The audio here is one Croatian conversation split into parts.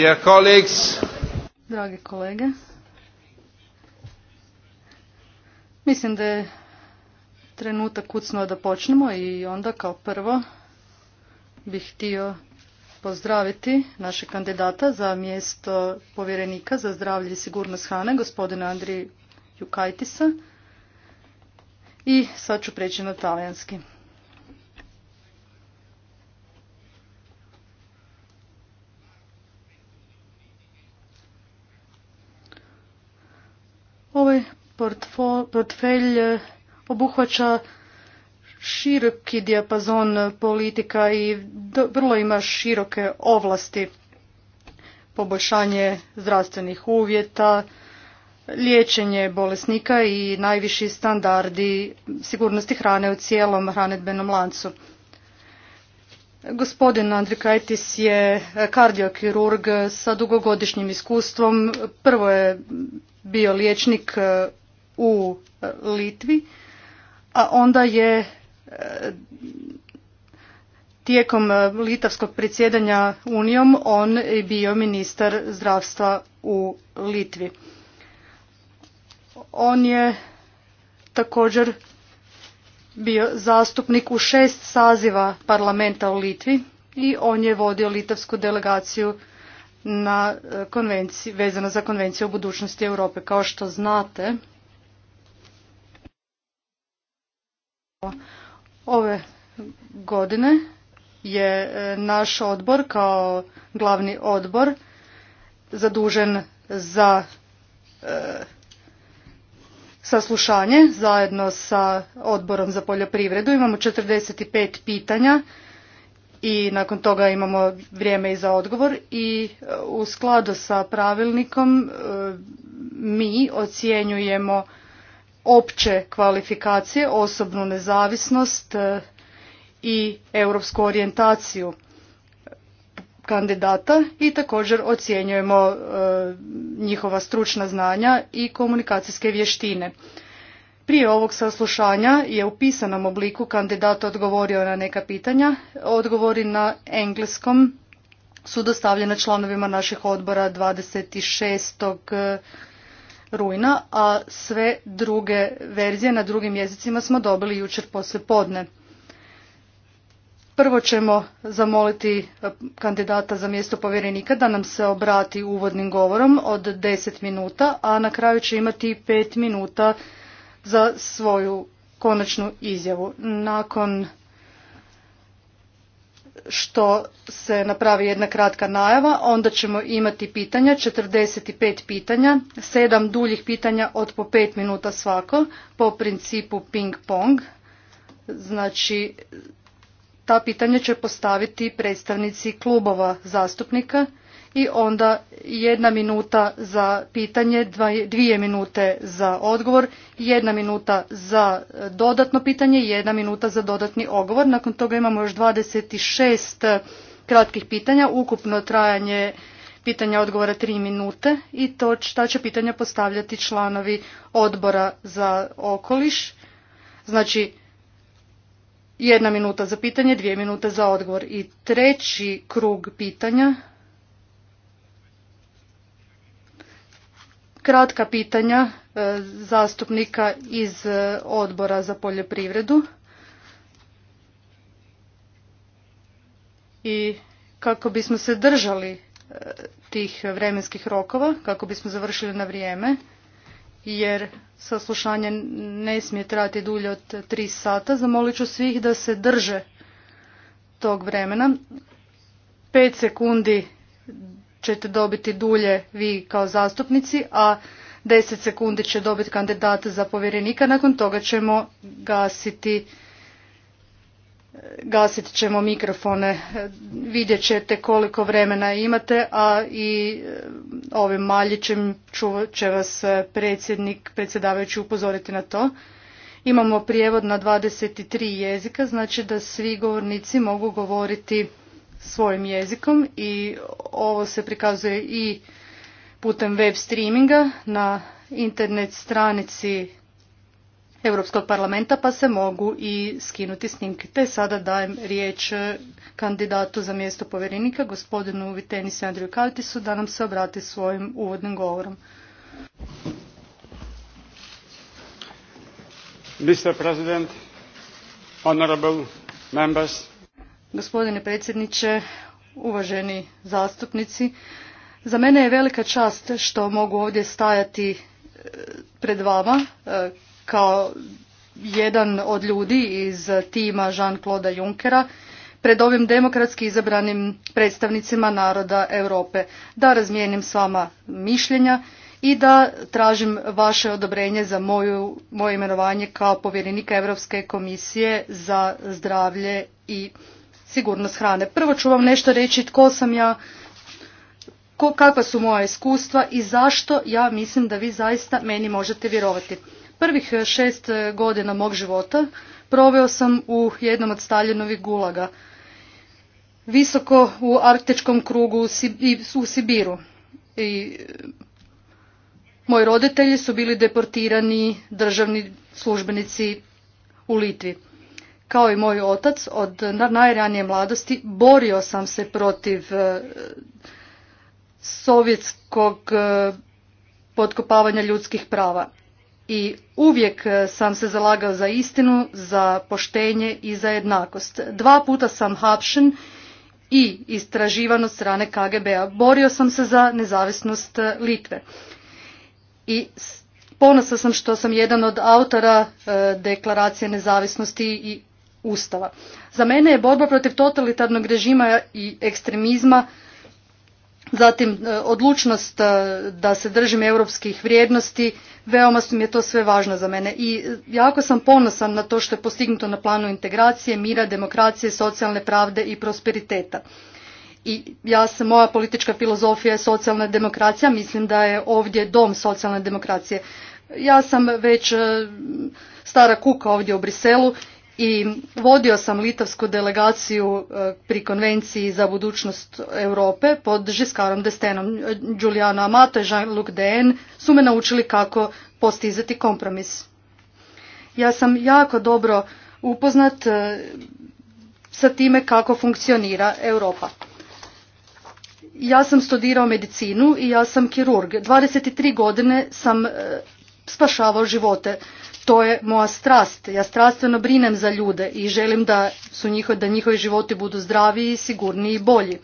Dear colleagues. Drage kolege. Mislim da je trenutak kucno da počnemo i onda kao prvo bih htio pozdraviti naše kandidata za mjesto povjerenika za zdravlje i sigurnost hrane, gospodina Andrija Jukajtisa. I sad ću preći na talijanski. portfelj e, obuhvaća široki dijapazon politika i vrlo ima široke ovlasti. Poboljšanje zdravstvenih uvjeta, liječenje bolesnika i najviši standardi sigurnosti hrane u cijelom hranedbenom lancu. Gospodin Kajtis je kardiokirurg sa dugogodišnjim iskustvom. Prvo je bio liječnik u Litvi, a onda je e, tijekom e, litavskog predsjedanja Unijom on bio ministar zdravstva u Litvi. On je također bio zastupnik u šest saziva parlamenta u Litvi i on je vodio litavsku delegaciju na e, konvenciji, vezano za konvenciju o budućnosti Europe. Kao što znate, Ove godine je e, naš odbor kao glavni odbor zadužen za e, saslušanje zajedno sa odborom za poljoprivredu. Imamo 45 pitanja i nakon toga imamo vrijeme i za odgovor i e, u skladu sa pravilnikom mi ocjenjujemo opće kvalifikacije, osobnu nezavisnost e, i europsku orijentaciju kandidata i također ocjenjujemo e, njihova stručna znanja i komunikacijske vještine. Prije ovog saslušanja je u pisanom obliku kandidat odgovorio na neka pitanja. Odgovori na engleskom su dostavljene članovima naših odbora 26 rujna, a sve druge verzije na drugim jezicima smo dobili jučer poslje podne. Prvo ćemo zamoliti eh, kandidata za mjesto povjerenika da nam se obrati uvodnim govorom od 10 minuta, a na kraju će imati 5 minuta za svoju konačnu izjavu. Nakon što se napravi jedna kratka najava, onda ćemo imati pitanja, 45 pitanja, 7 duljih pitanja od po 5 minuta svako, po principu ping-pong. Znači, ta pitanja će postaviti predstavnici klubova zastupnika i onda jedna minuta za pitanje, dvije minute za odgovor, jedna minuta za dodatno pitanje i jedna minuta za dodatni ogovor. Nakon toga imamo još 26 kratkih pitanja, ukupno trajanje pitanja odgovora 3 minute i to šta će pitanja postavljati članovi odbora za okoliš. Znači, jedna minuta za pitanje, dvije minute za odgovor. I treći krug pitanja kratka pitanja e, zastupnika iz e, odbora za poljoprivredu. I kako bismo se držali e, tih vremenskih rokova, kako bismo završili na vrijeme, jer saslušanje ne smije trati dulje od tri sata, zamolit ću svih da se drže tog vremena. Pet sekundi ćete dobiti dulje vi kao zastupnici, a 10 sekundi će dobiti kandidat za povjerenika, nakon toga ćemo gasiti gasiti ćemo mikrofone, vidjet ćete koliko vremena imate, a i e, ovim maljićem će vas e, predsjednik, predsjedavajući upozoriti na to. Imamo prijevod na 23 jezika, znači da svi govornici mogu govoriti svojim jezikom i ovo se prikazuje i putem web streaminga na internet stranici Europskog parlamenta pa se mogu i skinuti snimke. Te sada dajem riječ kandidatu za mjesto povjerenika, gospodinu Vitenisu Andriju Kaltisu, da nam se obrati svojim uvodnim govorom. Mr. President, honorable members, Gospodine predsjedniče, uvaženi zastupnici, za mene je velika čast što mogu ovdje stajati e, pred vama e, kao jedan od ljudi iz tima Jean-Claude Junckera pred ovim demokratski izabranim predstavnicima naroda Europe da razmijenim s vama mišljenja i da tražim vaše odobrenje za moju, moje imenovanje kao povjerenika Europske komisije za zdravlje i sigurnost hrane. Prvo ću vam nešto reći tko sam ja, ko, kakva su moja iskustva i zašto ja mislim da vi zaista meni možete vjerovati. Prvih e, šest e, godina mog života proveo sam u jednom od Staljinovih gulaga, visoko u arktičkom krugu u Sibiru. I e, moji roditelji su bili deportirani državni službenici u Litvi. Kao i moj otac, od najranije mladosti borio sam se protiv e, sovjetskog e, potkopavanja ljudskih prava. I uvijek e, sam se zalagao za istinu, za poštenje i za jednakost. Dva puta sam hapšen i istraživan od strane KGB-a. Borio sam se za nezavisnost Litve. I ponosa sam što sam jedan od autora deklaracije nezavisnosti i Ustava. Za mene je borba protiv totalitarnog režima i ekstremizma Zatim e, odlučnost e, da se držim europskih vrijednosti, veoma su mi je to sve važno za mene i e, jako sam ponosan na to što je postignuto na planu integracije, mira, demokracije, socijalne pravde i prosperiteta. I ja sam, moja politička filozofija je socijalna demokracija, mislim da je ovdje dom socijalne demokracije. Ja sam već stara kuka ovdje u Briselu i vodio sam litavsku delegaciju e, pri konvenciji za budućnost Europe pod Žiskarom Destenom. Giuliano Amato i Jean-Luc su me naučili kako postizati kompromis. Ja sam jako dobro upoznat e, sa time kako funkcionira Europa. Ja sam studirao medicinu i ja sam kirurg. 23 godine sam e, spašavao živote to je moja strast. Ja strastveno brinem za ljude i želim da, su njiho, da njihovi životi budu zdraviji, sigurniji i bolji.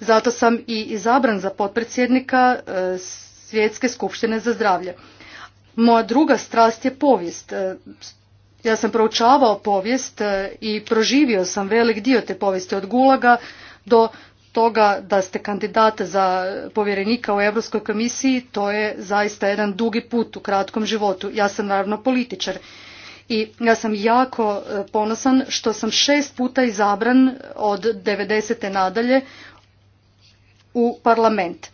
Zato sam i izabran za potpredsjednika e, Svjetske skupštine za zdravlje. Moja druga strast je povijest. E, ja sam proučavao povijest e, i proživio sam velik dio te povijesti od Gulaga do toga da ste kandidat za povjerenika u Europskoj komisiji, to je zaista jedan dugi put u kratkom životu. Ja sam naravno političar i ja sam jako e, ponosan što sam šest puta izabran od 90. nadalje u parlament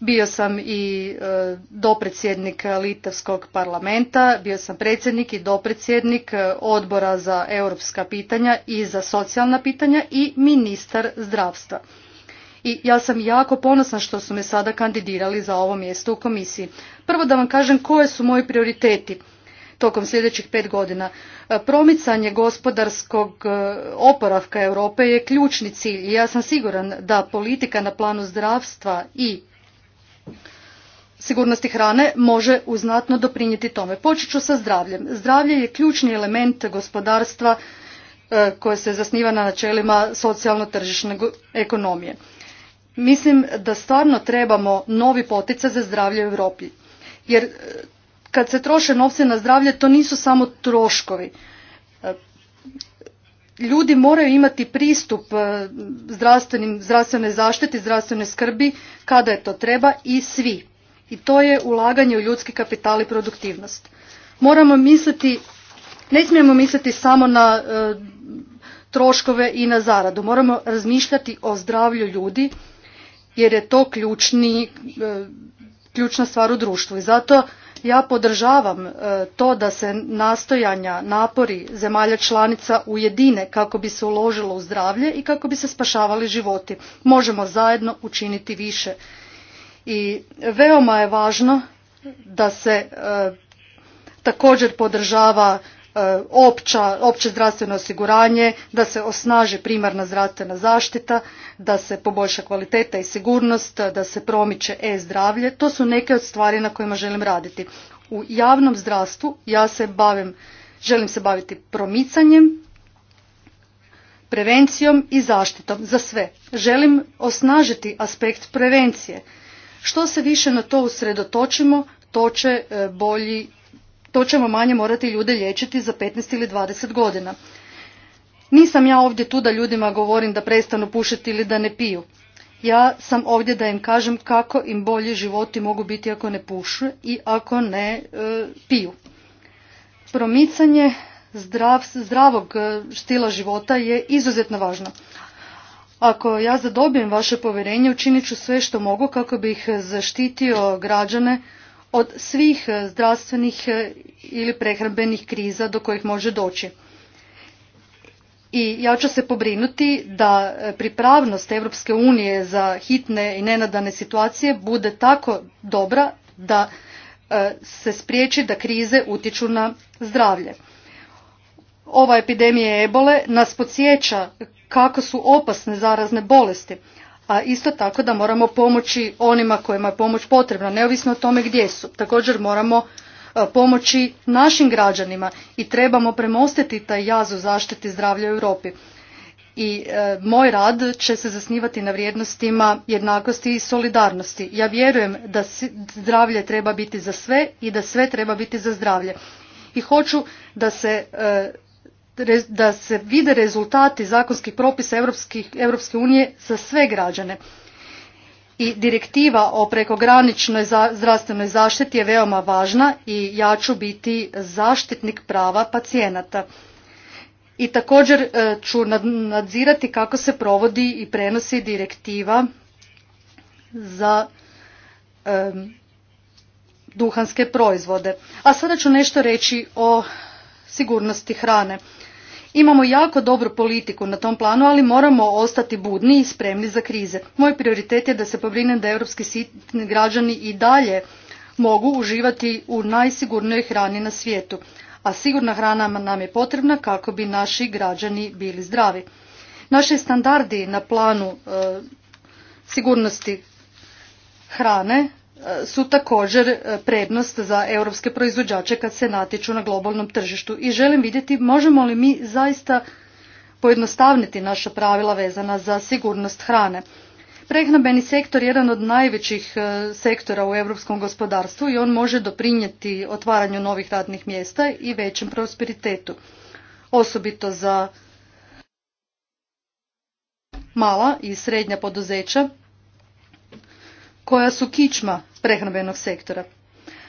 bio sam i e, dopredsjednik Litavskog parlamenta, bio sam predsjednik i dopredsjednik e, odbora za europska pitanja i za socijalna pitanja i ministar zdravstva. I ja sam jako ponosna što su me sada kandidirali za ovo mjesto u komisiji. Prvo da vam kažem koje su moji prioriteti tokom sljedećih pet godina. E, promicanje gospodarskog oporavka Europe je ključni cilj i ja sam siguran da politika na planu zdravstva i sigurnosti hrane može uznatno doprinijeti tome. Počet ću sa zdravljem. Zdravlje je ključni element gospodarstva e, koje se zasniva na načelima socijalno-tržišne ekonomije. Mislim da stvarno trebamo novi potica za zdravlje u Europi. Jer e, kad se troše novce na zdravlje, to nisu samo troškovi. E, ljudi moraju imati pristup zdravstvenoj zaštiti, zdravstvenoj skrbi kada je to treba i svi i to je ulaganje u ljudski kapital i produktivnost. Moramo misliti, ne smijemo misliti samo na e, troškove i na zaradu. Moramo razmišljati o zdravlju ljudi jer je to ključni, e, ključna stvar u društvu. I zato ja podržavam e, to da se nastojanja, napori zemalja članica ujedine kako bi se uložilo u zdravlje i kako bi se spašavali životi. Možemo zajedno učiniti više i veoma je važno da se e, također podržava e, opća, opće zdravstveno osiguranje, da se osnaži primarna zdravstvena zaštita, da se poboljša kvaliteta i sigurnost, da se promiče e-zdravlje. To su neke od stvari na kojima želim raditi. U javnom zdravstvu ja se bavim, želim se baviti promicanjem, prevencijom i zaštitom za sve. Želim osnažiti aspekt prevencije što se više na to usredotočimo, to će e, bolji, to ćemo manje morati ljude liječiti za 15 ili 20 godina. Nisam ja ovdje tu da ljudima govorim da prestanu pušiti ili da ne piju. Ja sam ovdje da im kažem kako im bolji životi mogu biti ako ne pušu i ako ne e, piju. Promicanje zdrav, zdravog e, stila života je izuzetno važno. Ako ja zadobijem vaše povjerenje, učinit ću sve što mogu kako bih zaštitio građane od svih zdravstvenih ili prehrambenih kriza do kojih može doći. I ja ću se pobrinuti da pripravnost Europske unije za hitne i nenadane situacije bude tako dobra da e, se spriječi da krize utječu na zdravlje. Ova epidemija ebole nas podsjeća kako su opasne zarazne bolesti, a isto tako da moramo pomoći onima kojima je pomoć potrebna, neovisno o tome gdje su. Također moramo e, pomoći našim građanima i trebamo premostiti taj jaz u zaštiti zdravlja u Europi. I e, moj rad će se zasnivati na vrijednostima jednakosti i solidarnosti. Ja vjerujem da zdravlje treba biti za sve i da sve treba biti za zdravlje. I hoću da se e, da se vide rezultati zakonskih propisa Europske unije za sve građane. I direktiva o prekograničnoj zdravstvenoj zaštiti je veoma važna i ja ću biti zaštitnik prava pacijenata. I također e, ću nadzirati kako se provodi i prenosi direktiva za e, duhanske proizvode. A sada ću nešto reći o sigurnosti hrane. Imamo jako dobru politiku na tom planu, ali moramo ostati budni i spremni za krize. Moj prioritet je da se pobrinem da europski građani i dalje mogu uživati u najsigurnoj hrani na svijetu, a sigurna hrana nam je potrebna kako bi naši građani bili zdravi. Naši standardi na planu eh, sigurnosti hrane su također e, prednost za europske proizvođače kad se natječu na globalnom tržištu i želim vidjeti možemo li mi zaista pojednostavniti naša pravila vezana za sigurnost hrane. Prehrambeni sektor je jedan od najvećih e, sektora u europskom gospodarstvu i on može doprinijeti otvaranju novih radnih mjesta i većem prosperitetu, osobito za mala i srednja poduzeća koja su kičma prehrambenog sektora.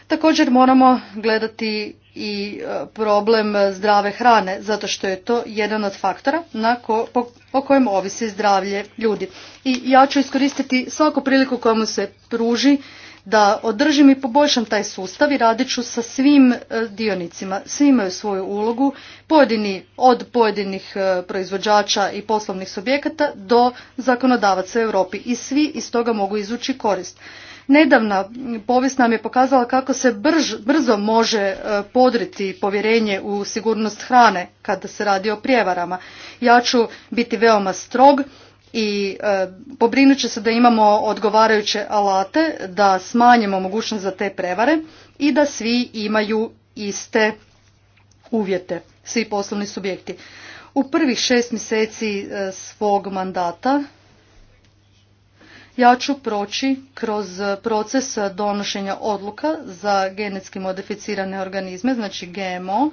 Također moramo gledati i e, problem zdrave hrane, zato što je to jedan od faktora na ko, po, kojem ovisi zdravlje ljudi. I ja ću iskoristiti svaku priliku koja se pruži da održim i poboljšam taj sustav i radit ću sa svim e, dionicima. Svi imaju svoju ulogu, pojedini od pojedinih e, proizvođača i poslovnih subjekata do zakonodavaca u Europi i svi iz toga mogu izući korist. Nedavna povijest nam je pokazala kako se brzo može e, podriti povjerenje u sigurnost hrane kada se radi o prijevarama. Ja ću biti veoma strog i e, pobrinut se da imamo odgovarajuće alate, da smanjimo mogućnost za te prevare i da svi imaju iste uvjete, svi poslovni subjekti. U prvih šest mjeseci e, svog mandata ja ću proći kroz proces donošenja odluka za genetski modificirane organizme, znači GMO,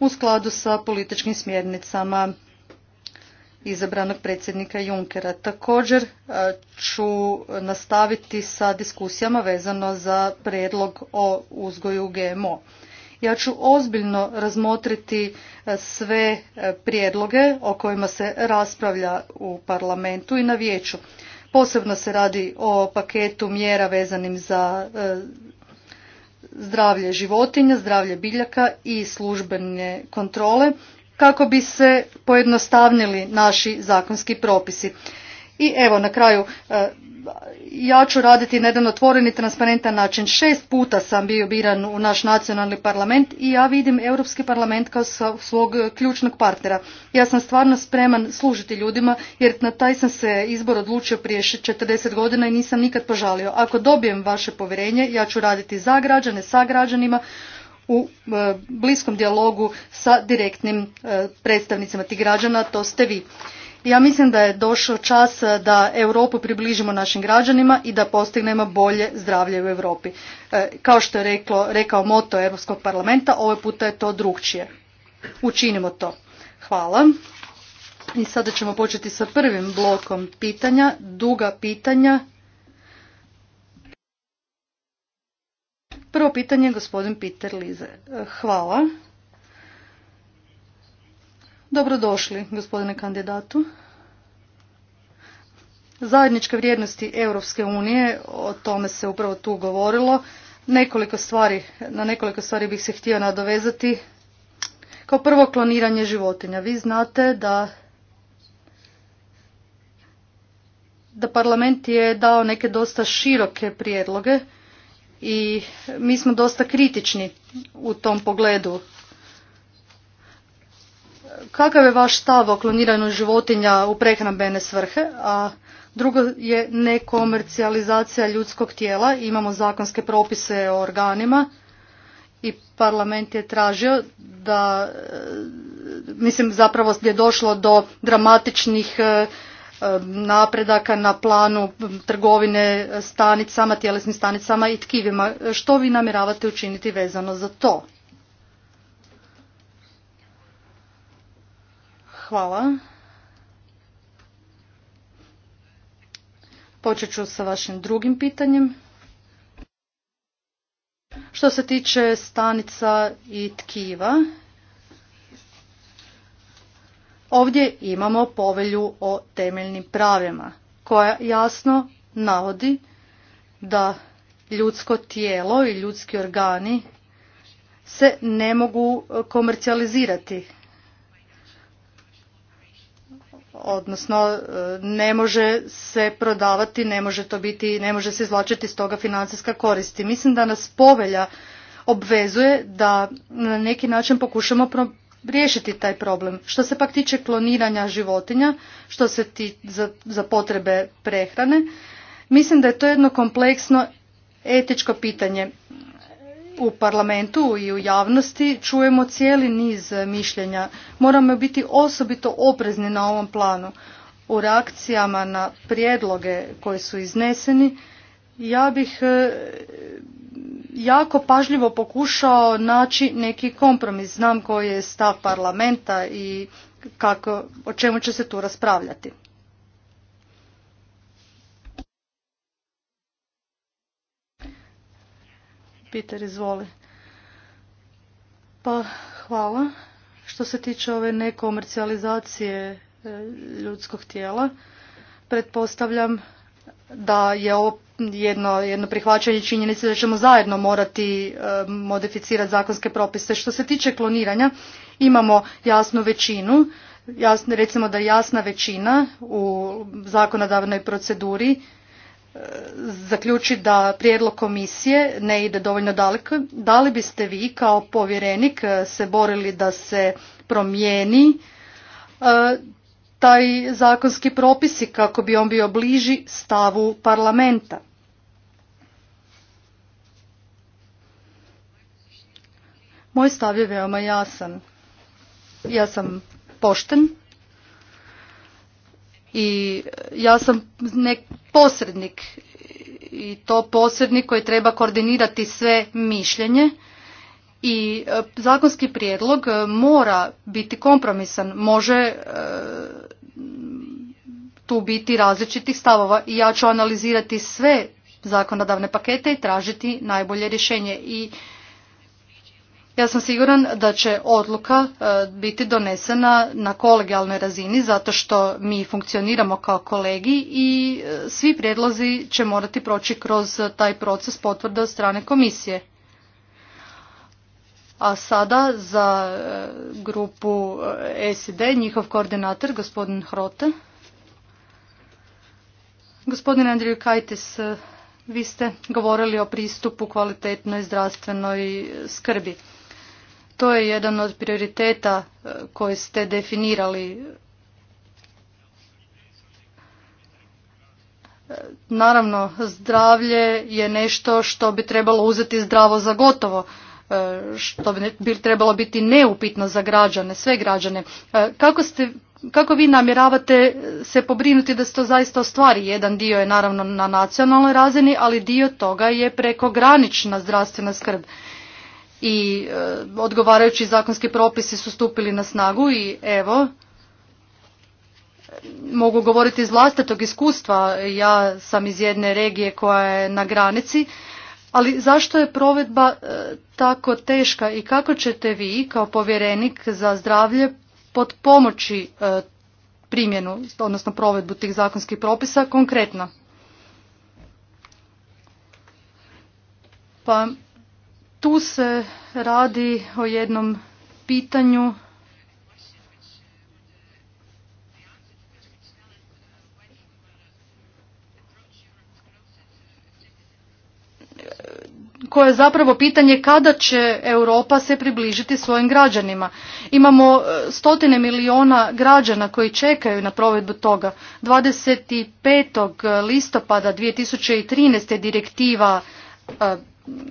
u skladu sa političkim smjernicama izabranog predsjednika Junkera. Također e, ću nastaviti sa diskusijama vezano za predlog o uzgoju GMO. Ja ću ozbiljno razmotriti e, sve e, prijedloge o kojima se raspravlja u parlamentu i na vijeću. Posebno se radi o paketu mjera vezanim za e, zdravlje životinja, zdravlje biljaka i službene kontrole kako bi se pojednostavnili naši zakonski propisi. I evo na kraju e, ja ću raditi na jedan otvoren i transparentan način. Šest puta sam bio biran u naš nacionalni parlament i ja vidim Europski parlament kao svog ključnog partnera. Ja sam stvarno spreman služiti ljudima jer na taj sam se izbor odlučio prije 40 godina i nisam nikad požalio. Ako dobijem vaše povjerenje, ja ću raditi za građane, sa građanima, u e, bliskom dijalogu sa direktnim e, predstavnicima tih građana, to ste vi. Ja mislim da je došao čas da Europu približimo našim građanima i da postignemo bolje zdravlje u Europi. E, kao što je rekao moto Europskog parlamenta, ovaj puta je to drugčije. Učinimo to. Hvala. I sada ćemo početi sa prvim blokom pitanja, duga pitanja. Prvo pitanje je gospodin Peter Lize. E, hvala. Dobrodošli, gospodine kandidatu. Zajedničke vrijednosti Europske unije, o tome se upravo tu govorilo. Nekoliko stvari, na nekoliko stvari bih se htio nadovezati. Kao prvo kloniranje životinja. Vi znate da da parlament je dao neke dosta široke prijedloge i mi smo dosta kritični u tom pogledu kakav je vaš stav o kloniranju životinja u prehrambene svrhe, a drugo je nekomercijalizacija ljudskog tijela. Imamo zakonske propise o organima i parlament je tražio da, e, mislim zapravo je došlo do dramatičnih e, e, napredaka na planu trgovine stanicama, tjelesnim stanicama i tkivima. Što vi namjeravate učiniti vezano za to? Hvala. Počet ću sa vašim drugim pitanjem. Što se tiče stanica i tkiva, ovdje imamo povelju o temeljnim pravima, koja jasno navodi da ljudsko tijelo i ljudski organi se ne mogu komercijalizirati odnosno e, ne može se prodavati, ne može to biti, ne može se izvlačiti iz toga financijska koristi. Mislim da nas povelja obvezuje da na neki način pokušamo riješiti taj problem. Što se pak tiče kloniranja životinja, što se ti za, za potrebe prehrane, mislim da je to jedno kompleksno etičko pitanje u parlamentu i u javnosti čujemo cijeli niz mišljenja. Moramo biti osobito oprezni na ovom planu. U reakcijama na prijedloge koji su izneseni, ja bih e, jako pažljivo pokušao naći neki kompromis. Znam koji je stav parlamenta i kako, o čemu će se tu raspravljati. Peter, izvoli. Pa, hvala. Što se tiče ove nekomercijalizacije e, ljudskog tijela, pretpostavljam da je ovo jedno, jedno prihvaćanje činjenice da ćemo zajedno morati e, modificirati zakonske propise. Što se tiče kloniranja, imamo jasnu većinu, jasne, recimo da jasna većina u zakonodavnoj proceduri zaključi da prijedlog komisije ne ide dovoljno daleko, da li biste vi kao povjerenik eh, se borili da se promijeni eh, taj zakonski propisi kako bi on bio bliži stavu parlamenta? Moj stav je veoma jasan. Ja sam pošten, i ja sam nek posrednik i to posrednik koji treba koordinirati sve mišljenje i e, zakonski prijedlog e, mora biti kompromisan, može e, tu biti različitih stavova i ja ću analizirati sve zakonodavne pakete i tražiti najbolje rješenje i ja sam siguran da će odluka e, biti donesena na kolegijalnoj razini zato što mi funkcioniramo kao kolegi i e, svi prijedlozi će morati proći kroz taj proces potvrde od strane komisije. A sada za e, grupu SID, njihov koordinator, gospodin Hrote. Gospodin Andriju Kajtis, vi ste govorili o pristupu kvalitetnoj zdravstvenoj skrbi. To je jedan od prioriteta e, koji ste definirali. E, naravno, zdravlje je nešto što bi trebalo uzeti zdravo za gotovo e, što bi trebalo biti neupitno za građane, sve građane. Kako, ste, kako vi namjeravate se pobrinuti da se to zaista ostvari? Jedan dio je naravno na nacionalnoj razini, ali dio toga je prekogranična zdravstvena skrb i e, odgovarajući zakonski propisi su stupili na snagu i evo mogu govoriti iz vlastitog iskustva ja sam iz jedne regije koja je na granici ali zašto je provedba e, tako teška i kako ćete vi kao povjerenik za zdravlje pomoći e, primjenu odnosno provedbu tih zakonskih propisa konkretno pa tu se radi o jednom pitanju koje je zapravo pitanje kada će Europa se približiti svojim građanima. Imamo e, stotine miliona građana koji čekaju na provedbu toga. 25. listopada 2013. direktiva e,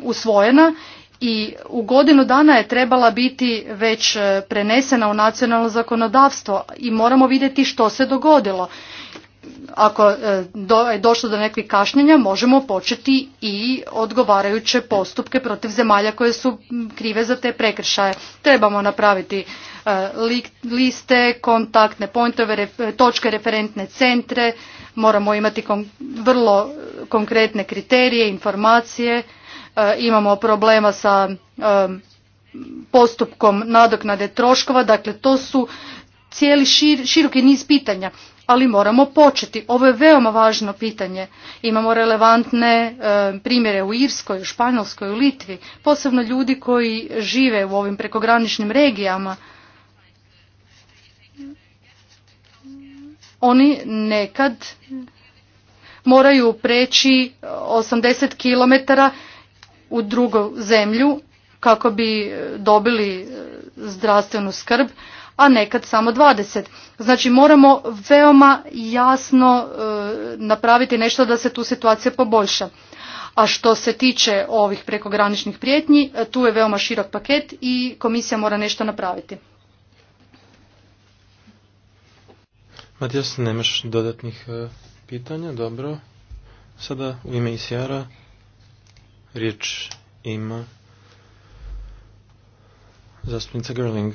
usvojena i u godinu dana je trebala biti već e, prenesena u nacionalno zakonodavstvo i moramo vidjeti što se dogodilo. Ako e, je došlo do nekih kašnjenja možemo početi i odgovarajuće postupke protiv zemalja koje su krive za te prekršaje. Trebamo napraviti e, liste, kontaktne pointove, točke referentne centre, moramo imati vrlo konkretne kriterije, informacije Eh, imamo problema sa eh, postupkom nadoknade troškova, dakle to su cijeli široki niz pitanja, ali moramo početi. Ovo je veoma važno pitanje. Imamo relevantne eh, primjere u Irskoj, u Španjolskoj, u Litvi, posebno ljudi koji žive u ovim prekograničnim regijama. Oni nekad moraju preći 80 kilometara u drugu zemlju kako bi e, dobili e, zdravstvenu skrb, a nekad samo 20. Znači moramo veoma jasno e, napraviti nešto da se tu situacija poboljša. A što se tiče ovih prekograničnih prijetnji, tu je veoma širok paket i komisija mora nešto napraviti. Matijas, nemaš dodatnih pitanja? Dobro. Sada u ime Riječ ima zastupnica Gerling.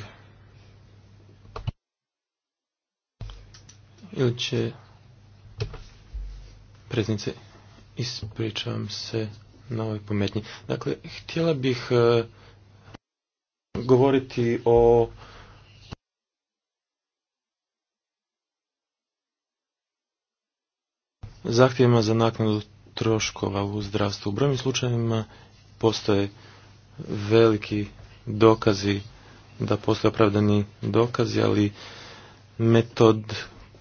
Ili će predsjednice, ispričavam se na ovoj pometnji. Dakle, htjela bih e, govoriti o zahtjevima za naknadu troškova u zdravstvu. U brojnim slučajevima postoje veliki dokazi da postoje opravdani dokazi, ali metod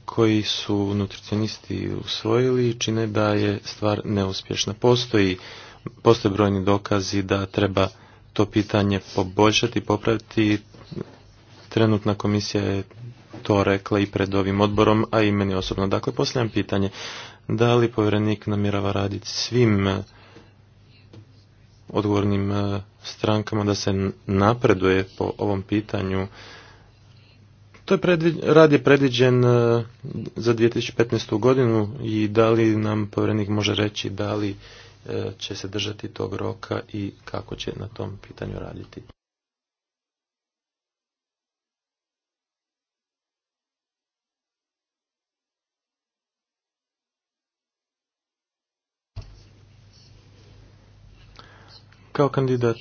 koji su nutricionisti usvojili čine da je stvar neuspješna. Postoji, postoje brojni dokazi da treba to pitanje poboljšati, popraviti. Trenutna komisija je to rekla i pred ovim odborom, a i meni osobno. Dakle, posljedam pitanje da li povjerenik namjerava raditi svim eh, odgovornim eh, strankama da se napreduje po ovom pitanju. To je rad je predviđen eh, za 2015. godinu i da li nam povjerenik može reći da li će se držati tog roka i kako će na tom pitanju raditi. Kao kandidat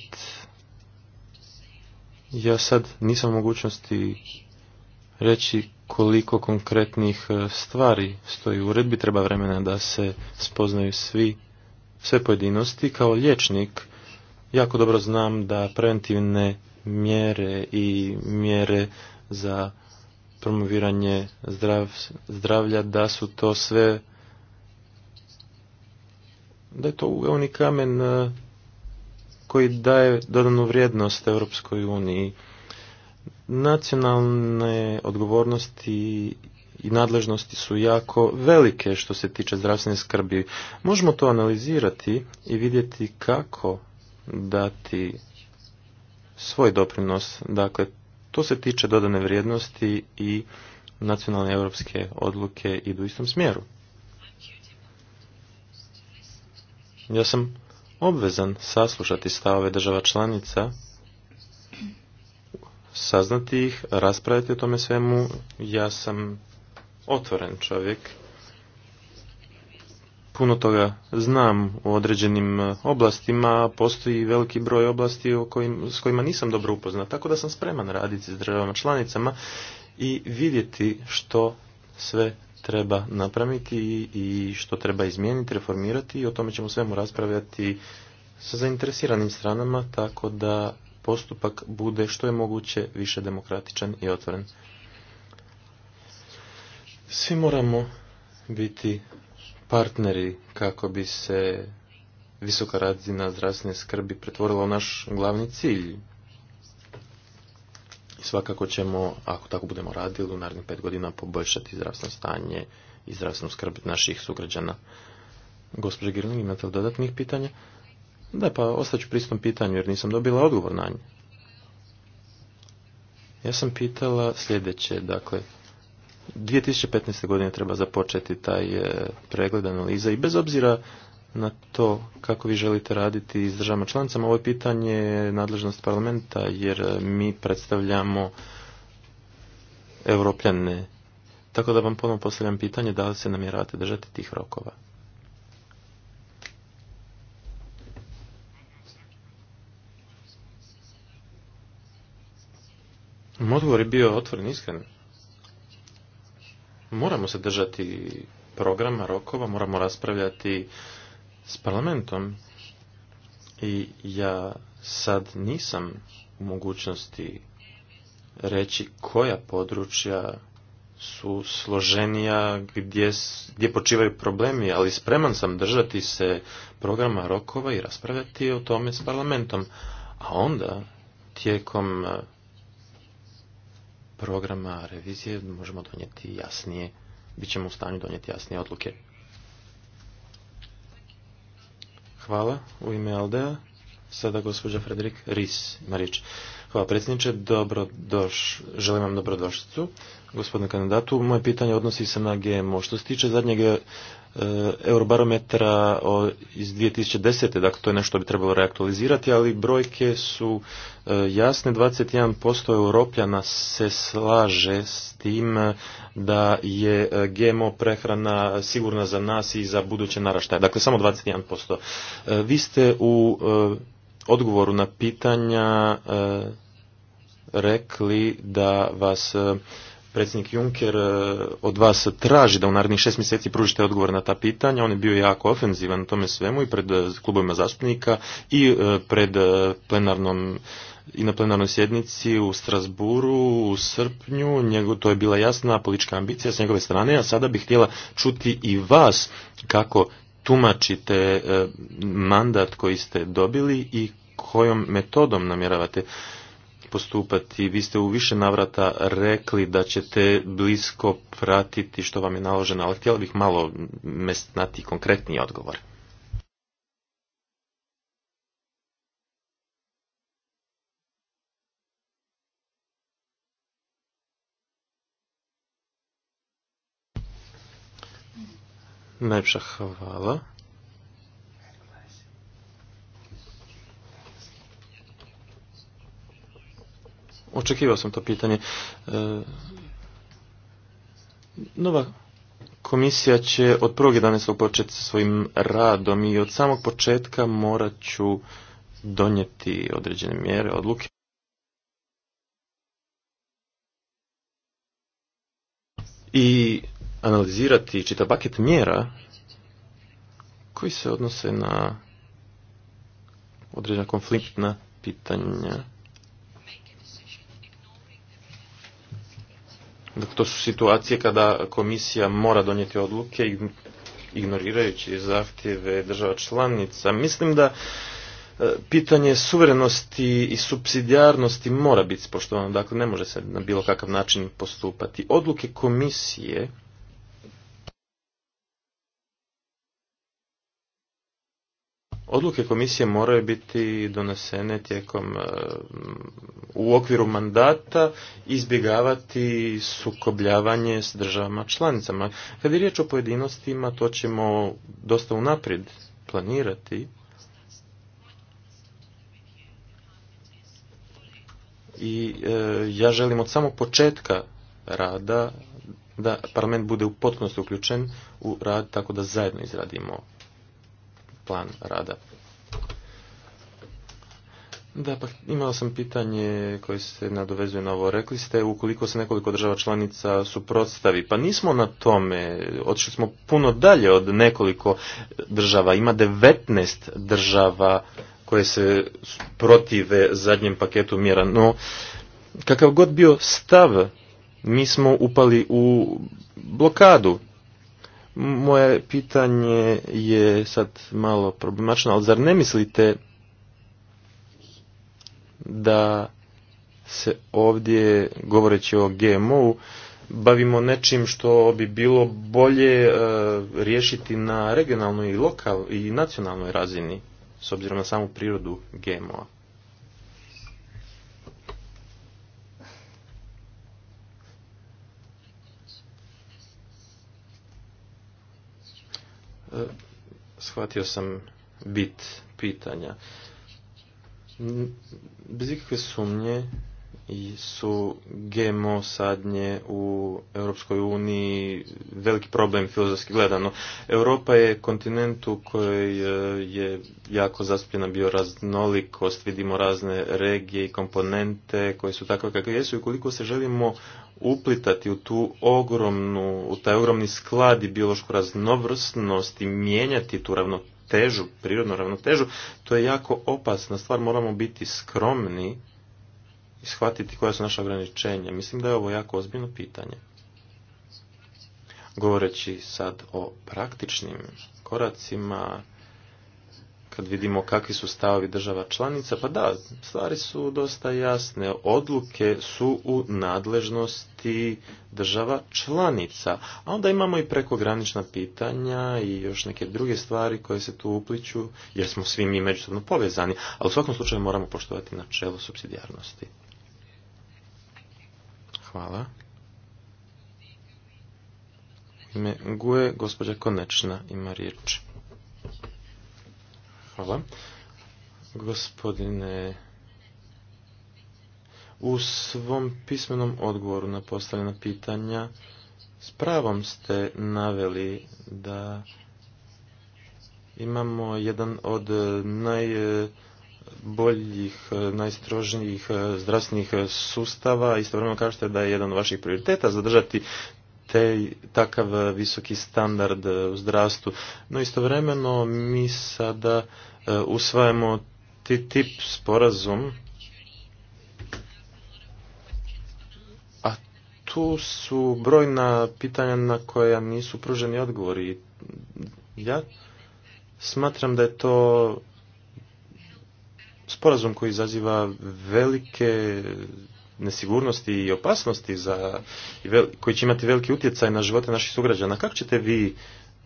ja sad nisam u mogućnosti reći koliko konkretnih e, stvari stoji u uredbi, treba vremena da se spoznaju svi, sve pojedinosti. Kao liječnik jako dobro znam da preventivne mjere i mjere za promoviranje zdrav, zdravlja, da su to sve, da je to uveni kamen e, koji daje dodanu vrijednost Europskoj uniji. Nacionalne odgovornosti i nadležnosti su jako velike što se tiče zdravstvene skrbi. Možemo to analizirati i vidjeti kako dati svoj doprinos. Dakle, to se tiče dodane vrijednosti i nacionalne europske odluke idu u istom smjeru. Ja sam obvezan saslušati stavove država članica, saznati ih, raspraviti o tome svemu. Ja sam otvoren čovjek. Puno toga znam u određenim e, oblastima, postoji veliki broj oblasti o kojim, s kojima nisam dobro upoznat, tako da sam spreman raditi s državama članicama i vidjeti što sve treba napraviti i što treba izmijeniti, reformirati i o tome ćemo svemu raspravljati sa zainteresiranim stranama tako da postupak bude što je moguće više demokratičan i otvoren. Svi moramo biti partneri kako bi se visoka razina zdravstvene skrbi pretvorila u naš glavni cilj svakako ćemo, ako tako budemo radili, u narednih pet godina poboljšati zdravstveno stanje i zdravstvenu skrb naših sugrađana. Gospođa Girling, imate li dodatnih pitanja? Da, pa ostaću pri istom pitanju jer nisam dobila odgovor na nje. Ja sam pitala sljedeće, dakle, 2015. godine treba započeti taj e, pregled analiza i bez obzira na to kako vi želite raditi s državama članicama. Ovo je pitanje nadležnost parlamenta jer e, mi predstavljamo europljane. Tako da vam ponovno postavljam pitanje da li se namjerate držati tih rokova. Odgovor je bio otvoren iskren. Moramo se držati programa, rokova, moramo raspravljati s parlamentom i ja sad nisam u mogućnosti reći koja područja su složenija gdje, gdje počivaju problemi, ali spreman sam držati se programa rokova i raspravljati o tome s parlamentom. A onda tijekom e, programa revizije možemo donijeti jasnije, bit ćemo u stanju donijeti jasnije odluke. Hvala. U ime Aldea, sada gospođa Frederik Ris ima Hvala predsjedniče, dobrodoš, želim vam dobrodošlicu. Gospodine kandidatu, moje pitanje odnosi se na GMO. Što se tiče zadnjeg e, eurobarometra iz 2010. Dakle, to je nešto bi trebalo reaktualizirati, ali brojke su e, jasne. 21% europljana se slaže s tim e, da je GMO prehrana sigurna za nas i za buduće naraštaje. Dakle, samo 21%. posto vi ste u odgovoru na pitanja eh, rekli da vas eh, predsjednik Juncker eh, od vas traži da u narednih šest mjeseci pružite odgovor na ta pitanja. On je bio jako ofenzivan u tome svemu i pred klubovima zastupnika i pred plenarnom i na plenarnoj sjednici u Strasburu u srpnju. to je bila jasna politička ambicija s njegove strane, a sada bih htjela čuti i vas kako tumačite e, mandat koji ste dobili i kojom metodom namjeravate postupati. Vi ste u više navrata rekli da ćete blisko pratiti što vam je naloženo, ali htjela bih malo mesnati konkretni odgovor. Najpša hvala. Očekivao sam to pitanje. E, nova komisija će od 1.11. početi sa svojim radom i od samog početka morat ću donijeti određene mjere, odluke. I analizirati čitav paket mjera koji se odnose na određena konfliktna pitanja. Dakle, to su situacije kada komisija mora donijeti odluke ignorirajući zahtjeve država članica. Mislim da e, pitanje suverenosti i subsidijarnosti mora biti spoštovano. Dakle, ne može se na bilo kakav način postupati. Odluke komisije Odluke komisije moraju biti donesene tijekom e, u okviru mandata izbjegavati sukobljavanje s državama članicama. Kad je riječ o pojedinostima, to ćemo dosta unaprijed planirati. I e, ja želim od samog početka rada da parlament bude u potpunosti uključen u rad tako da zajedno izradimo plan rada. Da, pa imao sam pitanje koje se nadovezuje na ovo. Rekli ste ukoliko se nekoliko država članica suprotstavi, pa nismo na tome, otišli smo puno dalje od nekoliko država. Ima 19 država koje se protive zadnjem paketu mjera, no kakav god bio stav, mi smo upali u blokadu moje pitanje je sad malo problemačno, ali zar ne mislite da se ovdje, govoreći o gmo bavimo nečim što bi bilo bolje e, riješiti na regionalnoj i i nacionalnoj razini s obzirom na samu prirodu GMO-a. shvatio sam bit pitanja. Bez ikakve sumnje su GMO sadnje u Europskoj uniji veliki problem filozofski gledano. Europa je kontinent u kojoj e, je jako zastupljena bioraznolikost, vidimo razne regije i komponente koje su takve kakve jesu i koliko se želimo uplitati u tu ogromnu, u taj ogromni sklad i biološku raznovrsnost i mijenjati tu ravnotežu, prirodnu ravnotežu, to je jako opasna stvar, moramo biti skromni shvatiti koja su naša ograničenja. Mislim da je ovo jako ozbiljno pitanje. Govoreći sad o praktičnim koracima, kad vidimo kakvi su stavovi država članica, pa da, stvari su dosta jasne. Odluke su u nadležnosti država članica. A onda imamo i prekogranična pitanja i još neke druge stvari koje se tu upliću, jer smo svi mi međusobno povezani, ali u svakom slučaju moramo poštovati načelo subsidijarnosti. Hvala. Ime Guje, gospođa Konečna ima riječ. Hvala. Gospodine, u svom pismenom odgovoru na postavljena pitanja s pravom ste naveli da imamo jedan od naj boljih, e, najstrožnijih e, zdravstvenih e, sustava. Istovremeno kažete da je jedan od vaših prioriteta zadržati te, takav visoki standard u zdravstvu. No istovremeno mi sada usvajamo tip sporazum, a tu su brojna pitanja na koja nisu pruženi odgovori. Ja smatram da je to sporazum koji izaziva velike nesigurnosti i opasnosti za, koji će imati veliki utjecaj na živote naših sugrađana. Kako ćete vi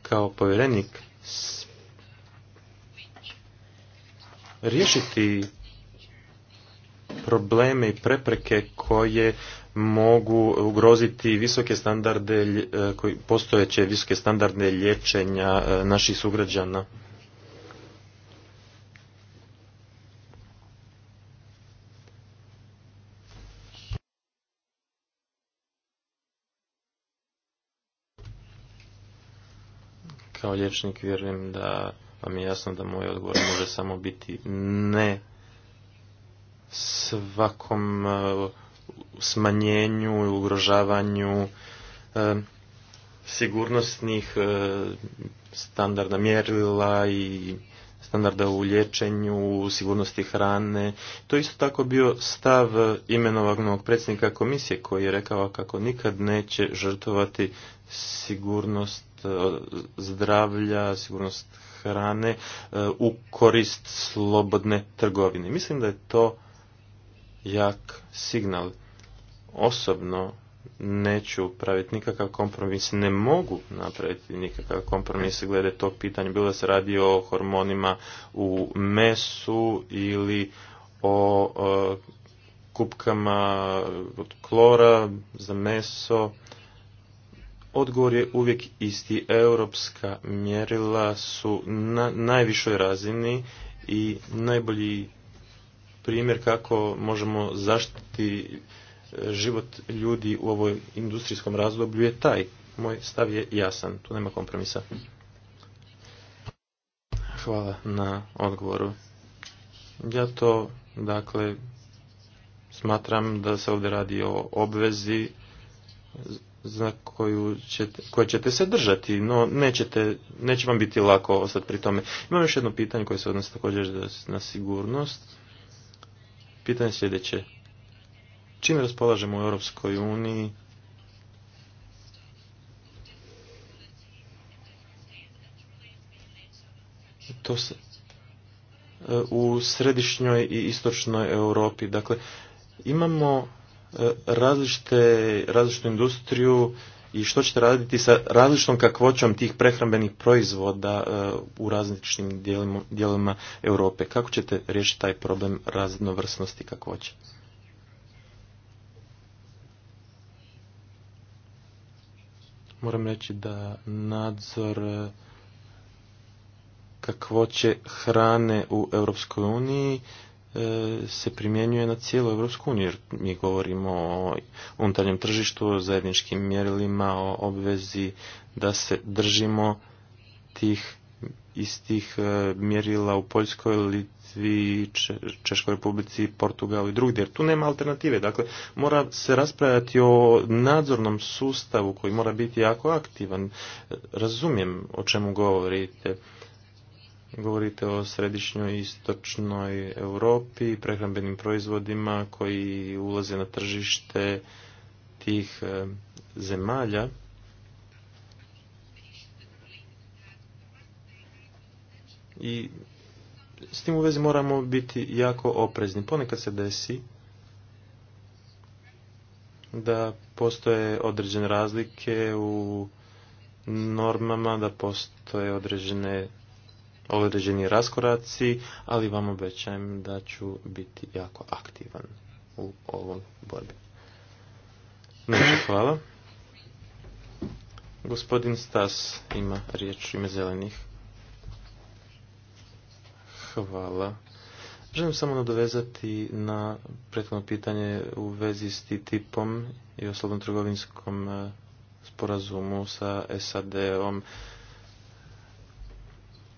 kao povjerenik riješiti probleme i prepreke koje mogu ugroziti visoke standarde, e, koji postojeće visoke standarde liječenja e, naših sugrađana? Kao liječnik vjerujem da vam je jasno da moj odgovor može samo biti ne svakom e, smanjenju i ugrožavanju e, sigurnosnih e, standarda mjerila i standarda u liječenju, sigurnosti hrane. To isto tako bio stav imenovanog predsjednika komisije koji je rekao kako nikad neće žrtovati sigurnost E, zdravlja, sigurnost hrane e, u korist slobodne trgovine. Mislim da je to jak signal. Osobno neću praviti nikakav kompromis, ne mogu napraviti nikakav kompromis glede tog pitanja, bilo da se radi o hormonima u mesu ili o e, kupkama od klora za meso Odgovor je uvijek isti. Europska mjerila su na najvišoj razini i najbolji primjer kako možemo zaštiti e, život ljudi u ovoj industrijskom razdoblju je taj. Moj stav je jasan, tu nema kompromisa. Hvala na odgovoru. Ja to, dakle, smatram da se ovdje radi o obvezi za koju ćete, koje ćete se držati, no nećete, neće vam biti lako ostati pri tome. Imam još jedno pitanje koje se odnosi također na sigurnost. Pitanje sljedeće. Čim raspolažemo u Europskoj uniji to se e, u središnjoj i istočnoj Europi. Dakle, imamo E, različite, različitu industriju i što ćete raditi sa različitom kakvoćom tih prehrambenih proizvoda e, u različitim dijelima, Europe. Kako ćete riješiti taj problem raznovrsnosti kakvoće? Moram reći da nadzor e, kakvoće hrane u Europskoj uniji E, se primjenjuje na cijelu Europsku uniju, jer mi govorimo o unutarnjem tržištu, o zajedničkim mjerilima, o obvezi da se držimo tih istih e, mjerila u Poljskoj, Litvi, Češkoj republici, Portugalu i drugdje, jer tu nema alternative. Dakle, mora se raspravljati o nadzornom sustavu koji mora biti jako aktivan. E, razumijem o čemu govorite govorite o središnjoj istočnoj Europi, prehrambenim proizvodima koji ulaze na tržište tih e, zemalja. I s tim u vezi moramo biti jako oprezni. Ponekad se desi da postoje određene razlike u normama, da postoje određene određeni raskoraci, ali vam obećajem da ću biti jako aktivan u ovom borbi. hvala. Gospodin Stas ima riječ ime zelenih. Hvala. Želim samo nadovezati na prethodno pitanje u vezi s TTIP-om i o trgovinskom eh, sporazumu sa SAD-om.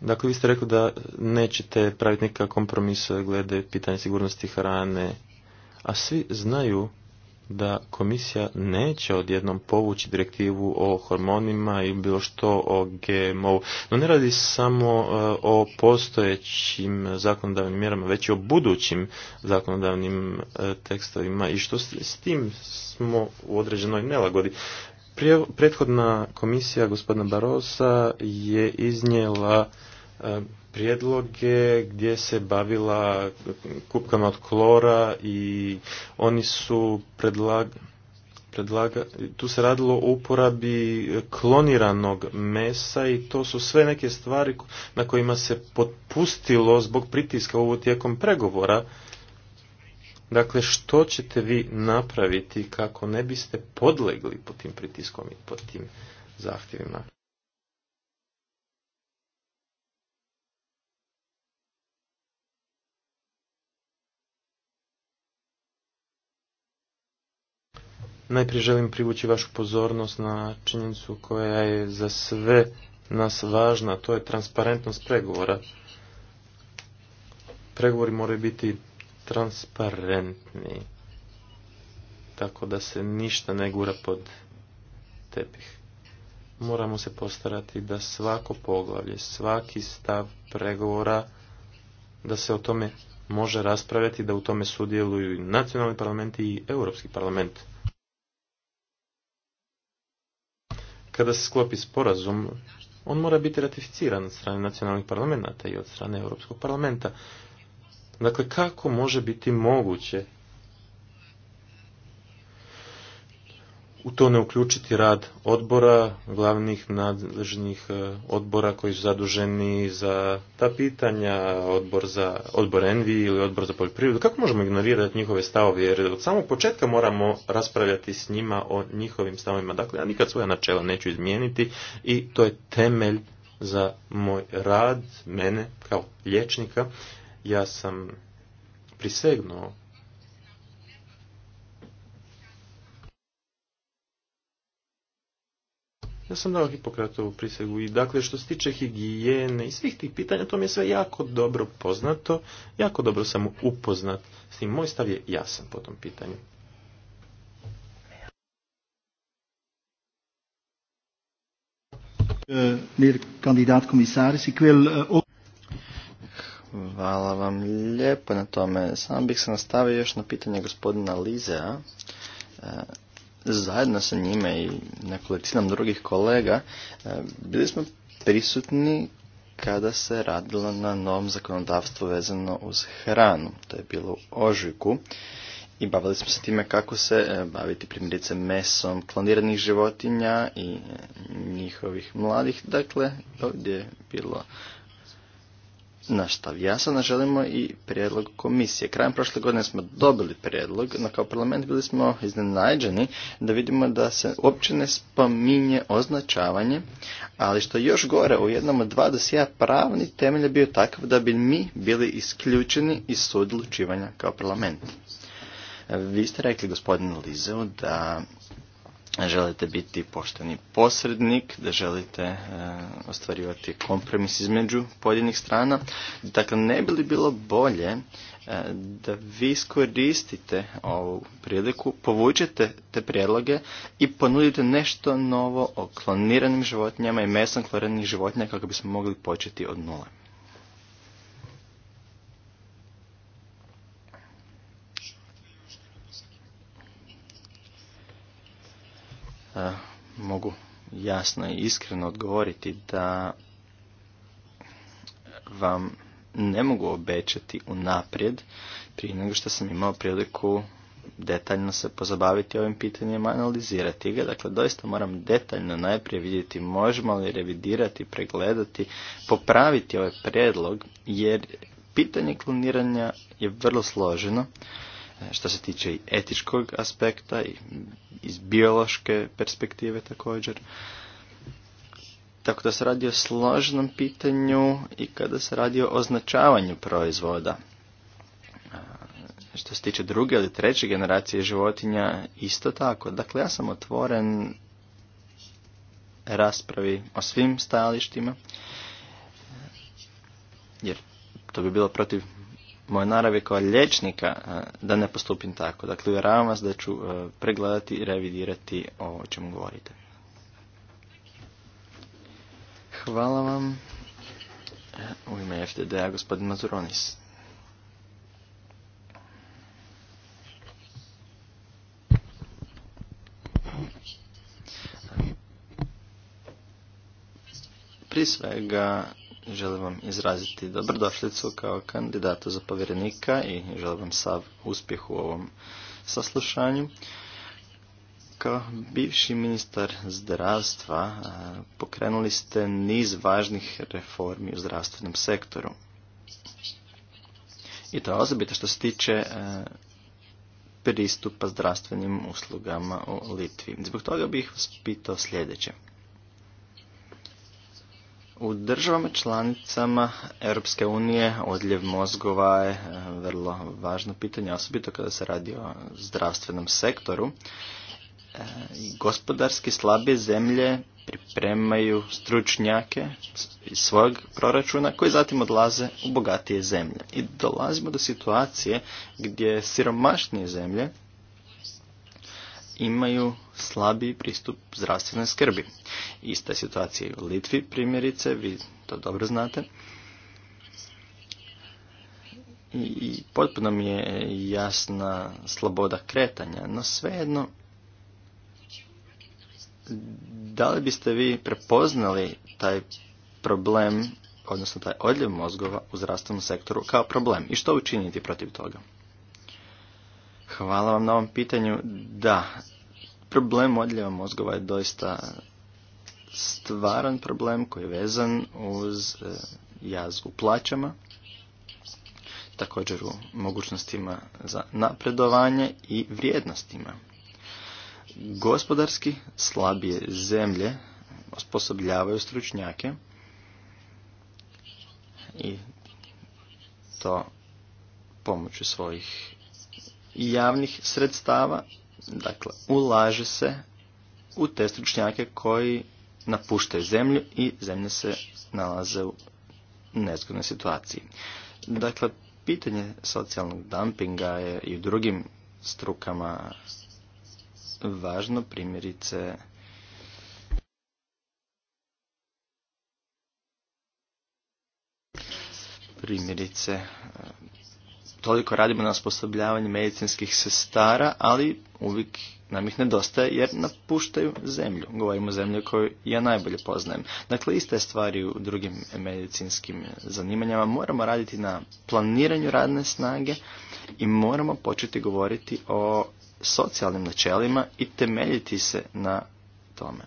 Dakle, vi ste rekli da nećete praviti nikakav kompromis glede pitanja sigurnosti hrane, a svi znaju da komisija neće odjednom povući direktivu o hormonima i bilo što o GMO. No ne radi samo e, o postojećim zakonodavnim mjerama, već i o budućim zakonodavnim e, tekstovima i što s tim smo u određenoj nelagodi. Prethodna komisija gospodina Barosa je iznijela E, prijedloge gdje se bavila kupkama od klora i oni su predlagali predlaga, tu se radilo o uporabi kloniranog mesa i to su sve neke stvari na kojima se potpustilo zbog pritiska ovo tijekom pregovora. Dakle, što ćete vi napraviti kako ne biste podlegli pod tim pritiskom i pod tim zahtjevima? Najprije želim privući vašu pozornost na činjenicu koja je za sve nas važna, to je transparentnost pregovora. Pregovori moraju biti transparentni, tako da se ništa ne gura pod tepih. Moramo se postarati da svako poglavlje, svaki stav pregovora, da se o tome može raspravljati, da u tome sudjeluju nacionalni parlamenti i Europski parlament. kada se sklopi sporazum, on mora biti ratificiran od strane nacionalnih parlamenta i od strane Europskog parlamenta. Dakle, kako može biti moguće u to ne uključiti rad odbora, glavnih nadležnih e, odbora koji su zaduženi za ta pitanja, odbor za odbor Envi ili odbor za poljoprivredu. Kako možemo ignorirati njihove stavove? Jer od samog početka moramo raspravljati s njima o njihovim stavovima. Dakle, ja nikad svoja načela neću izmijeniti i to je temelj za moj rad, mene kao liječnika. Ja sam prisegnuo Ja sam dao Hipokratovu prisegu i dakle što se tiče higijene i svih tih pitanja, to mi je sve jako dobro poznato, jako dobro sam upoznat s tim. Moj stav je jasan po tom pitanju. E, e, Hvala vam lijepo na tome. Sam bih se nastavio još na pitanje gospodina Lizea. E, zajedno sa njime i nekolicinom drugih kolega e, bili smo prisutni kada se radilo na novom zakonodavstvu vezano uz hranu. To je bilo u ožujku i bavili smo se time kako se e, baviti primjerice mesom kloniranih životinja i e, njihovih mladih. Dakle, ovdje je bilo na ja jasno želimo i prijedlog komisije. Krajem prošle godine smo dobili prijedlog, no kao parlament bili smo iznenađeni da vidimo da se uopće ne spominje označavanje, ali što još gore u jednom od dva dosija pravni temelj je bio takav da bi mi bili isključeni iz sudlučivanja kao parlament. Vi ste rekli gospodine Lizeu da želite biti pošteni posrednik, da želite e, ostvarivati kompromis između pojedinih strana. Dakle, ne bi li bilo bolje e, da vi iskoristite ovu priliku, povučete te prijedloge i ponudite nešto novo o kloniranim životinjama i mesom kloniranih životinja kako bismo mogli početi od nule. E, mogu jasno i iskreno odgovoriti da vam ne mogu obećati unaprijed prije nego što sam imao priliku detaljno se pozabaviti ovim pitanjima, analizirati ga. Dakle, doista moram detaljno najprije vidjeti možemo li revidirati, pregledati, popraviti ovaj predlog, jer pitanje kloniranja je vrlo složeno što se tiče i etičkog aspekta i iz biološke perspektive također. Tako da se radi o složnom pitanju i kada se radi o označavanju proizvoda. Što se tiče druge ili treće generacije životinja, isto tako. Dakle, ja sam otvoren raspravi o svim stajalištima, jer to bi bilo protiv moje naravi kao liječnika e, da ne postupim tako. Dakle, uvjeravam vas da ću e, pregledati i revidirati ovo o čemu govorite. Hvala vam. E, u ime FDD-a gospodin Mazuronis. Prije svega želim vam izraziti dobrodošlicu kao kandidatu za povjerenika i želim vam sav uspjeh u ovom saslušanju. Kao bivši ministar zdravstva pokrenuli ste niz važnih reformi u zdravstvenom sektoru. I to osobito što se tiče pristupa zdravstvenim uslugama u Litvi. Zbog toga bih vas pitao sljedeće. U državama članicama Europske unije odljev mozgova je e, vrlo važno pitanje, osobito kada se radi o zdravstvenom sektoru. E, gospodarski slabije zemlje pripremaju stručnjake iz svog proračuna koji zatim odlaze u bogatije zemlje. I dolazimo do situacije gdje siromašnije zemlje imaju slabiji pristup zdravstvenoj skrbi. Ista je situacija u Litvi primjerice, vi to dobro znate. I potpuno mi je jasna sloboda kretanja, no svejedno da li biste vi prepoznali taj problem, odnosno taj odljev mozgova u zdravstvenom sektoru kao problem i što učiniti protiv toga? Hvala vam na ovom pitanju. Da, problem odljeva mozgova je doista stvaran problem koji je vezan uz e, jaz u plaćama, također u mogućnostima za napredovanje i vrijednostima. Gospodarski slabije zemlje osposobljavaju stručnjake i to pomoću svojih javnih sredstava, dakle ulaže se u te stručnjake koji napuštaju zemlju i zemlje se nalaze u nezgodnoj situaciji. Dakle, pitanje socijalnog dumpinga je i u drugim strukama važno, primjerice primjerice toliko radimo na osposobljavanju medicinskih sestara, ali uvijek nam ih nedostaje jer napuštaju zemlju. Govorimo o zemlji koju ja najbolje poznajem. Dakle, iste stvari u drugim medicinskim zanimanjama. Moramo raditi na planiranju radne snage i moramo početi govoriti o socijalnim načelima i temeljiti se na tome.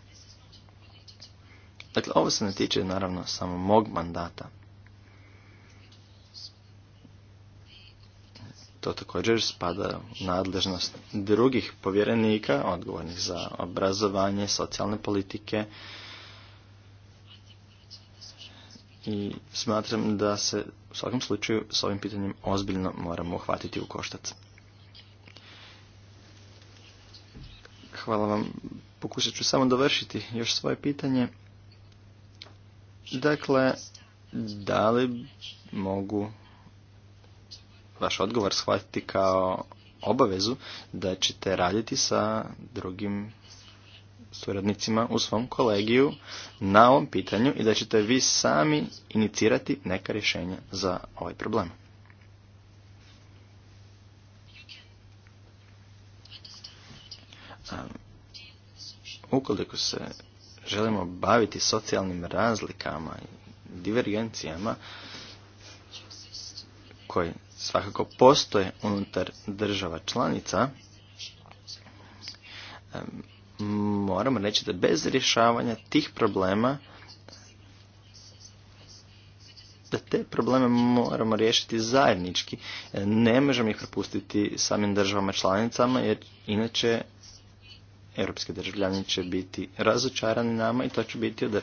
Dakle, ovo se ne tiče naravno samo mog mandata. to također spada nadležnost drugih povjerenika odgovornih za obrazovanje, socijalne politike i smatram da se u svakom slučaju s ovim pitanjem ozbiljno moramo uhvatiti u koštac. Hvala vam. Pokušat ću samo dovršiti još svoje pitanje. Dakle, da li mogu vaš odgovor shvatiti kao obavezu da ćete raditi sa drugim suradnicima u svom kolegiju na ovom pitanju i da ćete vi sami inicirati neka rješenja za ovaj problem. Ukoliko se želimo baviti socijalnim razlikama i divergencijama koje svakako postoje unutar država članica, moramo reći da bez rješavanja tih problema da te probleme moramo riješiti zajednički. Ne možemo ih propustiti samim državama članicama jer inače europske državljani će biti razočarani nama i to će biti od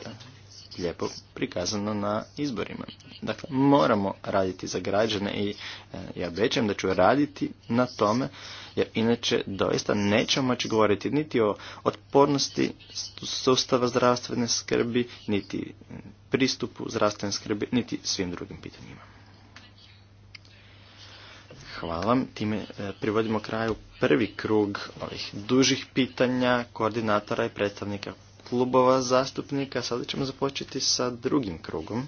lijepo prikazano na izborima. Dakle, moramo raditi za građane i e, ja obećam da ću raditi na tome, jer inače doista nećemo moći govoriti niti o otpornosti sustava zdravstvene skrbi, niti e, pristupu zdravstvene skrbi, niti svim drugim pitanjima. Hvala. Time e, privodimo kraju prvi krug ovih dužih pitanja koordinatora i predstavnika klubova zastupnika. Sada ćemo započeti sa drugim krugom.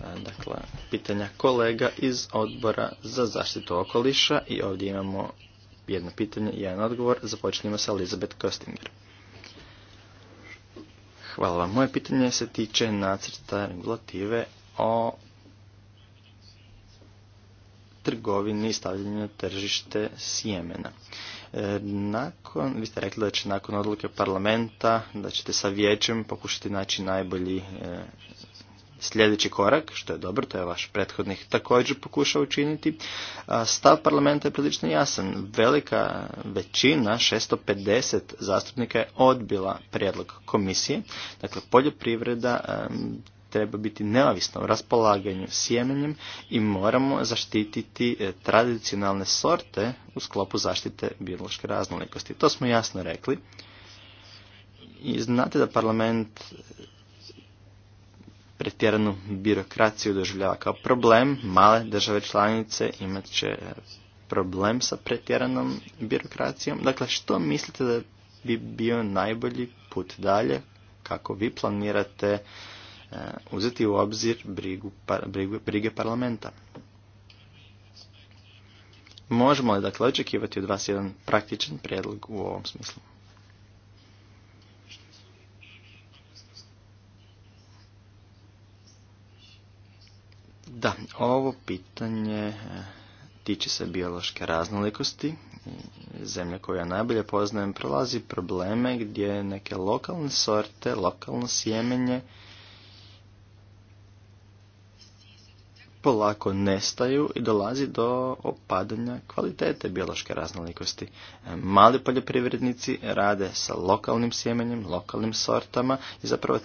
E, dakle, pitanja kolega iz odbora za zaštitu okoliša i ovdje imamo jedno pitanje i jedan odgovor. Započnimo sa Elizabeth Kostinger. Hvala vam. Moje pitanje se tiče nacrta regulative o trgovini i stavljanju na tržište sjemena. E, nakon, vi ste rekli da će nakon odluke parlamenta, da ćete sa vijećem pokušati naći najbolji e, sljedeći korak, što je dobro, to je vaš prethodnik također pokušao učiniti. Stav parlamenta je prilično jasan. Velika većina, 650 zastupnika je odbila prijedlog komisije. Dakle, poljoprivreda e, treba biti neovisno u raspolaganju sjemenjem i moramo zaštititi e, tradicionalne sorte u sklopu zaštite biološke raznolikosti. To smo jasno rekli. I znate da parlament e, pretjeranu birokraciju doživljava kao problem. Male države članice imat će e, problem sa pretjeranom birokracijom. Dakle, što mislite da bi bio najbolji put dalje? Kako vi planirate Eh, uzeti u obzir brigu, brigu, brige parlamenta. Možemo li dakle očekivati od vas jedan praktičan prijedlog u ovom smislu? Da, ovo pitanje eh, tiče se biološke raznolikosti. Zemlja koju ja najbolje poznajem prolazi probleme gdje neke lokalne sorte, lokalno sjemenje polako nestaju i dolazi do opadanja kvalitete biološke raznolikosti. E, mali poljoprivrednici rade sa lokalnim sjemenjem, lokalnim sortama i zapravo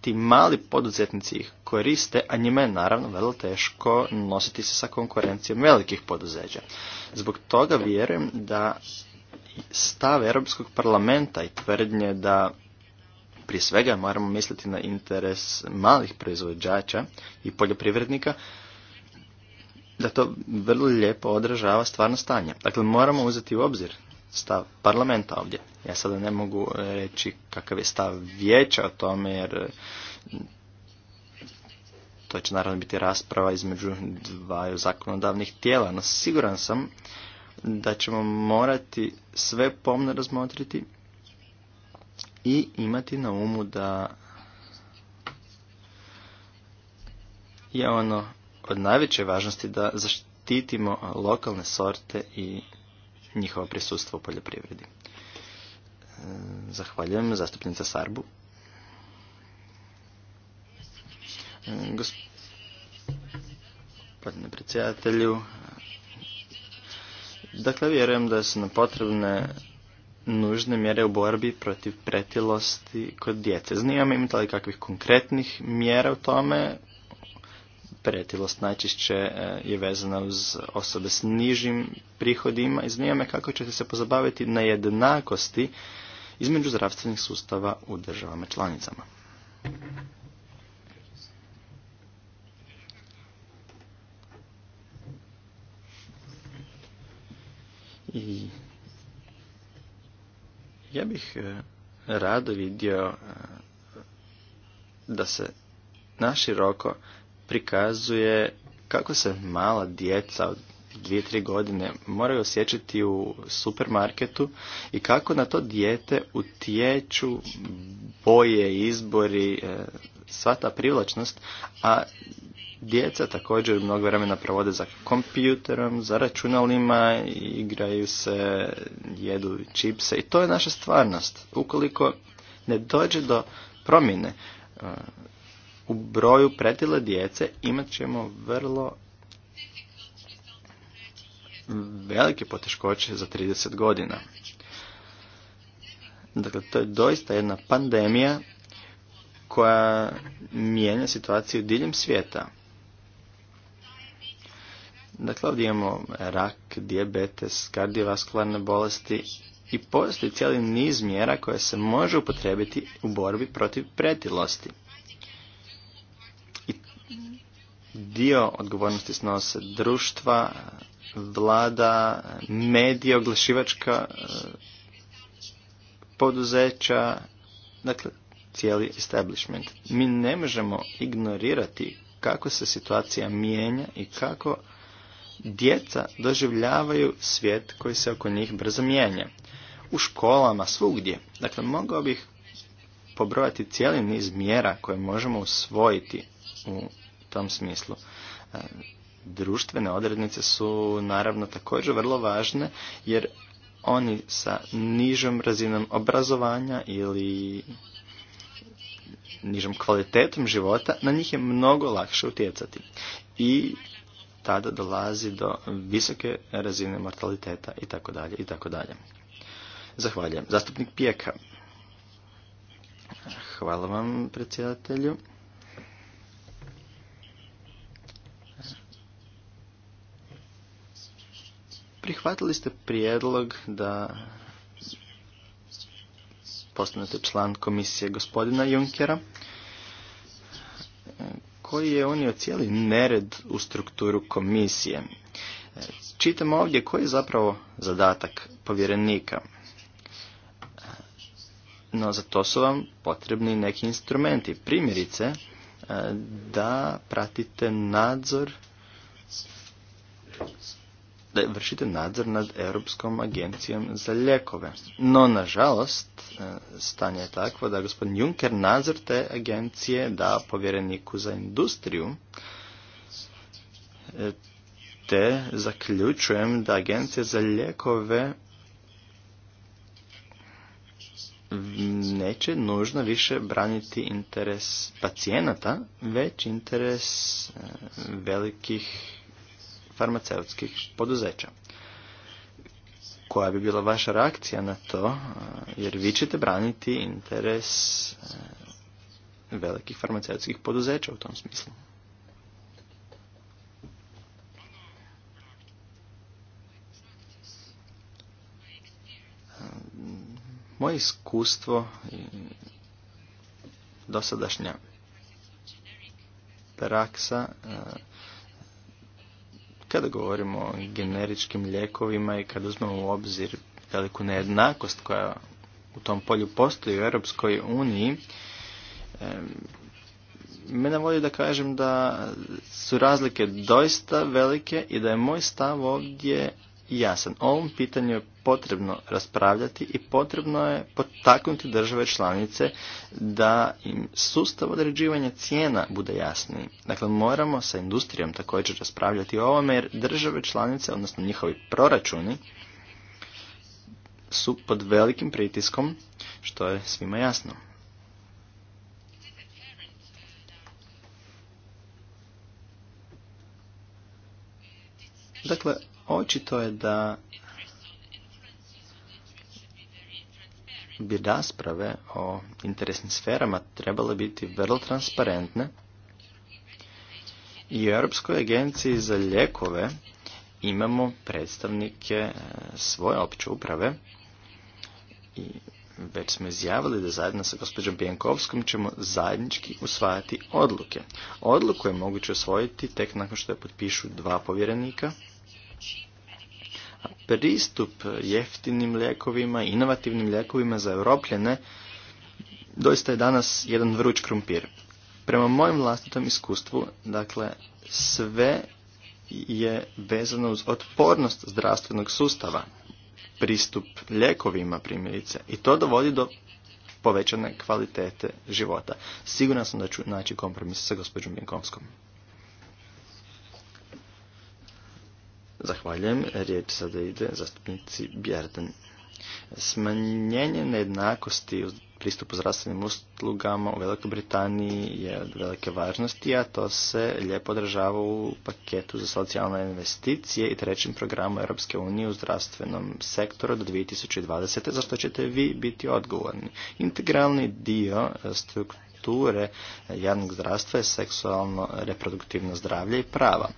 ti mali poduzetnici ih koriste, a njima je naravno vrlo teško nositi se sa konkurencijom velikih poduzeća. Zbog toga vjerujem da stav Europskog parlamenta i tvrdnje da prije svega moramo misliti na interes malih proizvođača i poljoprivrednika da to vrlo lijepo odražava stvarno stanje. Dakle, moramo uzeti u obzir stav parlamenta ovdje. Ja sada ne mogu reći kakav je stav vijeća o tome, jer to će naravno biti rasprava između dvaju zakonodavnih tijela, no siguran sam da ćemo morati sve pomno razmotriti i imati na umu da je ono od najveće važnosti da zaštitimo lokalne sorte i njihovo prisustvo u poljoprivredi. E, zahvaljujem zastupnica Sarbu. E, gospodine predsjedatelju, dakle vjerujem da su nam potrebne nužne mjere u borbi protiv pretilosti kod djece. Znijamo imate li kakvih konkretnih mjera u tome pretilost najčešće e, je vezana uz osobe s nižim prihodima i zanima kako ćete se pozabaviti na jednakosti između zdravstvenih sustava u državama članicama. I ja bih e, rado vidio e, da se roko prikazuje kako se mala djeca od dvije, tri godine moraju osjećati u supermarketu i kako na to dijete utječu boje, izbori, e, sva ta privlačnost, a djeca također mnogo vremena provode za kompjuterom, za računalima, igraju se, jedu čipse i to je naša stvarnost. Ukoliko ne dođe do promjene e, u broju pretile djece imat ćemo vrlo velike poteškoće za 30 godina. Dakle, to je doista jedna pandemija koja mijenja situaciju diljem svijeta. Dakle, ovdje imamo rak, dijabetes, kardiovaskularne bolesti i postoji cijeli niz mjera koje se može upotrebiti u borbi protiv pretilosti. dio odgovornosti snose društva, vlada, medije, oglašivačka e, poduzeća, dakle cijeli establishment. Mi ne možemo ignorirati kako se situacija mijenja i kako djeca doživljavaju svijet koji se oko njih brzo mijenja. U školama, svugdje. Dakle, mogao bih pobrojati cijeli niz mjera koje možemo usvojiti u tom smislu. E, društvene odrednice su naravno također vrlo važne jer oni sa nižom razinom obrazovanja ili nižom kvalitetom života, na njih je mnogo lakše utjecati. I tada dolazi do visoke razine mortaliteta i tako dalje i tako dalje. Zahvaljujem. Zastupnik Pijeka. Hvala vam predsjedatelju. Prihvatili ste prijedlog da postanete član komisije gospodina Junkera, koji je unio cijeli nered u strukturu komisije. Čitamo ovdje koji je zapravo zadatak povjerenika. No za to su vam potrebni neki instrumenti. Primjerice da pratite nadzor da vršite nadzor nad Europskom agencijom za ljekove. No, nažalost, e, stanje je takvo da gospodin Juncker nadzor te agencije da povjereniku za industriju, e, te zaključujem da agencija za ljekove neće nužno više braniti interes pacijenata, već interes e, velikih farmaceutskih poduzeća. Koja bi bila vaša reakcija na to, jer vi ćete braniti interes velikih farmaceutskih poduzeća u tom smislu. Moje iskustvo i dosadašnja praksa kada govorimo o generičkim lijekovima i kada uzmemo u obzir veliku nejednakost koja u tom polju postoji u Europskoj uniji, mene voli da kažem da su razlike doista velike i da je moj stav ovdje jasan. O ovom pitanju je potrebno raspravljati i potrebno je potaknuti države članice da im sustav određivanja cijena bude jasniji. Dakle, moramo sa industrijom također raspravljati o ovome jer države članice, odnosno njihovi proračuni, su pod velikim pritiskom, što je svima jasno. Dakle, Očito je da bi rasprave o interesnim sferama trebale biti vrlo transparentne i u Europskoj agenciji za ljekove imamo predstavnike e, svoje opće uprave i već smo izjavili da zajedno sa gospođom Bjenkovskom ćemo zajednički usvajati odluke. Odluku je moguće usvojiti tek nakon što je potpišu dva povjerenika – Pristup jeftinim lijekovima, inovativnim lijekovima za europljene doista je danas jedan vruć krumpir. Prema mojem vlastitom iskustvu, dakle, sve je vezano uz otpornost zdravstvenog sustava, pristup lijekovima primjerice i to dovodi do povećane kvalitete života. Siguran sam da ću naći kompromis sa gospođom Bjenkovskom. Zahvaljujem. Riječ sada ide zastupnici Bjerden. Smanjenje nejednakosti u pristupu zdravstvenim uslugama u Velikoj Britaniji je od velike važnosti, a to se lijepo održava u paketu za socijalne investicije i trećem programu Europske unije u zdravstvenom sektoru do 2020. za što ćete vi biti odgovorni. Integralni dio e, strukture javnog zdravstva je seksualno reproduktivno zdravlje i prava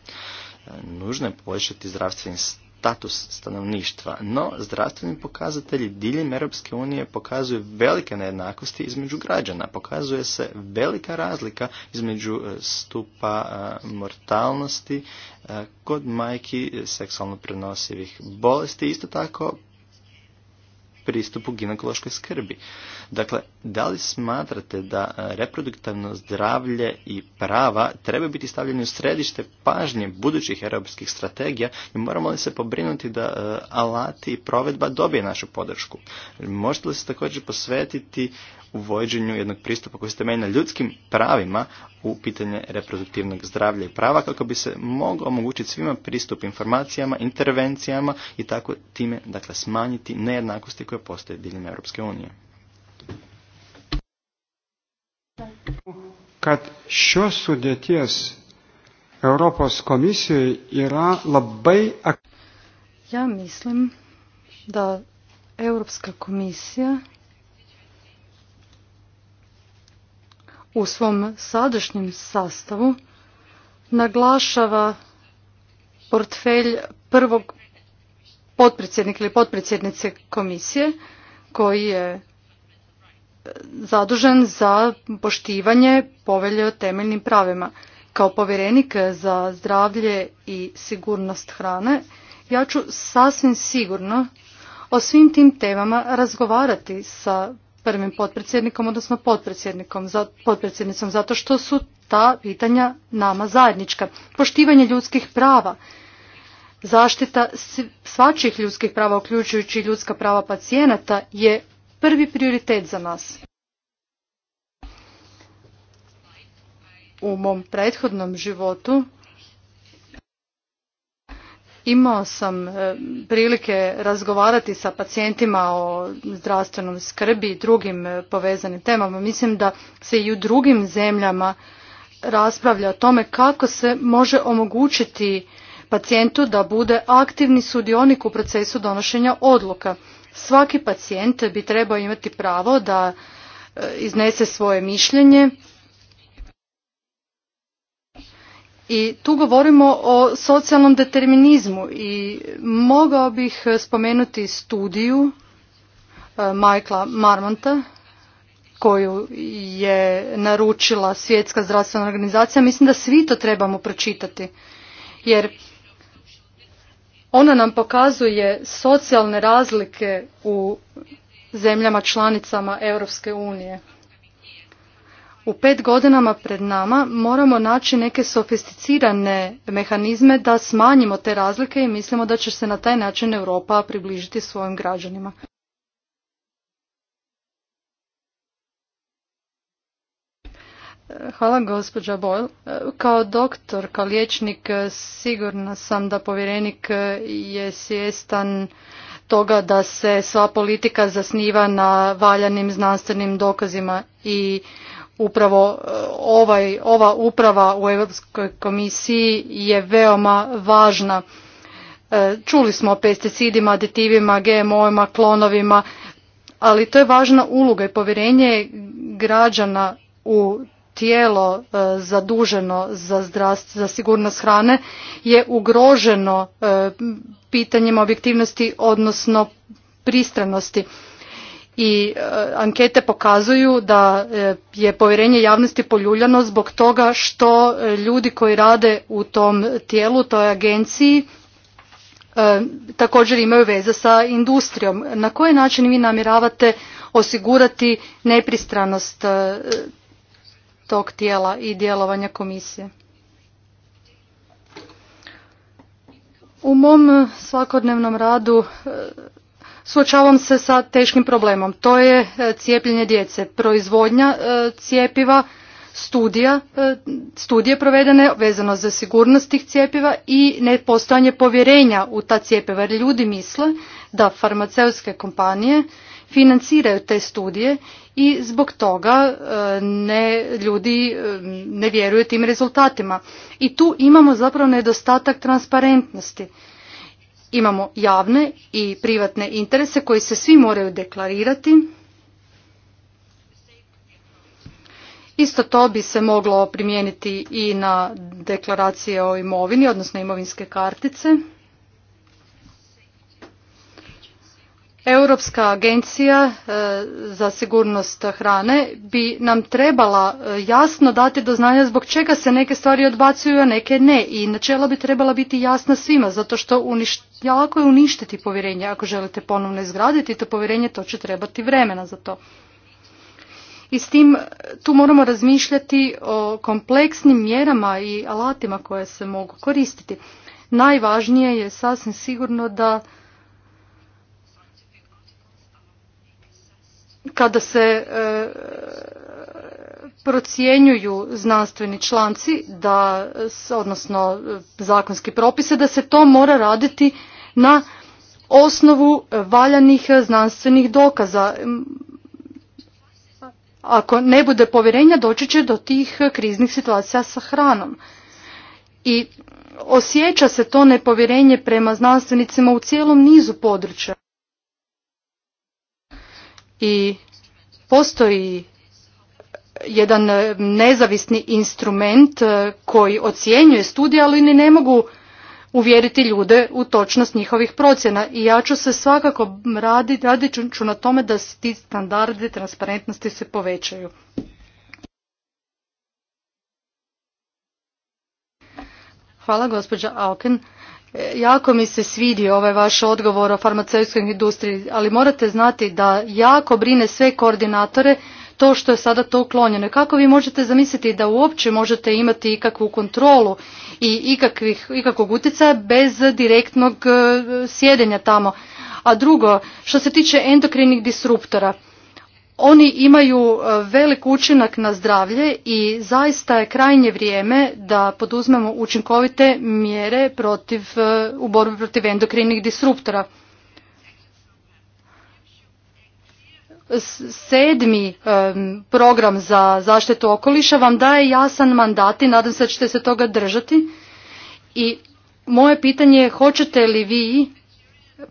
nužno je poboljšati zdravstveni status stanovništva, no zdravstveni pokazatelji diljem Europske unije pokazuju velike nejednakosti između građana, pokazuje se velika razlika između e, stupa e, mortalnosti e, kod majki seksualno prenosivih bolesti, isto tako pristupu ginekološkoj skrbi. Dakle, da li smatrate da e, reproduktivno zdravlje i prava treba biti stavljeni u središte pažnje budućih europskih strategija i moramo li se pobrinuti da e, alati i provedba dobije našu podršku? Možete li se također posvetiti uvođenju jednog pristupa koji se temelji na ljudskim pravima u pitanje reproduktivnog zdravlja i prava kako bi se mogao omogućiti svima pristup informacijama, intervencijama i tako time dakle, smanjiti nejednakosti koje postoje diljem Europske unije. Kad Europos komisije labai... Ja mislim da Europska komisija u svom sadašnjem sastavu naglašava portfelj prvog potpredsjednika ili potpredsjednice komisije koji je zadužen za poštivanje povelje o temeljnim pravima. Kao povjerenik za zdravlje i sigurnost hrane, ja ću sasvim sigurno o svim tim temama razgovarati sa prvim potpredsjednikom, odnosno potpredsjednikom, potpredsjednicom, zato što su ta pitanja nama zajednička. Poštivanje ljudskih prava, zaštita svačih ljudskih prava, uključujući ljudska prava pacijenata, je prvi prioritet za nas. U mom prethodnom životu Imao sam e, prilike razgovarati sa pacijentima o zdravstvenom skrbi i drugim e, povezanim temama. Mislim da se i u drugim zemljama raspravlja o tome kako se može omogućiti pacijentu da bude aktivni sudionik u procesu donošenja odluka. Svaki pacijent bi trebao imati pravo da e, iznese svoje mišljenje I tu govorimo o socijalnom determinizmu i mogao bih spomenuti studiju e, Michaela Marmonta koju je naručila Svjetska zdravstvena organizacija. Mislim da svi to trebamo pročitati jer ona nam pokazuje socijalne razlike u zemljama članicama Europske unije u pet godinama pred nama moramo naći neke sofisticirane mehanizme da smanjimo te razlike i mislimo da će se na taj način Europa približiti svojim građanima. Hvala gospođa Boyle. Kao doktor, kao liječnik sigurna sam da povjerenik je svjestan toga da se sva politika zasniva na valjanim znanstvenim dokazima i upravo eh, ovaj, ova uprava u Europskoj komisiji je veoma važna. Eh, čuli smo o pesticidima, aditivima, GMO-ima, klonovima, ali to je važna uloga i povjerenje građana u tijelo eh, zaduženo za, zdravstvo, za sigurnost hrane je ugroženo pitanjem objektivnosti odnosno pristranosti i e, ankete pokazuju da e, je povjerenje javnosti poljuljano zbog toga što e, ljudi koji rade u tom tijelu, toj agenciji, također imaju veze sa industrijom. Na koji način vi namjeravate osigurati nepristranost tog tijela i djelovanja komisije? U mom svakodnevnom radu suočavam se sa teškim problemom. To je e, cijepljenje djece, proizvodnja e, cijepiva, studija, e, studije provedene vezano za sigurnost tih cijepiva i nepostojanje povjerenja u ta cjepiva Jer ljudi misle da farmaceutske kompanije financiraju te studije i zbog toga ne, ljudi ne vjeruju tim rezultatima. I tu imamo zapravo nedostatak transparentnosti. Imamo javne i privatne interese koji se svi moraju deklarirati. Isto to bi se moglo primijeniti i na deklaracije o imovini, odnosno imovinske kartice. Europska agencija e, za sigurnost hrane bi nam trebala e, jasno dati do znanja zbog čega se neke stvari odbacuju, a neke ne. I načela bi trebala biti jasna svima, zato što jako je uništiti povjerenje. Ako želite ponovno izgraditi to povjerenje, to će trebati vremena za to. I s tim e, tu moramo razmišljati o kompleksnim mjerama i alatima koje se mogu koristiti. Najvažnije je sasvim sigurno da kada se e, procjenjuju znanstveni članci da odnosno e, zakonski propise da se to mora raditi na osnovu valjanih znanstvenih dokaza ako ne bude povjerenja doći će do tih kriznih situacija sa hranom i osjeća se to nepovjerenje prema znanstvenicima u cijelom nizu područja i postoji jedan e, nezavisni instrument e, koji ocjenjuje studije, ali ni ne mogu uvjeriti ljude u točnost njihovih procjena i ja ću se svakako raditi, radit ću na tome da ti standardi transparentnosti se povećaju. Hvala gospođa Auken. Jako mi se svidio ovaj vaš odgovor o farmaceutskoj industriji, ali morate znati da jako brine sve koordinatore to što je sada to uklonjeno. Kako vi možete zamisliti da uopće možete imati ikakvu kontrolu i ikakvih, ikakvog utjecaja bez direktnog e, sjedenja tamo? A drugo, što se tiče endokrinnih disruptora, oni imaju e, velik učinak na zdravlje i zaista je krajnje vrijeme da poduzmemo učinkovite mjere protiv, e, u borbi protiv endokrinih disruptora. Sedmi e, program za zaštitu okoliša vam daje jasan mandat i nadam se da ćete se toga držati. I moje pitanje je hoćete li vi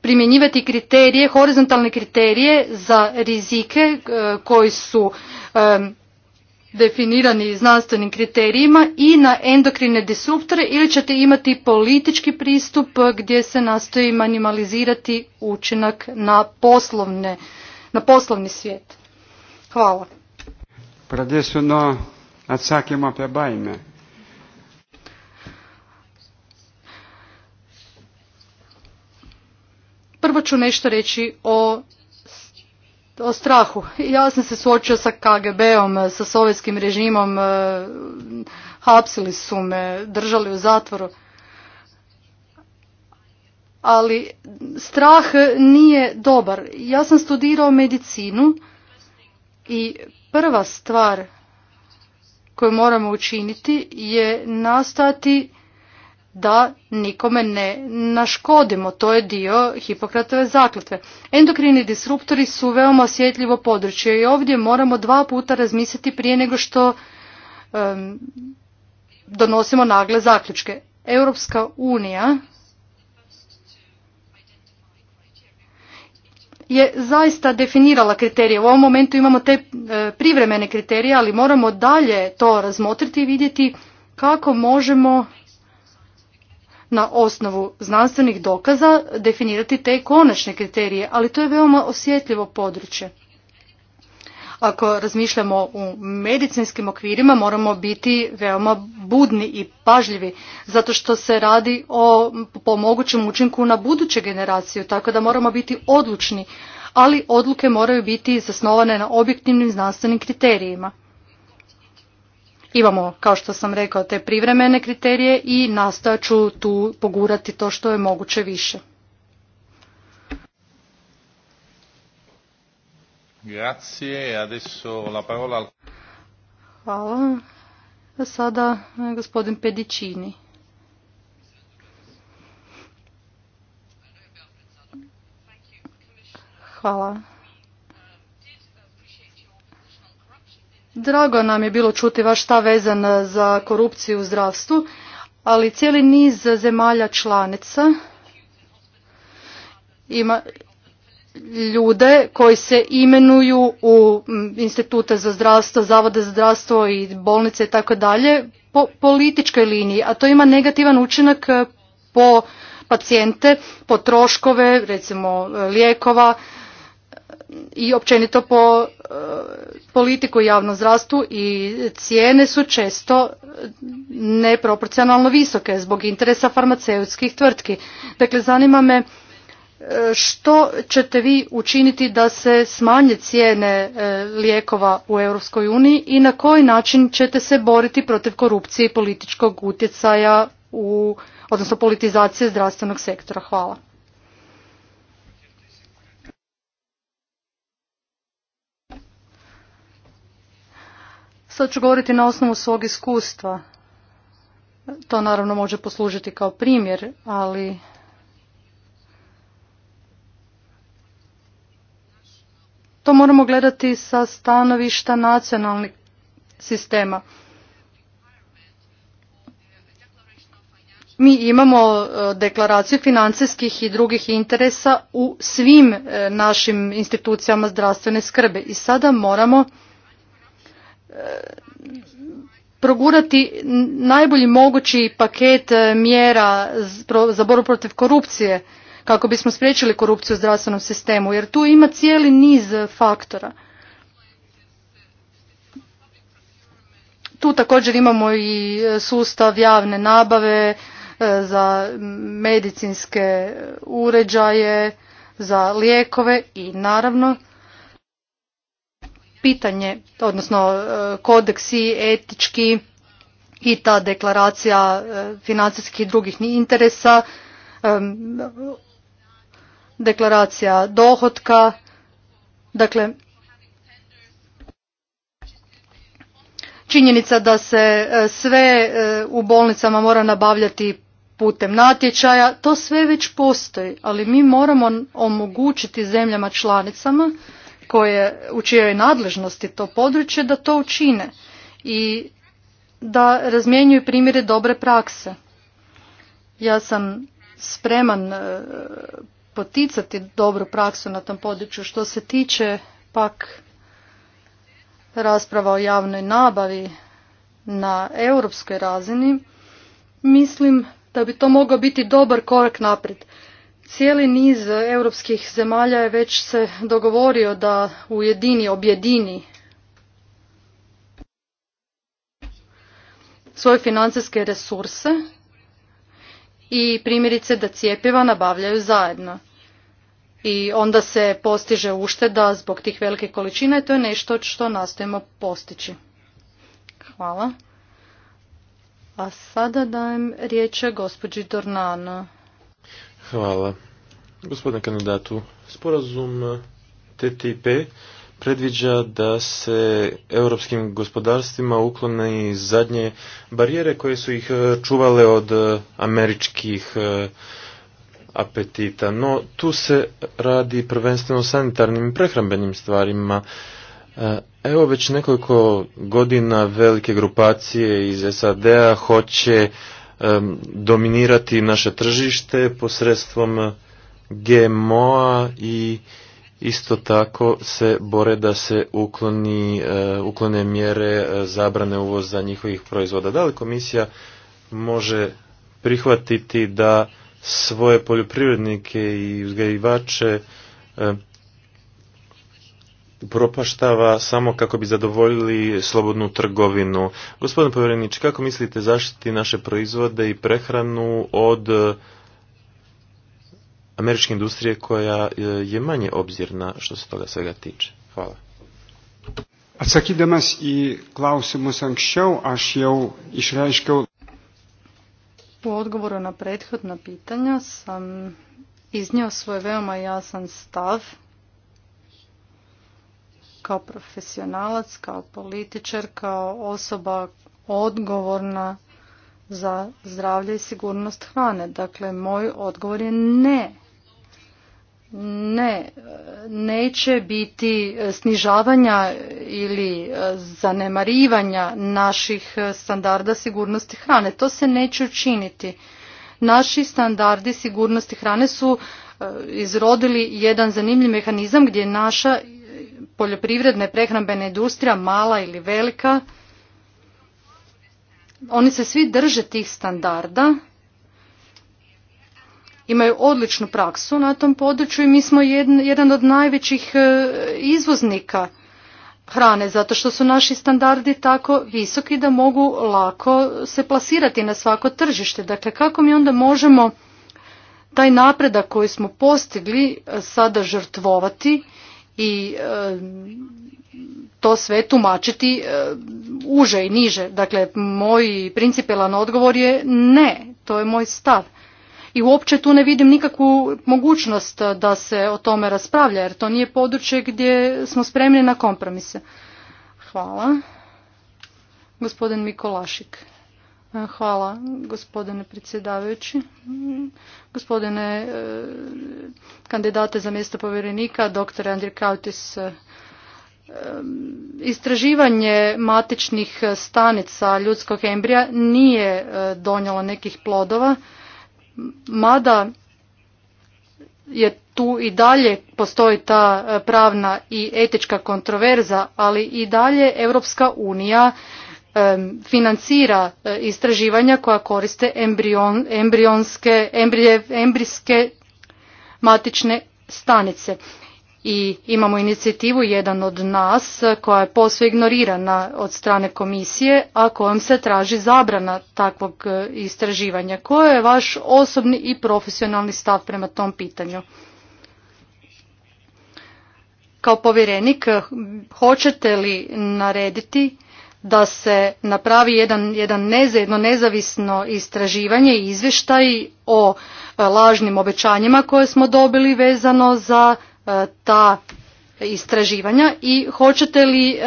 primjenjivati kriterije, horizontalne kriterije za rizike e, koji su e, definirani znanstvenim kriterijima i na endokrine disruptore ili ćete imati politički pristup gdje se nastoji minimalizirati učinak na, poslovne, na poslovni svijet. Hvala. no bajme. Prvo ću nešto reći o o strahu. Ja sam se suočio sa KGB-om, sa sovjetskim režimom, e, hapsili su me, držali u zatvoru. Ali strah nije dobar. Ja sam studirao medicinu i prva stvar koju moramo učiniti je nastati da nikome ne naškodimo. To je dio Hipokratove zaključke. Endokrini disruptori su veoma osjetljivo područje i ovdje moramo dva puta razmisliti prije nego što donosimo nagle zaključke. Europska unija je zaista definirala kriterije. U ovom momentu imamo te e, privremene kriterije, ali moramo dalje to razmotriti i vidjeti kako možemo na osnovu znanstvenih dokaza definirati te konačne kriterije, ali to je veoma osjetljivo područje. Ako razmišljamo u medicinskim okvirima moramo biti veoma budni i pažljivi zato što se radi o pomogućem učinku na buduće generaciju, tako da moramo biti odlučni, ali odluke moraju biti zasnovane na objektivnim znanstvenim kriterijima. Imamo, kao što sam rekao, te privremene kriterije i nastojat ću tu pogurati to što je moguće više. Grazie, e adesso la parola... Hvala. A sada e, gospodin Pedicini. Hvala Drago nam je bilo čuti vaš stav vezan e, za korupciju u zdravstvu, ali cijeli niz zemalja članica ima ljude koji se imenuju u institute za zdravstvo, zavode za zdravstvo i bolnice i tako dalje po političkoj liniji, a to ima negativan učinak e, po pacijente, po troškove, recimo e, lijekova, i općenito po e, politiku javnom zdravstvu i cijene su često neproporcionalno visoke zbog interesa farmaceutskih tvrtki. Dakle, zanima me e, što ćete vi učiniti da se smanje cijene e, lijekova u Europskoj uniji i na koji način ćete se boriti protiv korupcije i političkog utjecaja u, odnosno politizacije zdravstvenog sektora? Hvala. Sad ću govoriti na osnovu svog iskustva. To naravno može poslužiti kao primjer, ali to moramo gledati sa stanovišta nacionalnih sistema. Mi imamo e, deklaraciju financijskih i drugih interesa u svim e, našim institucijama zdravstvene skrbe. i sada moramo progurati najbolji mogući paket e, mjera za borbu protiv korupcije kako bismo spriječili korupciju u zdravstvenom sistemu jer tu ima cijeli niz faktora. Tu također imamo i e, sustav javne nabave e, za medicinske uređaje, za lijekove i naravno pitanje, odnosno e, kodeksi etički i ta deklaracija e, financijskih i drugih interesa, e, deklaracija dohotka, dakle činjenica da se sve u bolnicama mora nabavljati putem natječaja, to sve već postoji, ali mi moramo omogućiti zemljama članicama koje, u čijoj nadležnosti to područje da to učine i da razmjenjuju primjere dobre prakse. Ja sam spreman e, poticati dobru praksu na tom području. Što se tiče pak rasprava o javnoj nabavi na europskoj razini, mislim da bi to mogao biti dobar korak naprijed. Cijeli niz europskih zemalja je već se dogovorio da ujedini, objedini svoje financijske resurse i primjerice da cijepiva nabavljaju zajedno. I onda se postiže ušteda zbog tih velike količine i to je nešto što nastojimo postići. Hvala. A sada dajem riječ gospođi Dornano. Hvala. Gospodine kandidatu, sporazum TTIP predviđa da se europskim gospodarstvima uklone i zadnje barijere koje su ih e, čuvale od e, američkih e, apetita. No, tu se radi prvenstveno sanitarnim i prehrambenim stvarima. Evo već nekoliko godina velike grupacije iz SAD-a hoće dominirati naše tržište posredstvom GMO-a i isto tako se bore da se ukloni, eh, uklone mjere eh, zabrane uvoza njihovih proizvoda. Da li komisija može prihvatiti da svoje poljoprivrednike i uzgajivače eh, propaštava samo kako bi zadovoljili slobodnu trgovinu. Gospodin povjerenič, kako mislite zaštiti naše proizvode i prehranu od e, američke industrije koja e, je manje obzirna što se toga svega tiče? Hvala. Atsakydamas i klausimus anksčiau, aš jau odgovoru na prethodna pitanja sam iznio svoj veoma jasan stav kao profesionalac, kao političar, kao osoba odgovorna za zdravlje i sigurnost hrane. Dakle, moj odgovor je ne. Ne, neće biti snižavanja ili zanemarivanja naših standarda sigurnosti hrane. To se neće učiniti. Naši standardi sigurnosti hrane su e, izrodili jedan zanimljiv mehanizam gdje naša poljoprivredna i prehrambena industrija, mala ili velika, oni se svi drže tih standarda, imaju odličnu praksu na tom području i mi smo jedan od najvećih e, izvoznika hrane zato što su naši standardi tako visoki da mogu lako se plasirati na svako tržište. Dakle, kako mi onda možemo taj napredak koji smo postigli e, sada žrtvovati i e, to sve tumačiti e, uže i niže. Dakle, moj principelan odgovor je ne, to je moj stav. I uopće tu ne vidim nikakvu mogućnost da se o tome raspravlja, jer to nije područje gdje smo spremni na kompromise. Hvala. Gospodin Mikolašik. Hvala gospodine predsjedavajući. Gospodine e, kandidate za mjesto povjerenika, doktore Andrij Kautis, e, e, istraživanje matičnih stanica ljudskog embrija nije donijelo nekih plodova, mada je tu i dalje postoji ta pravna i etička kontroverza, ali i dalje Europska unija financira eh, istraživanja koja koriste embrionske, embrijske matične stanice. I imamo inicijativu jedan od nas eh, koja je posve ignorirana od strane komisije, a kojom se traži zabrana takvog eh, istraživanja. Koji je vaš osobni i profesionalni stav prema tom pitanju? Kao povjerenik, hoćete li narediti da se napravi jedan, jedan jedno nezavisno istraživanje i izvještaj o e, lažnim obećanjima koje smo dobili vezano za e, ta istraživanja i hoćete li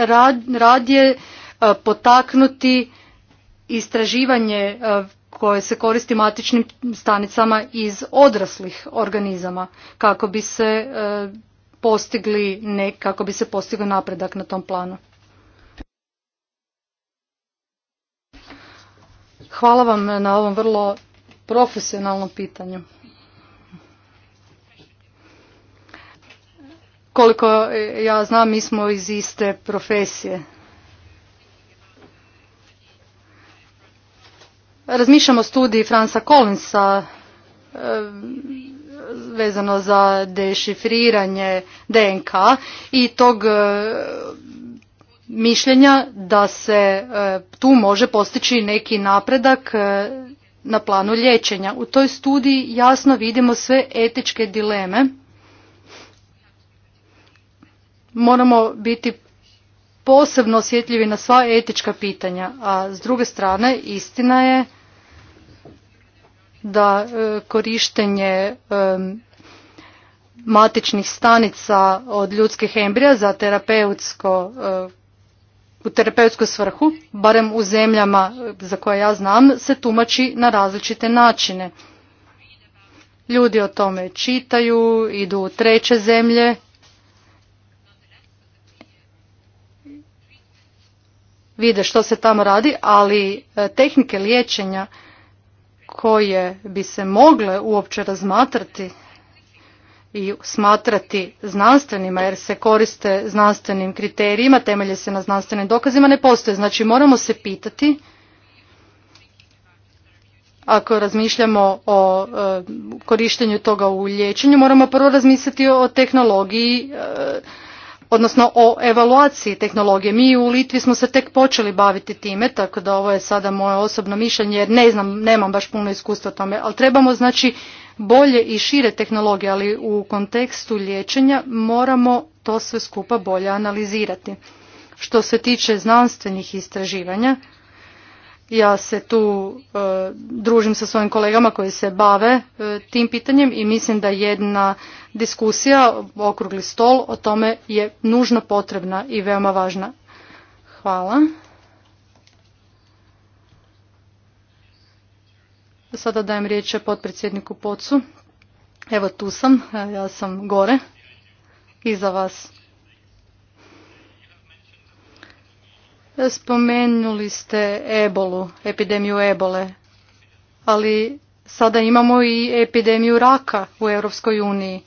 radije e, potaknuti istraživanje koje se koristi matičnim stanicama iz odraslih organizama kako bi se postigli kako bi se postigao napredak na tom planu. Hvala vam na ovom vrlo profesionalnom pitanju. Koliko ja znam, mi smo iz iste profesije. Razmišljamo o studiji Fransa Collinsa eh, vezano za dešifriranje DNK i tog eh, mišljenja da se e, tu može postići neki napredak e, na planu liječenja. U toj studiji jasno vidimo sve etičke dileme. Moramo biti posebno osjetljivi na sva etička pitanja, a s druge strane istina je da e, korištenje matičnih stanica od ljudskih embrija za terapeutsko u terapeutsku svrhu, barem u zemljama e, za koje ja znam, se tumači na različite načine. Ljudi o tome čitaju, idu u treće zemlje. Vide što se tamo radi, ali e, tehnike liječenja koje bi se mogle uopće razmatrati i smatrati znanstvenima jer se koriste znanstvenim kriterijima, temelje se na znanstvenim dokazima, ne postoje. Znači moramo se pitati ako razmišljamo o e, korištenju toga u liječenju, moramo prvo razmisliti o tehnologiji, e, odnosno o evaluaciji tehnologije. Mi u Litvi smo se tek počeli baviti time, tako da ovo je sada moje osobno mišljenje jer ne znam, nemam baš puno iskustva o tome, ali trebamo znači bolje i šire tehnologije, ali u kontekstu liječenja moramo to sve skupa bolje analizirati. Što se tiče znanstvenih istraživanja, ja se tu e, družim sa svojim kolegama koji se bave e, tim pitanjem i mislim da jedna diskusija, okrugli stol o tome je nužno potrebna i veoma važna. Hvala. Sada dajem riječ potpredsjedniku Pocu. Evo tu sam, e, ja sam gore, iza vas. Spomenuli ste ebolu, epidemiju ebole, ali sada imamo i epidemiju raka u Europskoj uniji.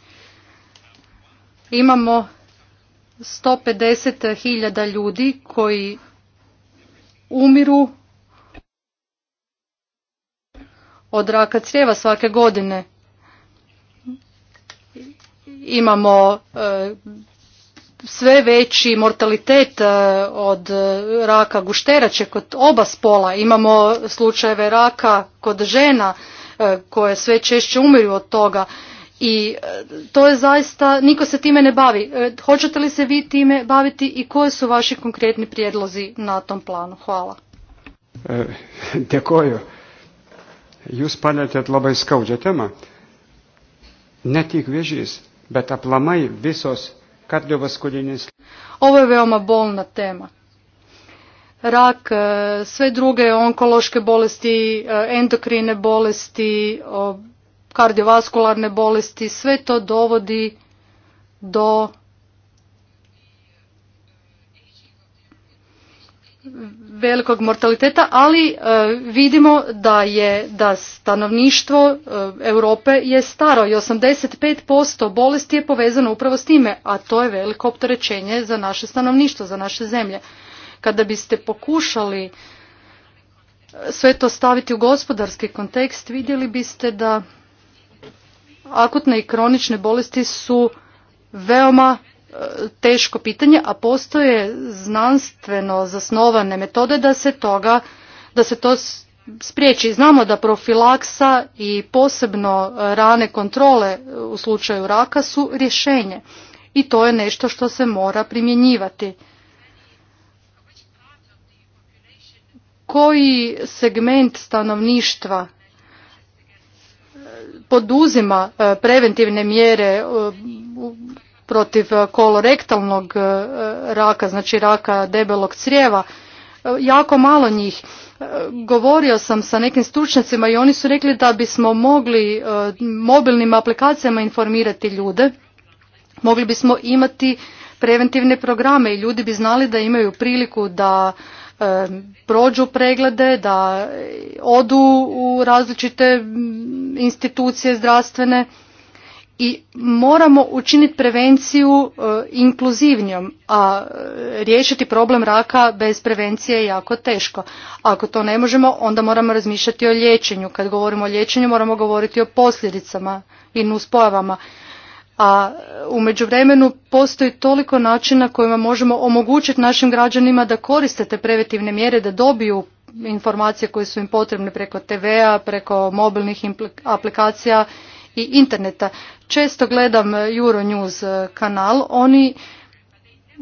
Imamo 150.000 ljudi koji umiru od raka crijeva svake godine. Imamo e, sve veći mortalitet e, od raka gušterače kod oba spola. Imamo slučajeve raka kod žena e, koje sve češće umiru od toga. I to je zaista, niko se time ne bavi. Hoćete li se vi time baviti i koji su vaši konkretni prijedlozi na tom planu? Hvala. E, Jūs palėtėt labai skaudžią temą. Ne tik viežys, bet aplamai visos kardiovaskulinės. Ovo je veoma bolna tema. Rak, e, sve druge onkološke bolesti, e, endokrine bolesti, kardiovaskularne bolesti, sve to dovodi do velikog mortaliteta, ali e, vidimo da je da stanovništvo e, Europe je staro i 85% bolesti je povezano upravo s time, a to je veliko opterećenje za naše stanovništvo, za naše zemlje. Kada biste pokušali e, sve to staviti u gospodarski kontekst, vidjeli biste da akutne i kronične bolesti su veoma teško pitanje, a postoje znanstveno zasnovane metode da se toga, da se to spriječi. Znamo da profilaksa i posebno rane kontrole u slučaju raka su rješenje i to je nešto što se mora primjenjivati. Koji segment stanovništva e, poduzima e, preventivne mjere e, protiv e, kolorektalnog e, raka, znači raka debelog crijeva, e, jako malo njih. Govorio sam sa nekim stručnjacima i oni su rekli da bismo mogli mobilnim aplikacijama informirati ljude, mogli bismo imati preventivne programe i ljudi bi znali da imaju priliku da prođu preglede, da odu u različite institucije zdravstvene i moramo učiniti prevenciju e, inkluzivnijom, a e, riješiti problem raka bez prevencije je jako teško. Ako to ne možemo, onda moramo razmišljati o liječenju. Kad govorimo o liječenju, moramo govoriti o posljedicama i nuspojavama. A e, u međuvremenu postoji toliko načina kojima možemo omogućiti našim građanima da koriste te preventivne mjere, da dobiju informacije koje su im potrebne preko TV-a, preko mobilnih aplikacija i interneta često gledam Euronews eh, kanal, oni eh,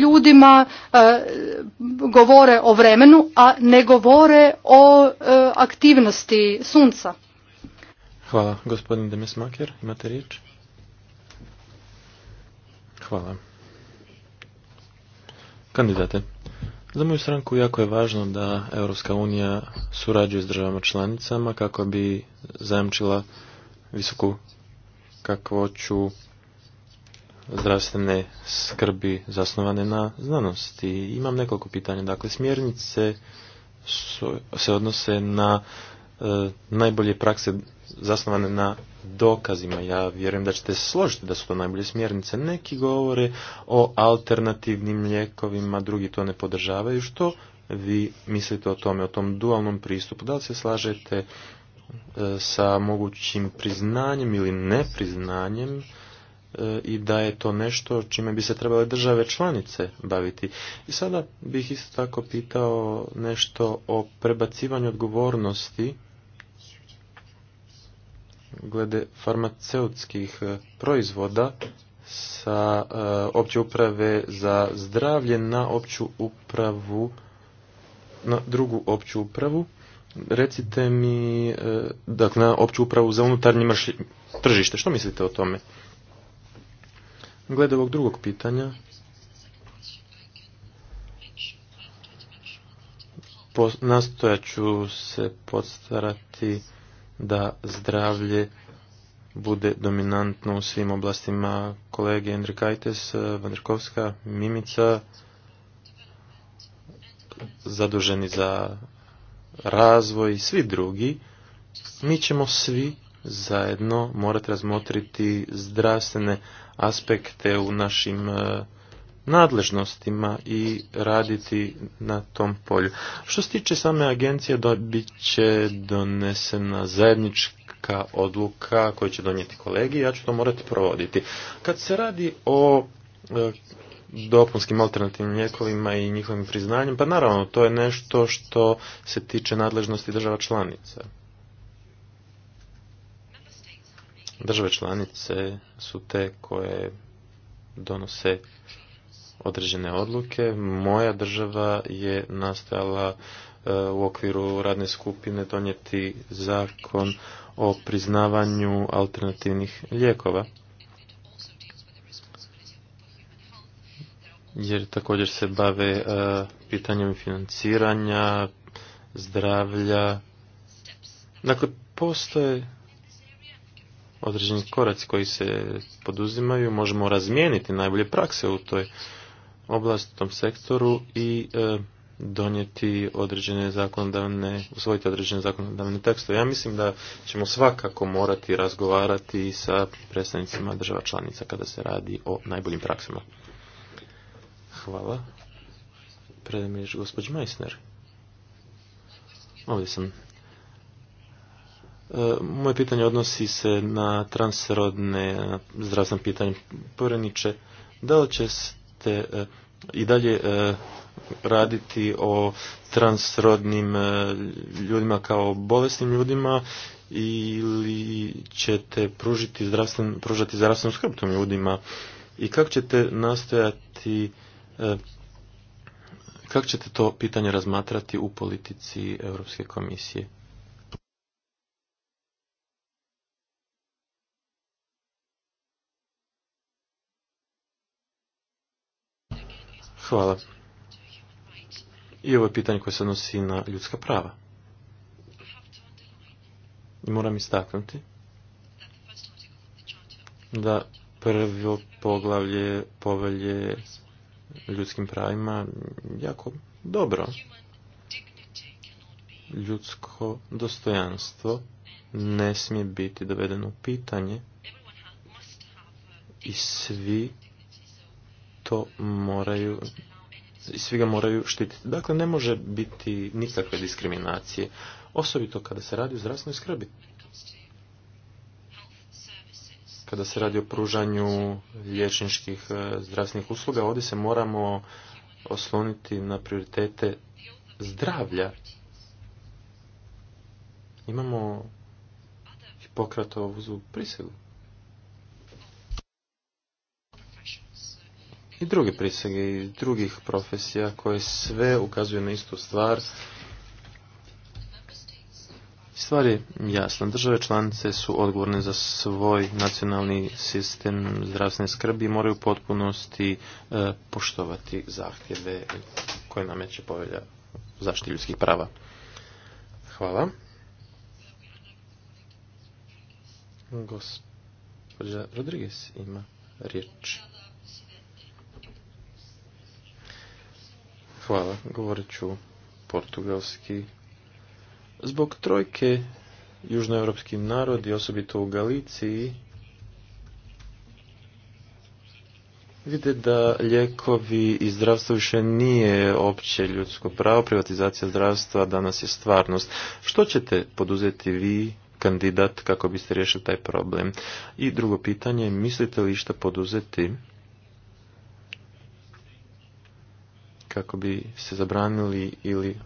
ljudima eh, govore o vremenu, a ne govore o aktivnosti sunca. Hvala. Gospodin Demesmaker, imate riječ? Hvala. Kandidate. Za moju stranku jako je važno da Europska unija surađuje s državama članicama kako bi zajamčila visoku kakvoću zdravstvene skrbi zasnovane na znanosti. Imam nekoliko pitanja. Dakle, smjernice se odnose na E, najbolje prakse zasnovane na dokazima. Ja vjerujem da ćete se složiti da su to najbolje smjernice. Neki govore o alternativnim lijekovima, drugi to ne podržavaju. Što vi mislite o tome, o tom dualnom pristupu? Da li se slažete e, sa mogućim priznanjem ili nepriznanjem e, i da je to nešto čime bi se trebale države članice baviti. I sada bih isto tako pitao nešto o prebacivanju odgovornosti glede farmaceutskih e, proizvoda sa e, opće uprave za zdravlje na opću upravu na drugu opću upravu recite mi e, dakle na opću upravu za unutarnje tržište što mislite o tome glede ovog drugog pitanja nastojat ću se podstarati da zdravlje bude dominantno u svim oblastima kolege Endrikajtes, Vandrkovska, Mimica, zaduženi za razvoj i svi drugi, mi ćemo svi zajedno morati razmotriti zdravstvene aspekte u našim eh, nadležnostima i raditi na tom polju. Što se tiče same agencije, bit će donesena zajednička odluka koju će donijeti kolegi, ja ću to morati provoditi. Kad se radi o e, dopunskim alternativnim lijekovima i njihovim priznanjem, pa naravno to je nešto što se tiče nadležnosti država članica. Države članice su te koje donose određene odluke. Moja država je nastala e, u okviru radne skupine donijeti zakon o priznavanju alternativnih lijekova. Jer također se bave e, pitanjem financiranja, zdravlja. Dakle, postoje određeni koraci koji se poduzimaju, možemo razmijeniti najbolje prakse u toj tom sektoru i e, donijeti određene zakonodavne, usvojiti određene zakonodavne tekstove. Ja mislim da ćemo svakako morati razgovarati sa predstavnicima država članica kada se radi o najboljim praksama. Hvala. Predem gospođi Meissner. Ovdje sam. E, moje pitanje odnosi se na transrodne zdravstvene pitanje. Povjereniče, da li će te e, i dalje e, raditi o transrodnim e, ljudima kao bolesnim ljudima ili ćete pružiti zdravstven, pružati zdravstvenu skrb tom ljudima i kako ćete nastojati kako ćete to pitanje razmatrati u politici Europske komisije? Hvala. I ovo je pitanje koje se odnosi na ljudska prava. I moram istaknuti da prvo poglavlje povelje ljudskim pravima jako dobro. Ljudsko dostojanstvo ne smije biti dovedeno u pitanje i svi to moraju i svi ga moraju štititi. Dakle, ne može biti nikakve diskriminacije, osobito kada se radi o zdravstvenoj skrbi. Kada se radi o pružanju liječničkih e, zdravstvenih usluga, ovdje se moramo osloniti na prioritete zdravlja. Imamo Hipokratovu prisegu. i druge prisege i drugih profesija koje sve ukazuju na istu stvar. Stvar je jasna. Države članice su odgovorne za svoj nacionalni sistem zdravstvene skrbi i moraju u potpunosti e, poštovati zahtjeve koje nameće povelja zaštiti ljudskih prava. Hvala. Gospodin Rodriguez ima riječ. Hvala, govorit ću portugalski. Zbog trojke južnoevropski i osobito u Galiciji, vide da ljekovi i zdravstvo više nije opće ljudsko pravo, privatizacija zdravstva danas je stvarnost. Što ćete poduzeti vi, kandidat, kako biste riješili taj problem? I drugo pitanje, mislite li šta poduzeti kako bi se zabranili ili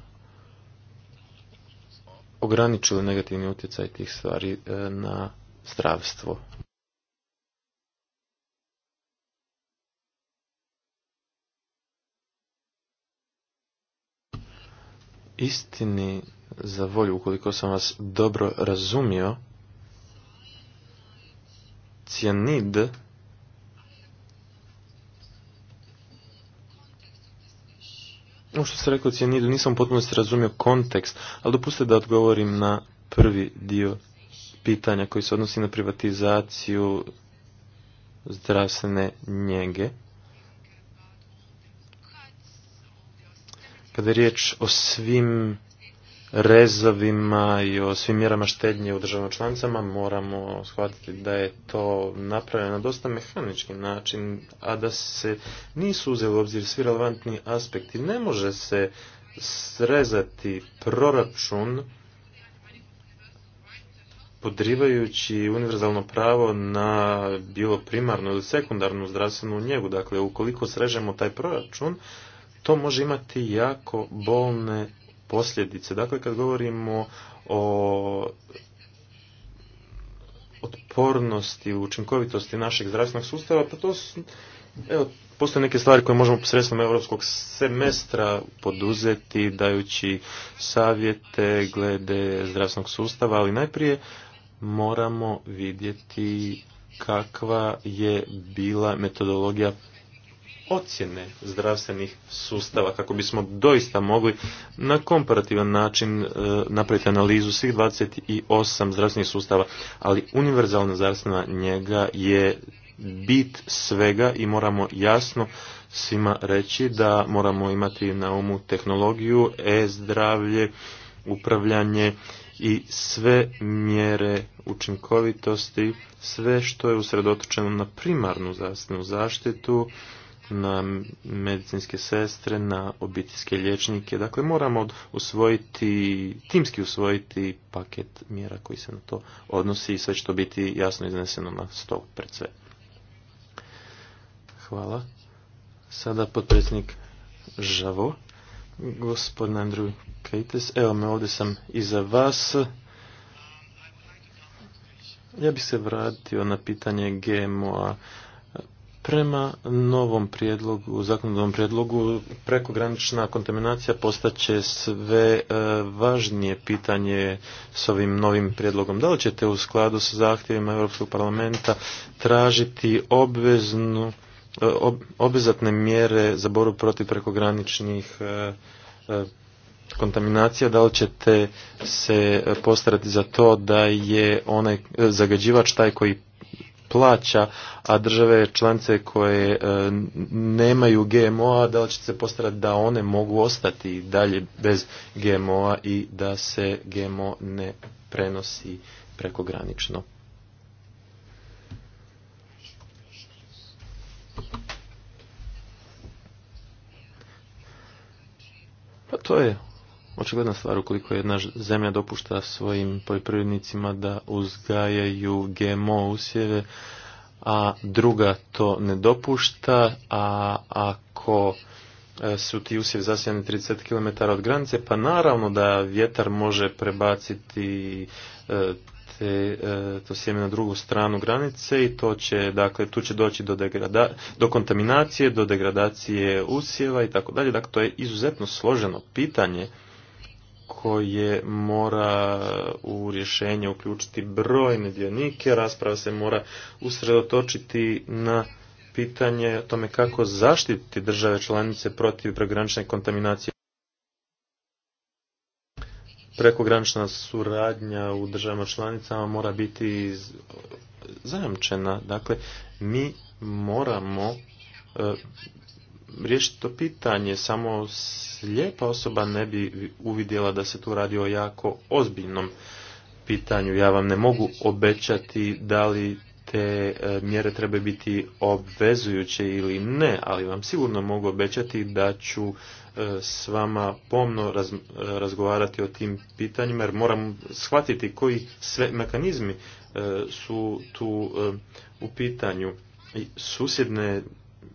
ograničili negativni utjecaj tih stvari e, na zdravstvo. Istini za volju, ukoliko sam vas dobro razumio, cijanid Ono što ste rekli Cijenidu, nisam potpuno se razumio kontekst, ali dopustite da odgovorim na prvi dio pitanja koji se odnosi na privatizaciju zdravstvene njege. Kada je riječ o svim rezovima i o svim mjerama štednje u državama članicama moramo shvatiti da je to napravljeno na dosta mehanički način, a da se nisu uzeli u obzir svi relevantni aspekti. Ne može se srezati proračun podrivajući univerzalno pravo na bilo primarnu ili sekundarnu zdravstvenu njegu. Dakle, ukoliko srežemo taj proračun, to može imati jako bolne posljedice. Dakle, kad govorimo o otpornosti, učinkovitosti našeg zdravstvenog sustava, pa to su, evo, postoje neke stvari koje možemo posredstvom europskog semestra poduzeti, dajući savjete glede zdravstvenog sustava, ali najprije moramo vidjeti kakva je bila metodologija ocjene zdravstvenih sustava kako bismo doista mogli na komparativan način e, napraviti analizu svih 28 zdravstvenih sustava, ali univerzalna zdravstvena njega je bit svega i moramo jasno svima reći da moramo imati na umu tehnologiju, e-zdravlje, upravljanje i sve mjere učinkovitosti, sve što je usredotočeno na primarnu zdravstvenu zaštitu, na medicinske sestre, na obiteljske liječnike. Dakle, moramo usvojiti, timski usvojiti paket mjera koji se na to odnosi i sve će to biti jasno izneseno na stol pred sve. Hvala. Sada potpredsjednik Žavo, gospodin Andrew Kajtes. Evo me, ovdje sam iza vas. Ja bih se vratio na pitanje GMO-a. Prema novom prijedlogu, zakonodavnom prijedlogu, prekogranična kontaminacija postaće sve e, važnije pitanje s ovim novim prijedlogom. Da li ćete u skladu sa zahtjevima Europskog parlamenta tražiti obveznu, e, ob, obvezatne mjere za boru protiv prekograničnih e, kontaminacija, da li ćete se postarati za to da je onaj zagađivač taj koji plaća, a države članice koje e, nemaju GMO-a, da li će se postarati da one mogu ostati dalje bez GMO-a i da se GMO ne prenosi prekogranično. Pa to je očigledna stvar ukoliko jedna zemlja dopušta svojim poljoprivrednicima da uzgajaju GMO usjeve, a druga to ne dopušta, a ako e, su ti usjevi zasijani 30 km od granice, pa naravno da vjetar može prebaciti e, te, e, to sjeme na drugu stranu granice i to će, dakle, tu će doći do, degrada, do kontaminacije, do degradacije usjeva i tako dalje. Dakle, to je izuzetno složeno pitanje koje mora u rješenje uključiti brojne dionike, rasprava se mora usredotočiti na pitanje o tome kako zaštititi države članice protiv prekogranične kontaminacije. Prekogranična suradnja u državama članicama mora biti zajamčena. Dakle, mi moramo e, riješiti to pitanje. Samo slijepa osoba ne bi uvidjela da se tu radi o jako ozbiljnom pitanju. Ja vam ne mogu obećati da li te e, mjere treba biti obvezujuće ili ne, ali vam sigurno mogu obećati da ću e, s vama pomno e, razgovarati o tim pitanjima jer moram shvatiti koji sve mekanizmi su tu u pitanju. I susjedne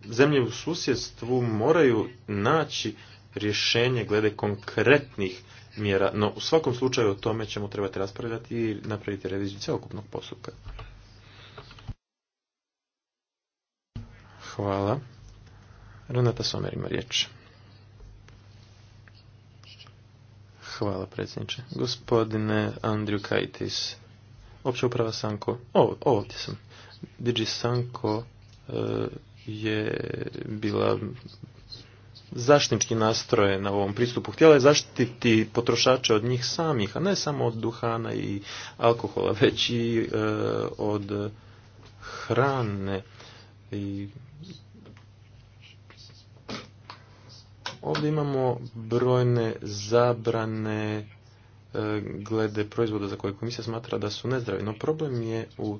zemlje u susjedstvu moraju naći rješenje glede konkretnih mjera, no u svakom slučaju o tome ćemo trebati raspravljati i napraviti reviziju cjelokupnog postupka. Hvala. Renata Somer ima riječ. Hvala predsjedniče. Gospodine Andriju Kajtis, opća uprava Sanko, o, ovdje sam. Digi Sanko e, je bila zaštitnički nastroje na ovom pristupu. Htjela je zaštititi potrošače od njih samih, a ne samo od duhana i alkohola, već i e, od hrane. I ovdje imamo brojne zabrane e, glede proizvoda za koje komisija smatra da su nezdravi. No problem je u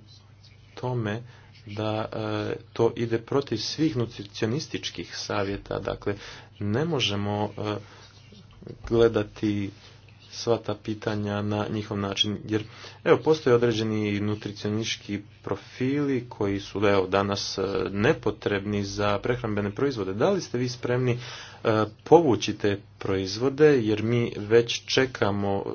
tome da e, to ide protiv svih nutricionističkih savjeta. Dakle, ne možemo e, gledati sva ta pitanja na njihov način. Jer evo, postoje određeni nutricionički profili koji su evo, danas e, nepotrebni za prehrambene proizvode. Da li ste vi spremni e, povući te proizvode jer mi već čekamo e,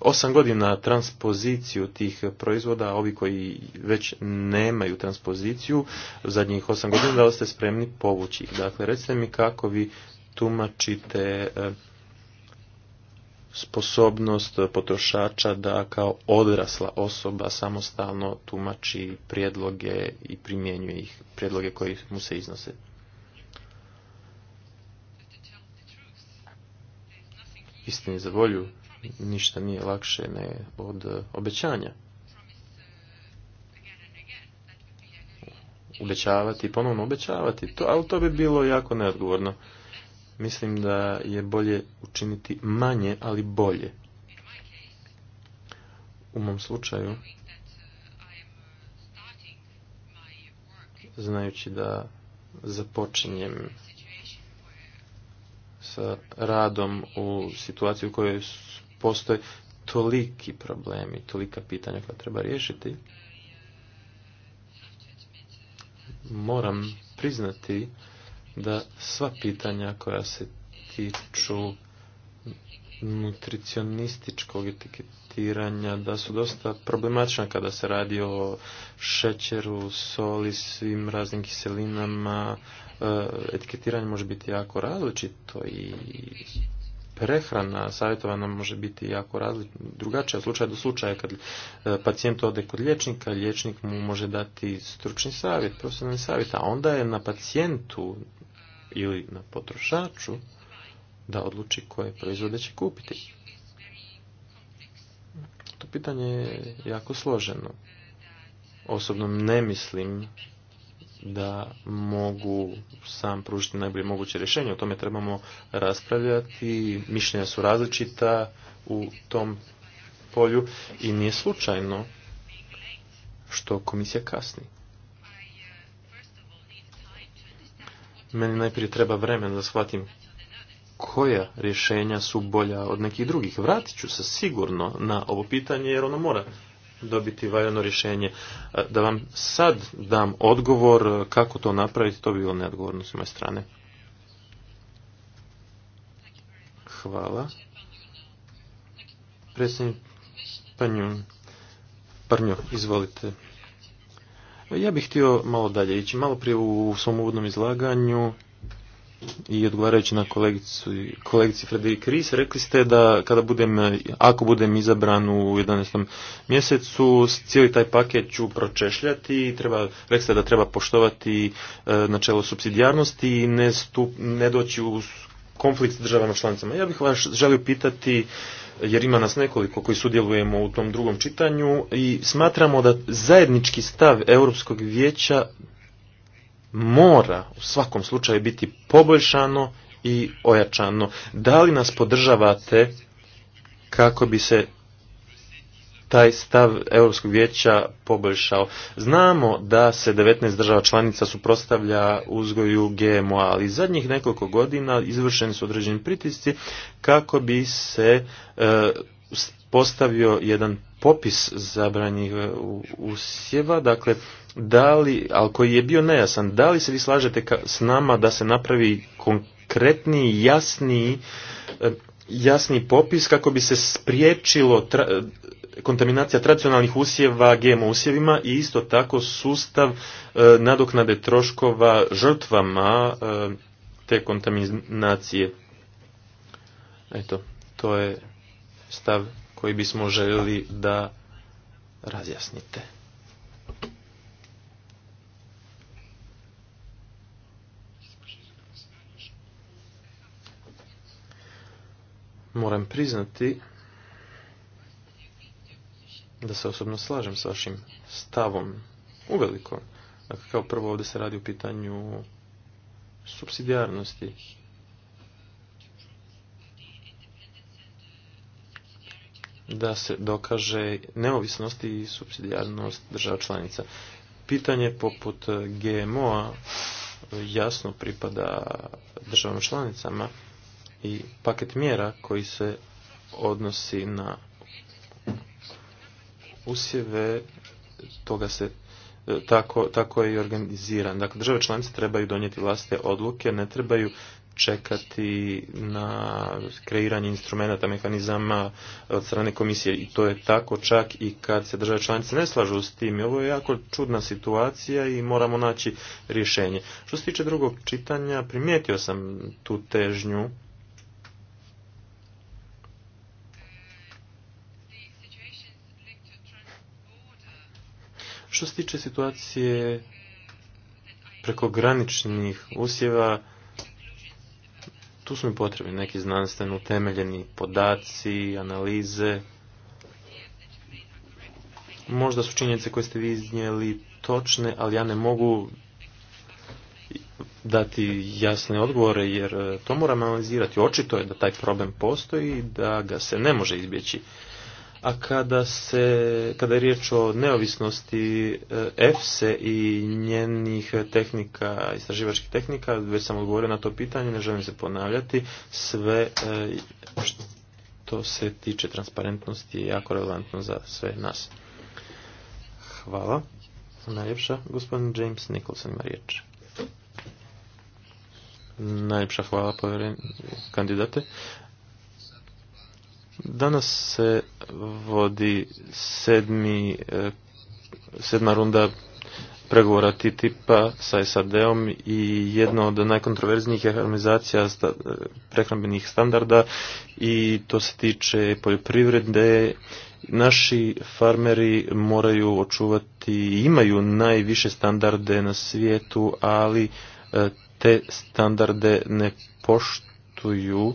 osam godina transpoziciju tih proizvoda, a ovi koji već nemaju transpoziciju zadnjih osam godina, da li ste spremni povući ih? Dakle, recite mi kako vi tumačite sposobnost potrošača da kao odrasla osoba samostalno tumači prijedloge i primjenjuje ih, prijedloge koji mu se iznose. Istini za volju, ništa nije lakše ne od obećanja. Obećavati, ponovno obećavati, to, ali to bi bilo jako neodgovorno mislim da je bolje učiniti manje, ali bolje. U mom slučaju, znajući da započinjem sa radom u situaciji u kojoj postoje toliki problemi, tolika pitanja koja treba riješiti, moram priznati da sva pitanja koja se tiču nutricionističkog etiketiranja da su dosta problematična kada se radi o šećeru, soli, svim raznim kiselinama. E, etiketiranje može biti jako različito i prehrana savjetovana može biti jako različ... drugačija slučaj do slučaja kad e, pacijent ode kod liječnika, liječnik mu može dati stručni savjet, profesionalni savjet, a onda je na pacijentu ili na potrošaču da odluči koje proizvode će kupiti. To pitanje je jako složeno. Osobno ne mislim da mogu sam pružiti najbolje moguće rješenje. O tome trebamo raspravljati. Mišljenja su različita u tom polju i nije slučajno što komisija kasni. Meni najprije treba vremena da shvatim koja rješenja su bolja od nekih drugih. Vratit ću se sigurno na ovo pitanje jer ono mora dobiti valjano rješenje. E, da vam sad dam odgovor e, kako to napraviti, to bi bilo neodgovorno s moje strane. Hvala. Predsjednik Panjun. izvolite. Ja bih htio malo dalje ići. Malo prije u svom uvodnom izlaganju i odgovarajući na kolegici Frederik Ries, rekli ste da kada budem, ako budem izabran u 11. mjesecu, cijeli taj paket ću pročešljati, treba, rekli ste da treba poštovati e, načelo subsidijarnosti i ne, ne doći u konflikt s državama članicama. Ja bih vas želio pitati, jer ima nas nekoliko koji sudjelujemo u tom drugom čitanju i smatramo da zajednički stav Europskog vijeća mora u svakom slučaju biti poboljšano i ojačano. Da li nas podržavate kako bi se taj stav Europskog vijeća poboljšao. Znamo da se 19 država članica suprotstavlja uzgoju GMO, ali zadnjih nekoliko godina izvršeni su određeni pritisci kako bi se e, postavio jedan popis zabranjih e, usjeva, dakle da li, ali koji je bio nejasan, da li se vi slažete s nama da se napravi konkretni jasniji, e, jasni popis kako bi se spriječilo e, kontaminacija tradicionalnih usjeva GMO usjevima i isto tako sustav e, nadoknade troškova žrtvama te kontaminacije. Eto, to je stav koji bismo željeli da razjasnite. Moram priznati da se osobno slažem s vašim stavom uveliko. Dakle, kao prvo ovdje se radi o pitanju subsidijarnosti. Da se dokaže neovisnost i subsidijarnost država članica. Pitanje poput GMO-a jasno pripada državama članicama i paket mjera koji se odnosi na usjeve, toga se e, tako, tako je i organiziran. Dakle, države članice trebaju donijeti vlastite odluke, ne trebaju čekati na kreiranje instrumenta, mehanizama od strane komisije i to je tako čak i kad se države članice ne slažu s tim. Ovo je jako čudna situacija i moramo naći rješenje. Što se tiče drugog čitanja, primijetio sam tu težnju Što se tiče situacije prekograničnih usjeva, tu su mi potrebni neki znanstveno utemeljeni podaci, analize. Možda su činjenice koje ste vi iznijeli točne, ali ja ne mogu dati jasne odgovore jer to moram analizirati. Očito je da taj problem postoji i da ga se ne može izbjeći a kada se, kada je riječ o neovisnosti EFSE eh, i njenih tehnika, istraživačkih tehnika, već sam odgovorio na to pitanje, ne želim se ponavljati, sve eh, što se tiče transparentnosti je jako relevantno za sve nas. Hvala. Najljepša, gospodin James Nicholson ima riječ. Najljepša hvala povjeren, kandidate. Danas se vodi e, sedma runda pregovora TTIP-a sa SAD-om i jedna od najkontroverznijih je harmonizacija e, prehrambenih standarda i to se tiče poljoprivrede. Naši farmeri moraju očuvati, imaju najviše standarde na svijetu, ali e, te standarde ne poštuju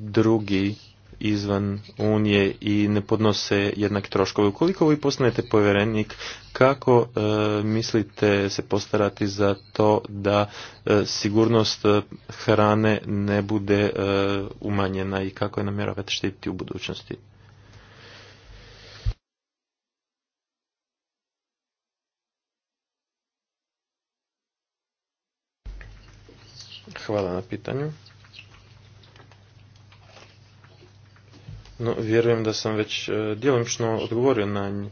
drugi izvan Unije i ne podnose jednake troškove. Ukoliko vi postanete povjerenik, kako e, mislite se postarati za to da e, sigurnost e, hrane ne bude umanjena i kako je namjeravate štititi u budućnosti? Hvala na pitanju. No, vjerujem da sam već e, djelomično odgovorio na nje.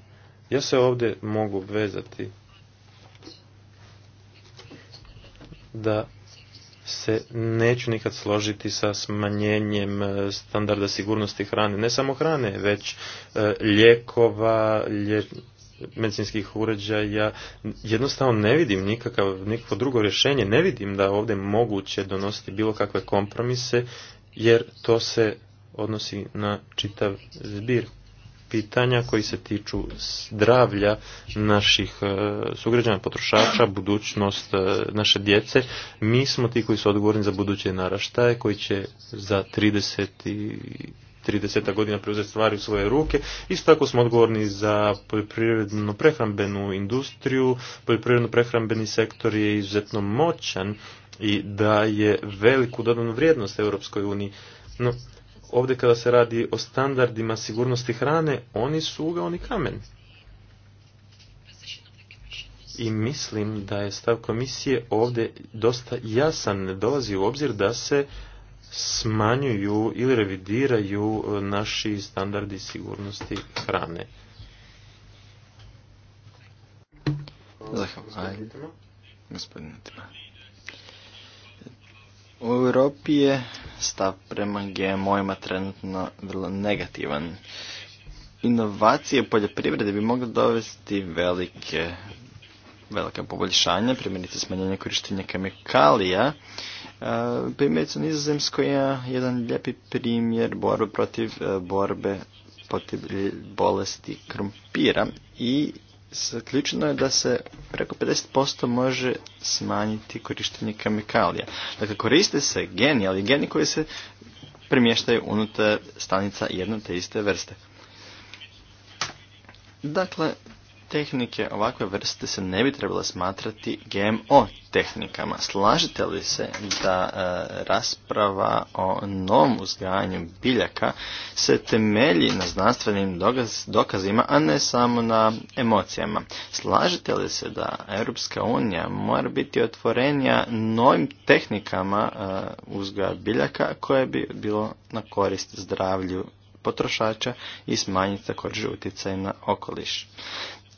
Ja se ovdje mogu vezati da se neću nikad složiti sa smanjenjem e, standarda sigurnosti hrane. Ne samo hrane, već e, ljekova, medicinskih uređaja. Jednostavno ne vidim nikakav, nikakvo drugo rješenje. Ne vidim da ovdje moguće donositi bilo kakve kompromise, jer to se odnosi na čitav zbir pitanja koji se tiču zdravlja naših e, sugrađana potrošača, budućnost e, naše djece. Mi smo ti koji su odgovorni za buduće naraštaje koji će za 30 i 30 godina preuzeti stvari u svoje ruke. Isto tako smo odgovorni za poljoprivredno prehrambenu industriju. Poljoprivredno prehrambeni sektor je izuzetno moćan i daje veliku dodanu vrijednost Europskoj uniji. No, ovdje kada se radi o standardima sigurnosti hrane, oni su ugaoni kamen. I mislim da je stav komisije ovdje dosta jasan, ne dolazi u obzir da se smanjuju ili revidiraju e, naši standardi sigurnosti hrane. Zahvaljujem. gospodine. U Europi je stav prema GMO-ima trenutno vrlo negativan. Inovacije u poljoprivredi bi mogle dovesti velike velika poboljšanja, primjerice smanjenje korištenja kemikalija. E, primjerice u je jedan lijepi primjer borbe protiv e, borbe protiv bolesti krompira i zaključeno je da se preko 50% može smanjiti korištenje kemikalija. Dakle, koriste se geni, ali geni koji se premještaju unutar stanica jedne te iste vrste. Dakle, tehnike ovakve vrste se ne bi trebala smatrati GMO tehnikama. Slažete li se da e, rasprava o novom uzgajanju biljaka se temelji na znanstvenim dokazima, a ne samo na emocijama? Slažete li se da Europska unija mora biti otvorenija novim tehnikama e, uzgoja biljaka koje bi bilo na korist zdravlju potrošača i smanjiti također utjecaj na okoliš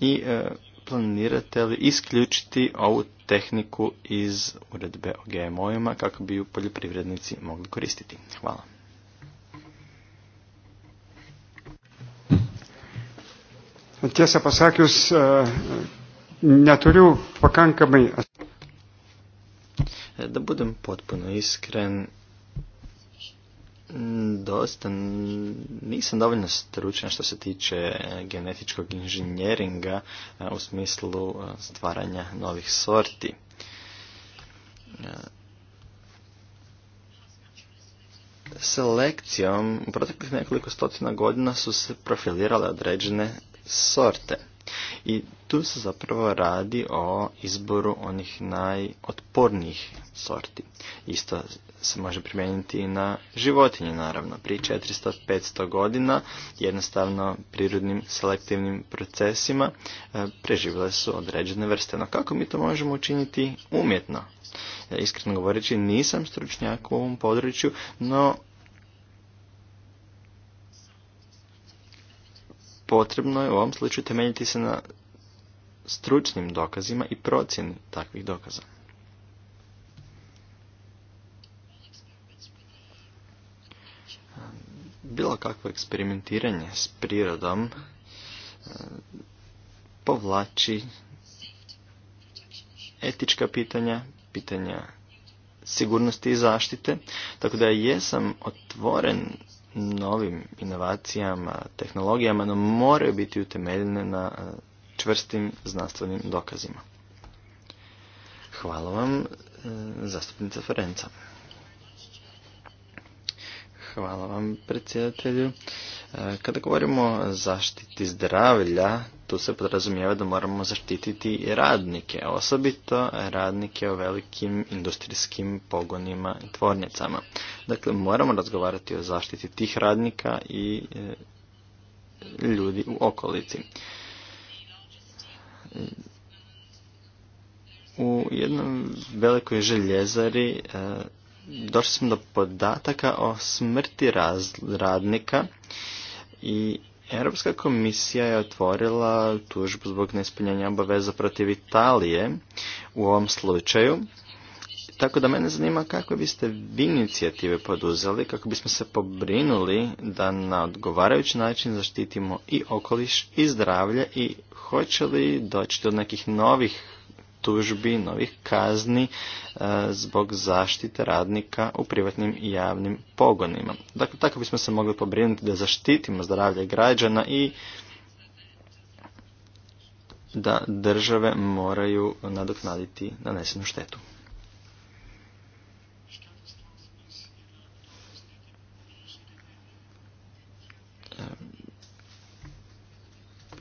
i e, planirate li isključiti ovu tehniku iz uredbe o GMO-ima kako bi ju poljoprivrednici mogli koristiti? Hvala. Tiesą pasakius, e, neturiu pakankamai. E, da budem potpuno iskren, Mm, dosta nisam dovoljno stručan što se tiče eh, genetičkog inženjeringa eh, u smislu eh, stvaranja novih sorti. Selekcijom u proteklih nekoliko stotina godina su se profilirale određene sorte. I tu se zapravo radi o izboru onih najotpornijih sorti. Isto se može primijeniti i na životinje, naravno. Prije 400-500 godina, jednostavno prirodnim selektivnim procesima, e, preživile su određene vrste. No kako mi to možemo učiniti umjetno? Ja, e, iskreno govoreći nisam stručnjak u ovom području, no potrebno je u ovom slučaju temeljiti se na stručnim dokazima i procjeni takvih dokaza. Bilo kakvo eksperimentiranje s prirodom e, povlači etička pitanja, pitanja sigurnosti i zaštite, tako da jesam otvoren novim inovacijama, tehnologijama, no moraju biti utemeljene na e, čvrstim znanstvenim dokazima. Hvala vam, e, zastupnica Ferenca. Hvala vam, predsjedatelju. E, kada govorimo o zaštiti zdravlja, tu se podrazumijeva da moramo zaštititi radnike, osobito radnike o velikim industrijskim pogonima i tvornicama. Dakle, moramo razgovarati o zaštiti tih radnika i e, ljudi u okolici. U jednom velikoj željezari e, došli smo do podataka o smrti radnika i Europska komisija je otvorila tužbu zbog neispunjenja obaveza protiv Italije u ovom slučaju tako da mene zanima kako biste vi inicijative poduzeli kako bismo se pobrinuli da na odgovarajući način zaštitimo i okoliš i zdravlje i hoće li doći do nekih novih tužbi, novih kazni e, zbog zaštite radnika u privatnim i javnim pogonima. Dakle, tako bismo se mogli pobrinuti da zaštitimo zdravlje građana i da države moraju nadoknaditi nanesenu štetu.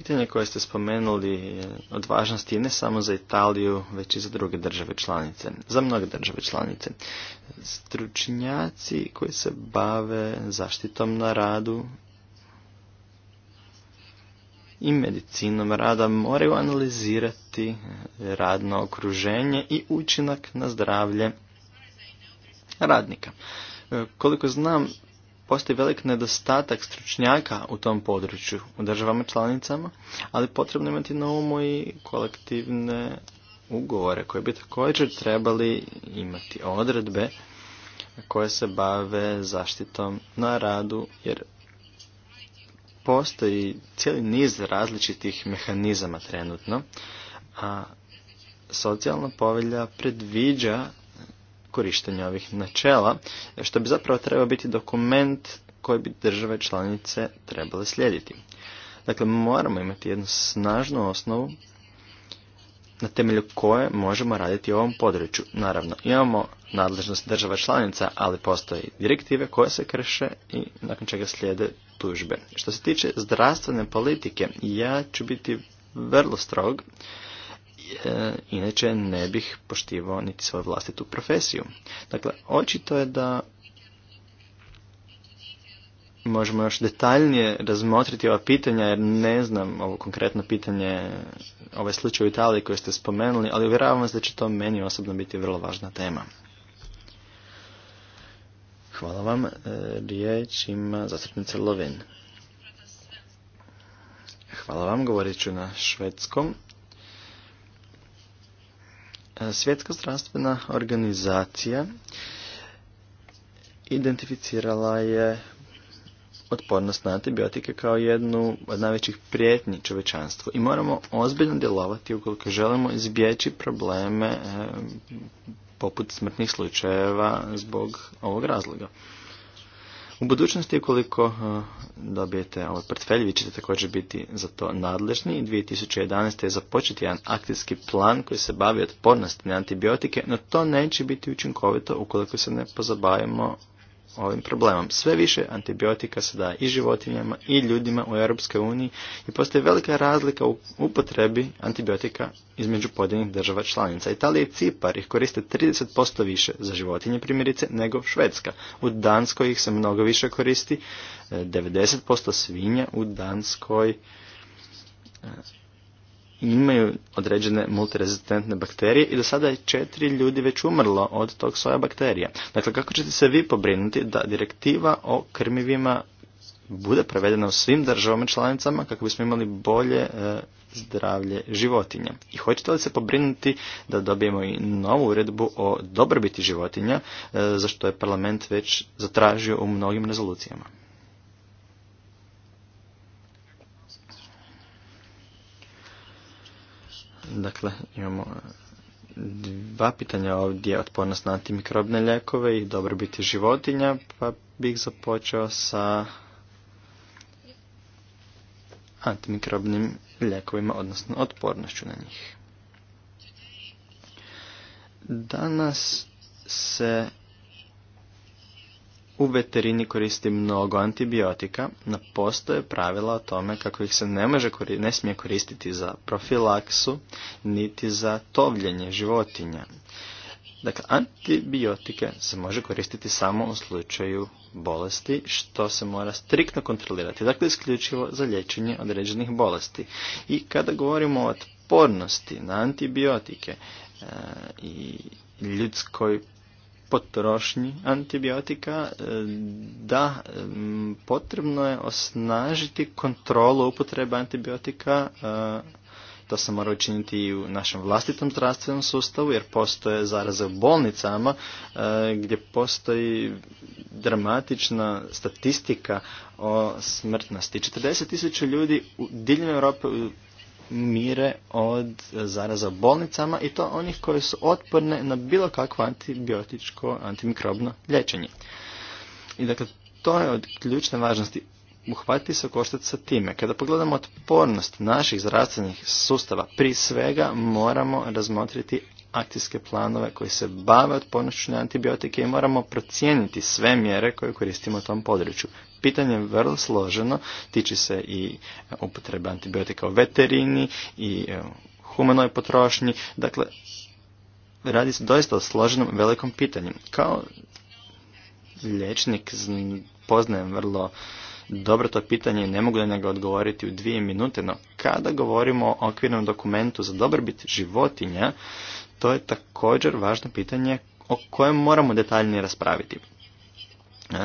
Pitanje koje ste spomenuli od važnosti ne samo za Italiju, već i za druge države članice, za mnoge države članice. Stručnjaci koji se bave zaštitom na radu i medicinom rada moraju analizirati radno okruženje i učinak na zdravlje radnika. Koliko znam, postoji velik nedostatak stručnjaka u tom području u državama članicama, ali potrebno imati na umu i kolektivne ugovore koje bi također trebali imati odredbe koje se bave zaštitom na radu, jer postoji cijeli niz različitih mehanizama trenutno, a socijalna povelja predviđa korištenja ovih načela, što bi zapravo trebao biti dokument koji bi države članice trebale slijediti. Dakle, moramo imati jednu snažnu osnovu na temelju koje možemo raditi u ovom području. Naravno, imamo nadležnost država članica, ali postoje direktive koje se krše i nakon čega slijede tužbe. Što se tiče zdravstvene politike, ja ću biti vrlo strog E, inače ne bih poštivao niti svoju vlastitu profesiju. Dakle, očito je da možemo još detaljnije razmotriti ova pitanja, jer ne znam ovo konkretno pitanje, ovaj slučaj u Italiji koji ste spomenuli, ali uvjeravam vas da će to meni osobno biti vrlo važna tema. Hvala vam. E, riječ ima zastupnica Lovin. Hvala vam, govorit ću na švedskom. E, Svjetska zdravstvena organizacija identificirala je otpornost na antibiotike kao jednu od najvećih prijetnji čovečanstvu i moramo ozbiljno djelovati ukoliko želimo izbjeći probleme e, poput smrtnih slučajeva zbog ovog razloga. U budućnosti, ukoliko eh, dobijete ovaj portfelj, vi ćete također biti za to nadležni. 2011. je započeti jedan akcijski plan koji se bavi otpornosti na antibiotike, no to neće biti učinkovito ukoliko se ne pozabavimo ovim problemom. Sve više antibiotika se daje i životinjama i ljudima u Europskoj uniji i postoji velika razlika u upotrebi antibiotika između pojedinih država članica. Italija i Cipar ih koriste 30% više za životinje primjerice nego Švedska. U Danskoj ih se mnogo više koristi, 90% e, svinja u Danskoj e, imaju određene multirezistentne bakterije i do sada je četiri ljudi već umrlo od tog soja bakterija. Dakle, kako ćete se vi pobrinuti da direktiva o krmivima bude prevedena u svim državama članicama kako bismo imali bolje e, zdravlje životinja. I hoćete li se pobrinuti da dobijemo i novu uredbu o dobrobiti životinja e, za što je parlament već zatražio u mnogim rezolucijama? Dakle, imamo e, dva pitanja ovdje, otpornost na antimikrobne ljekove i dobrobiti životinja, pa bih započeo sa antimikrobnim ljekovima, odnosno otpornošću na njih. Danas se u veterini koristi mnogo antibiotika, no postoje pravila o tome kako ih se ne, može, ne smije koristiti za profilaksu niti za tovljenje životinja. Dakle, antibiotike se može koristiti samo u slučaju bolesti, što se mora striktno kontrolirati, dakle isključivo za liječenje određenih bolesti. I kada govorimo o otpornosti na antibiotike e, i ljudskoj potrošnji antibiotika, e, da e, potrebno je osnažiti kontrolu upotrebe antibiotika. E, to se mora učiniti i u našem vlastitom zdravstvenom sustavu jer postoje zaraze u bolnicama gdje postoji dramatična statistika o smrtnosti. 40.000 tisuća ljudi u diljem Europe mire od zaraza bolnicama i to onih koje su otporne na bilo kakvo antibiotičko, antimikrobno liječenje. I dakle, to je od ključne važnosti uhvatiti se koštac sa time. Kada pogledamo otpornost naših zdravstvenih sustava, pri svega moramo razmotriti akcijske planove koji se bave od na antibiotike i moramo procijeniti sve mjere koje koristimo u tom području. Pitanje je vrlo složeno, tiče se i e, upotrebe antibiotika u veterini i e, humanoj potrošnji, dakle radi se doista o složenom velikom pitanju. Kao liječnik poznajem vrlo dobro to pitanje i ne mogu da njega odgovoriti u dvije minute, no kada govorimo o okvirnom dokumentu za dobrobit životinja, to je također važno pitanje o kojem moramo detaljnije raspraviti.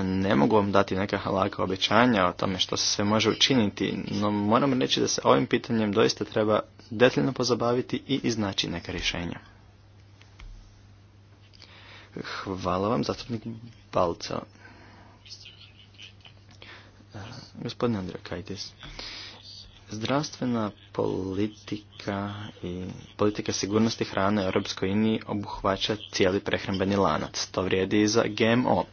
Ne mogu vam dati neka halaka obećanja o tome što se sve može učiniti, no moram reći da se ovim pitanjem doista treba detaljno pozabaviti i iznaći neka rješenja. Hvala vam, zastupnik Balca. E, gospodin Andrija Kajtis. Zdravstvena politika i politika sigurnosti hrane u Europskoj uniji obuhvaća cijeli prehrambeni lanac. To vrijedi i za GMO.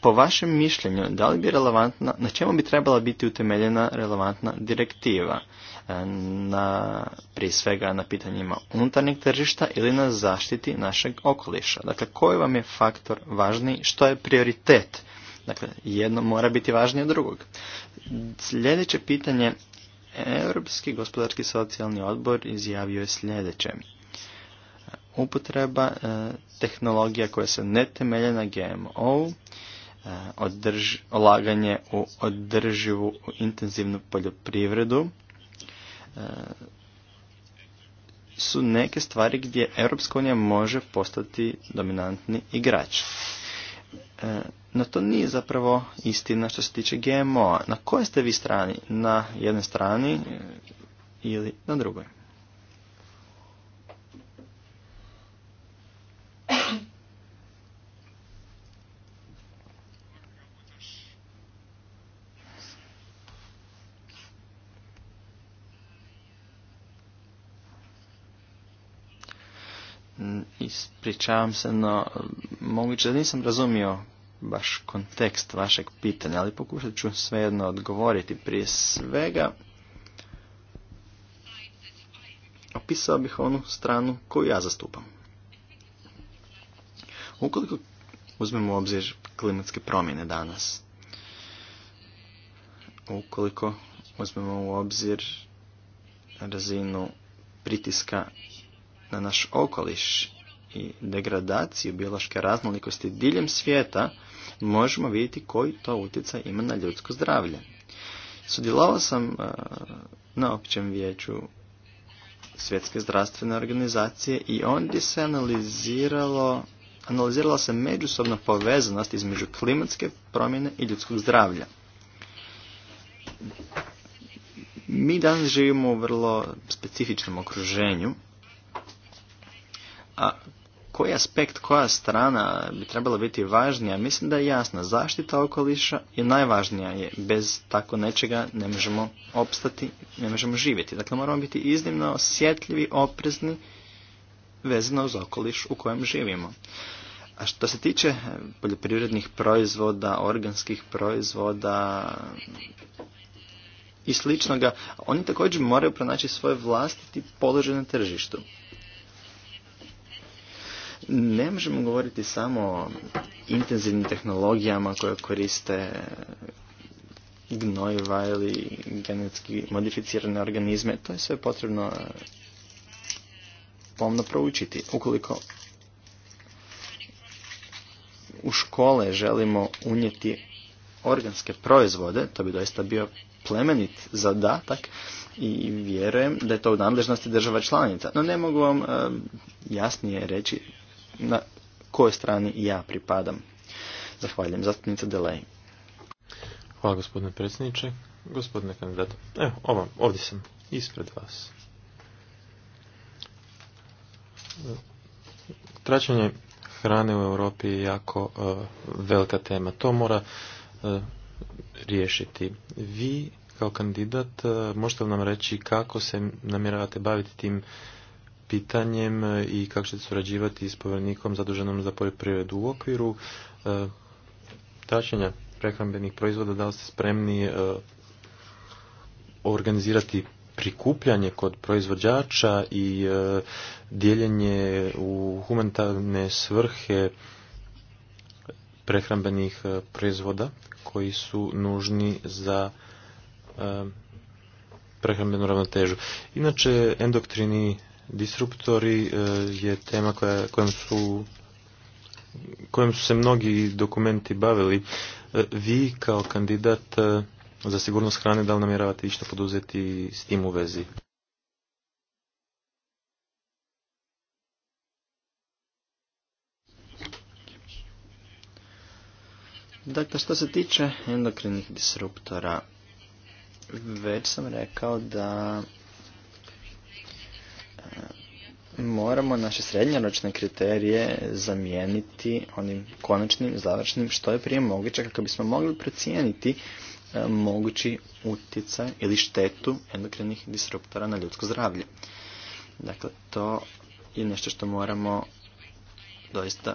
Po vašem mišljenju, da li bi relevantna, na čemu bi trebala biti utemeljena relevantna direktiva? E, na, prije svega na pitanjima unutarnjeg tržišta ili na zaštiti našeg okoliša. Dakle, koji vam je faktor važniji, što je prioritet? Dakle, jedno mora biti važnije od drugog. Sljedeće pitanje Europski gospodarski socijalni odbor izjavio je sljedeće. Upotreba e, tehnologija koja se ne temelje na GMO, e, olaganje u održivu intenzivnu poljoprivredu, e, su neke stvari gdje Europska unija može postati dominantni igrač. E, no to nije zapravo istina što se tiče GMO-a. Na kojoj ste vi strani? Na jednoj strani e, ili na drugoj? pričavam se, no moguće da nisam razumio baš kontekst vašeg pitanja, ali pokušat ću svejedno odgovoriti. Prije svega, opisao bih onu stranu koju ja zastupam. Ukoliko uzmemo u obzir klimatske promjene danas, ukoliko uzmemo u obzir razinu pritiska na naš okoliš i degradaciju biološke raznolikosti diljem svijeta, možemo vidjeti koji to utjecaj ima na ljudsko zdravlje. Sudjelovao sam e, na općem vijeću Svjetske zdravstvene organizacije i ondje se analiziralo analizirala se međusobna povezanost između klimatske promjene i ljudskog zdravlja. Mi danas živimo u vrlo specifičnom okruženju, a koji aspekt, koja strana bi trebala biti važnija, mislim da je jasna. Zaštita okoliša je najvažnija, je bez tako nečega ne možemo opstati, ne možemo živjeti. Dakle, moramo biti iznimno osjetljivi, oprezni, vezano uz okoliš u kojem živimo. A što se tiče eh, poljoprivrednih proizvoda, organskih proizvoda i sličnoga, oni također moraju pronaći svoje vlastiti položaj na tržištu ne možemo govoriti samo o intenzivnim tehnologijama koje koriste gnojiva ili genetski modificirane organizme. To je sve potrebno e, pomno proučiti. Ukoliko u škole želimo unijeti organske proizvode, to bi doista bio plemenit zadatak i vjerujem da je to u nadležnosti država članica. No ne mogu vam e, jasnije reći na kojoj strani ja pripadam. Zahvaljujem, zastupnica Delej. Hvala gospodine predsjedniče, gospodine kandidat Evo, ovam, ovdje sam, ispred vas. Traćanje hrane u Europi je jako e, velika tema. To mora e, riješiti. Vi kao kandidat e, možete li nam reći kako se namjeravate baviti tim pitanjem e, i kako ćete surađivati s povjerenikom zaduženom za poljoprivredu u okviru tačenja e, prehrambenih proizvoda, da li ste spremni e, organizirati prikupljanje kod proizvođača i dijeljenje u humanitarne svrhe prehrambenih proizvoda koji su nužni za prehrambenu ravnotežu. Inače, endoktrini Disruptori e, je tema koja, kojom, su, kojom su se mnogi dokumenti bavili. E, vi kao kandidat e, za sigurnost hrane da li namjeravate išta poduzeti s tim u vezi? Dakle, što se tiče endokrinih disruptora, već sam rekao da moramo naše srednjoročne kriterije zamijeniti onim konačnim, završnim, što je prije moguće kako bismo mogli procijeniti e, mogući utjecaj ili štetu endokrinih disruptora na ljudsko zdravlje. Dakle, to je nešto što moramo doista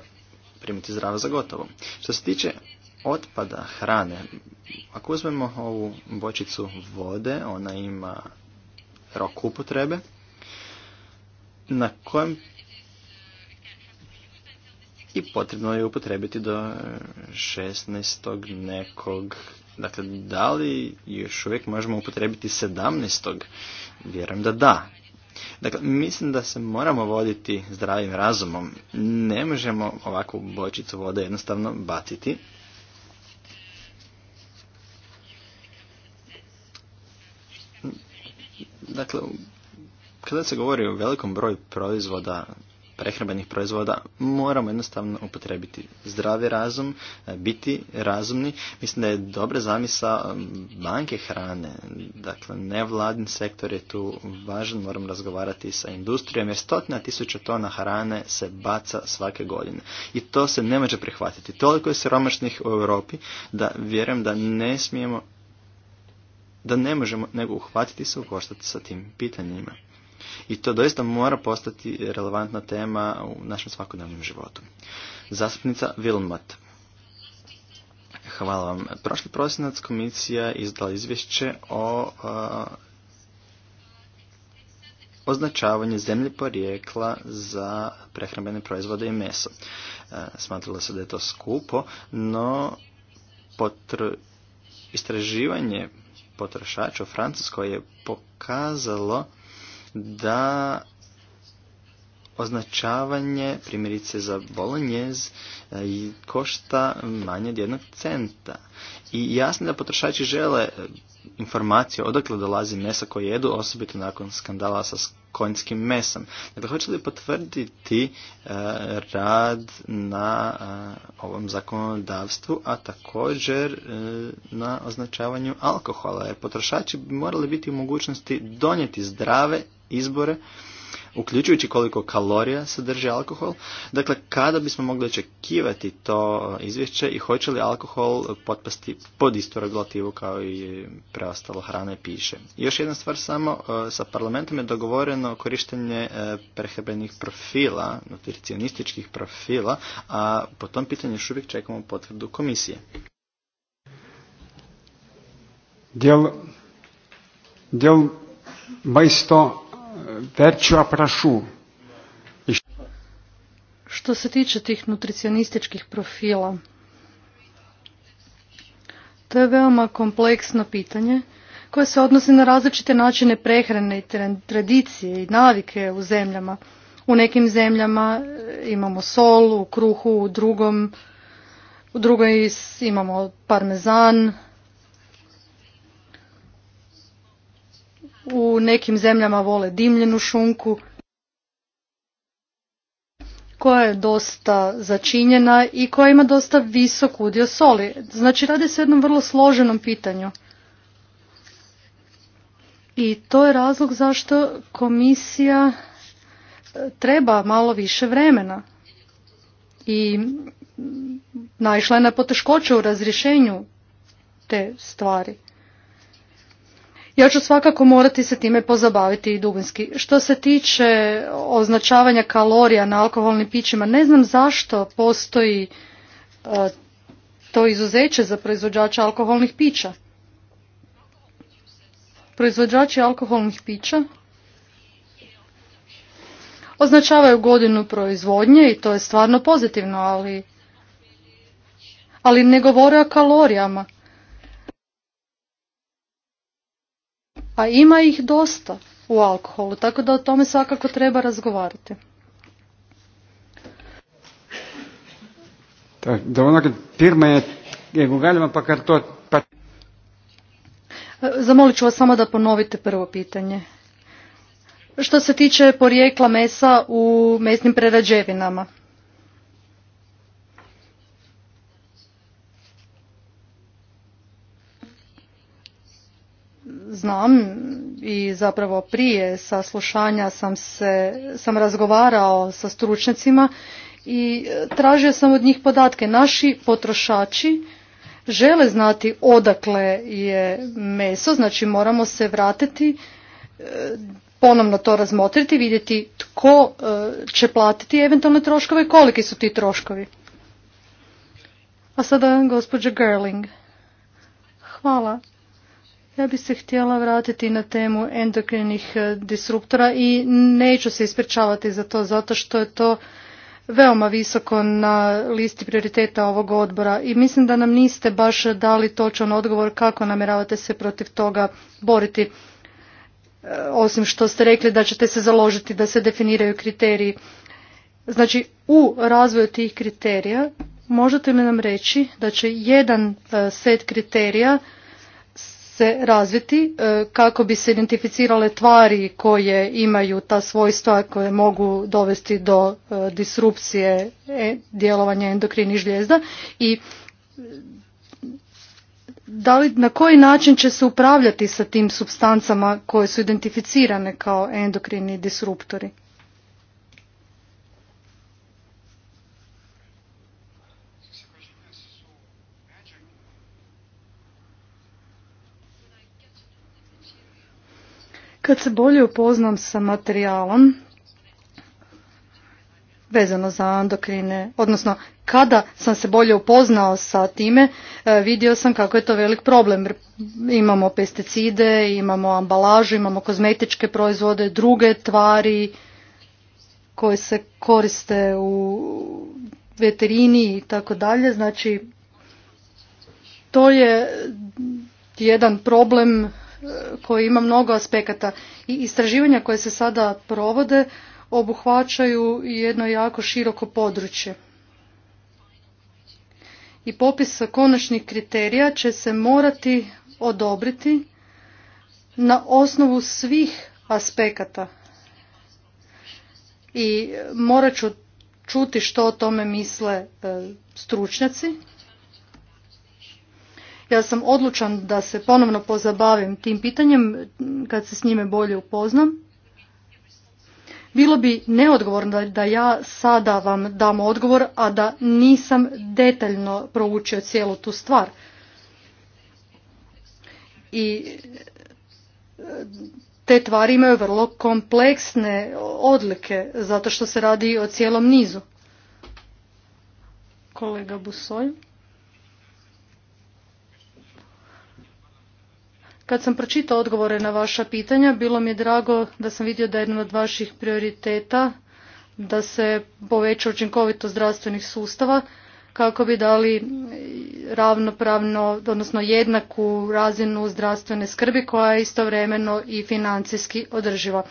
primiti zdravo za gotovo. Što se tiče otpada hrane, ako uzmemo ovu bočicu vode, ona ima rok upotrebe, na kojem i potrebno je upotrebiti do 16. nekog. Dakle, da li još uvijek možemo upotrebiti 17. Vjerujem da da. Dakle, mislim da se moramo voditi zdravim razumom. Ne možemo ovakvu bočicu vode jednostavno baciti. Dakle, kada se govori o velikom broju proizvoda, prehrambenih proizvoda, moramo jednostavno upotrebiti zdravi razum, biti razumni. Mislim da je dobra zamisa um, banke hrane, dakle nevladin sektor je tu važan, moram razgovarati sa industrijom jer stotina tisuća tona hrane se baca svake godine. I to se ne može prihvatiti. Toliko je siromašnih u Europi da vjerujem da ne smijemo da ne možemo nego uhvatiti se u koštac sa tim pitanjima i to doista mora postati relevantna tema u našem svakodnevnom životu. Zastupnica Vilmot. Hvala vam. Prošli prosinac komisija izdala izvješće o označavanju zemlje porijekla za prehrambene proizvode i meso. Smatrilo se da je to skupo, no istraživanje potrošača u Francuskoj je pokazalo da označavanje, primjerice za bolonjez, e, košta manje od jednog centa. I jasno da potrošači žele e, informacije odakle dolazi mesa koje jedu, osobito nakon skandala sa konjskim mesom. Dakle, hoće li potvrditi e, rad na ovom zakonodavstvu, a također na označavanju alkohola, jer potrošači bi morali biti u mogućnosti donijeti zdrave izbore, uključujući koliko kalorija sadrži alkohol. Dakle, kada bismo mogli očekivati to izvješće i hoće li alkohol potpasti pod istu regulativu kao i preostalo hrane piše. još jedna stvar samo, e, sa parlamentom je dogovoreno korištenje e, prehrbenih profila, nutricionističkih profila, a po tom pitanju još uvijek čekamo potvrdu komisije. Djel, djel majsto ja Što se tiče tih nutricionističkih profila, to je veoma kompleksno pitanje koje se odnosi na različite načine prehrane i tradicije i navike u zemljama. U nekim zemljama e, imamo sol u kruhu, u drugom u drugoj imamo parmezan, u nekim zemljama vole dimljenu šunku koja je dosta začinjena i koja ima dosta visok udio soli. Znači radi se o jednom vrlo složenom pitanju. I to je razlog zašto komisija e, treba malo više vremena. I naišla je na poteškoće u razrješenju te stvari. Ja ću svakako morati se time pozabaviti i dubinski. Što se tiče označavanja kalorija na alkoholnim pićima, ne znam zašto postoji e, to izuzeće za proizvođača alkoholnih pića. Proizvođači alkoholnih pića označavaju godinu proizvodnje i to je stvarno pozitivno, ali, ali ne govore o kalorijama. A ima ih dosta u alkoholu, tako da o tome svakako treba razgovarati. Zamolit ću vas samo da ponovite prvo pitanje. Što se tiče porijekla mesa u mesnim prerađevinama. znam i zapravo prije saslušanja sam se sam razgovarao sa stručnjacima i e, tražio sam od njih podatke naši potrošači žele znati odakle je meso znači moramo se vratiti e, ponovno to razmotriti vidjeti tko e, će platiti eventualne troškove i koliki su ti troškovi a sada gospođa Gerling hvala ja bih se htjela vratiti na temu endokrinih e, disruptora i neću se ispričavati za to zato što je to veoma visoko na listi prioriteta ovog odbora i mislim da nam niste baš dali točan odgovor kako namjeravate se protiv toga boriti e, osim što ste rekli da ćete se založiti da se definiraju kriteriji. Znači u razvoju tih kriterija možete li nam reći da će jedan e, set kriterija se razviti e, kako bi se identificirale tvari koje imaju ta svojstva koje mogu dovesti do e, disrupcije e, djelovanja endokrinih žljezda i da li, na koji način će se upravljati sa tim substancama koje su identificirane kao endokrini disruptori? Kad se bolje upoznam sa materijalom vezano za endokrine, odnosno kada sam se bolje upoznao sa time, e, vidio sam kako je to velik problem. Imamo pesticide, imamo ambalažu, imamo kozmetičke proizvode, druge tvari koje se koriste u veterini i tako dalje. Znači, to je jedan problem koji ima mnogo aspekata i istraživanja koje se sada provode obuhvaćaju jedno jako široko područje. I popis konačnih kriterija će se morati odobriti na osnovu svih aspekata. I morat ću čuti što o tome misle e, stručnjaci ja sam odlučan da se ponovno pozabavim tim pitanjem kad se s njime bolje upoznam. Bilo bi neodgovorno da ja sada vam dam odgovor, a da nisam detaljno proučio cijelu tu stvar. I e, te tvari imaju vrlo kompleksne odlike, zato što se radi o cijelom nizu. Kolega Busoj. Kad sam pročitao odgovore na vaša pitanja, bilo mi je drago da sam vidio da je jedan od vaših prioriteta da se poveća učinkovitost zdravstvenih sustava kako bi dali ravnopravno, odnosno jednaku razinu zdravstvene skrbi koja je istovremeno i financijski održiva.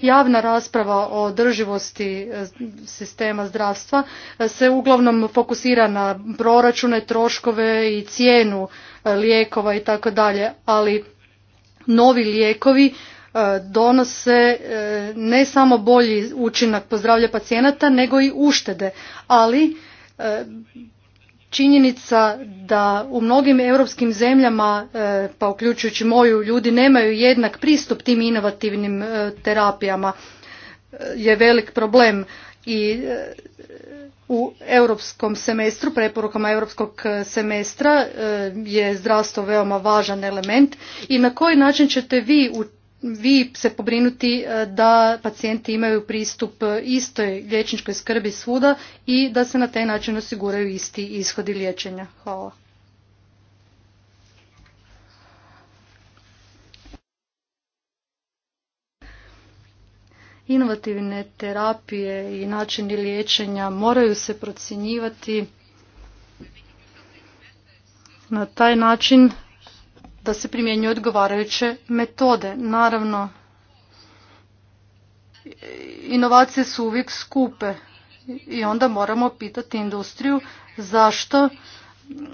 Javna rasprava o održivosti e, sistema zdravstva e, se uglavnom fokusira na proračune, troškove i cijenu lijekova i tako dalje, ali novi lijekovi e, donose e, ne samo bolji učinak pozdravlja zdravlje pacijenata nego i uštede, ali e, činjenica da u mnogim europskim zemljama, pa uključujući moju, ljudi nemaju jednak pristup tim inovativnim terapijama je velik problem i u europskom semestru, preporukama europskog e, semestra e, je zdravstvo veoma važan element i na koji način ćete vi vi se pobrinuti e, da pacijenti imaju pristup istoj liječničkoj skrbi svuda i da se na taj način osiguraju isti ishodi liječenja. Hvala. Inovativne terapije i načini liječenja moraju se procjenjivati na taj način da se primjenjuju odgovarajuće metode. Naravno, inovacije su uvijek skupe i onda moramo pitati industriju zašto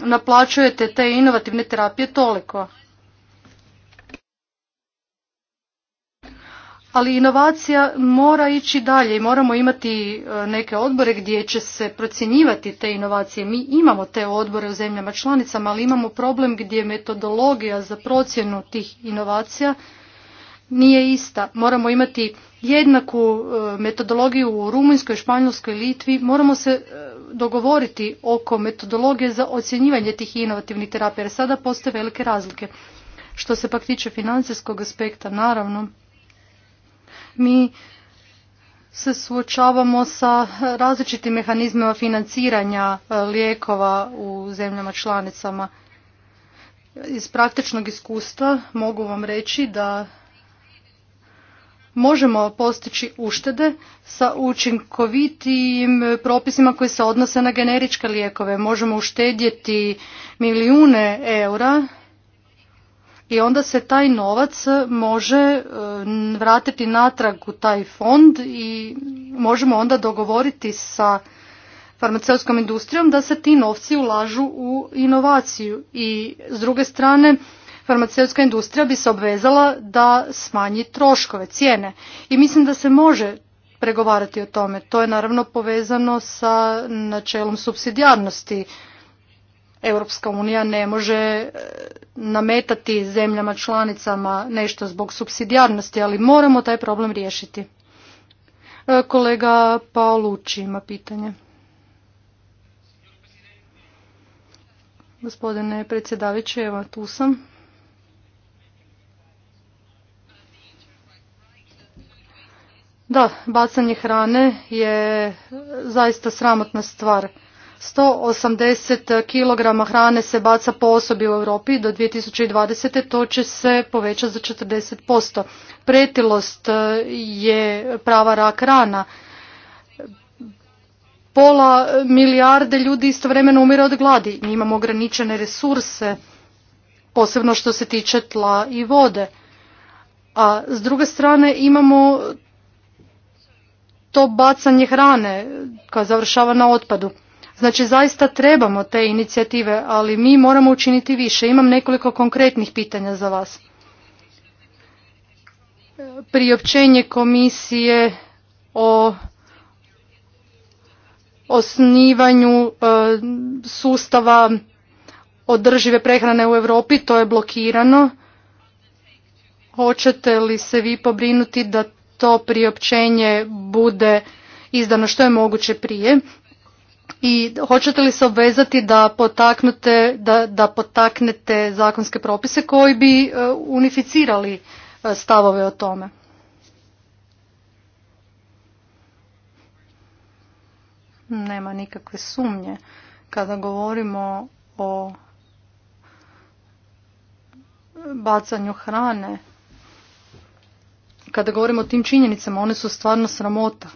naplaćujete te inovativne terapije toliko. ali inovacija mora ići dalje i moramo imati e, neke odbore gdje će se procjenjivati te inovacije. Mi imamo te odbore u zemljama članicama, ali imamo problem gdje metodologija za procjenu tih inovacija nije ista. Moramo imati jednaku e, metodologiju u Rumunjskoj, Španjolskoj, Litvi. Moramo se e, dogovoriti oko metodologije za ocjenjivanje tih inovativnih terapija, jer sada postoje velike razlike. Što se pak tiče financijskog aspekta, naravno, mi se suočavamo sa različitim mehanizmima financiranja e, lijekova u zemljama članicama. Iz praktičnog iskustva mogu vam reći da možemo postići uštede sa učinkovitijim propisima koji se odnose na generičke lijekove. Možemo uštedjeti milijune eura i onda se taj novac e, može e, vratiti natrag u taj fond i možemo onda dogovoriti sa farmaceutskom industrijom da se ti novci ulažu u inovaciju i s druge strane farmaceutska industrija bi se obvezala da smanji troškove, cijene. I mislim da se može pregovarati o tome. To je naravno povezano sa načelom subsidijarnosti Europska unija ne može e, nametati zemljama članicama nešto zbog subsidijarnosti, ali moramo taj problem riješiti. E, kolega Paolucci ima pitanje. Gospodine predsjedaviće, evo tu sam. Da, bacanje hrane je zaista sramotna stvar. 180 kg hrane se baca po osobi u Europi do 2020. to će se povećati za 40%. Pretilost e, je prava rak rana. Pola milijarde ljudi istovremeno umire od gladi. Mi imamo ograničene resurse, posebno što se tiče tla i vode. A s druge strane imamo to bacanje hrane koja završava na otpadu. Znači zaista trebamo te inicijative, ali mi moramo učiniti više. Imam nekoliko konkretnih pitanja za vas. Priopćenje komisije o osnivanju e, sustava održive prehrane u Europi, to je blokirano. Hoćete li se vi pobrinuti da to priopćenje bude izdano što je moguće prije? i hoćete li se obvezati da potaknete, da, da potaknete zakonske propise koji bi e, unificirali e, stavove o tome? Nema nikakve sumnje kada govorimo o bacanju hrane, kada govorimo o tim činjenicama, one su stvarno sramota.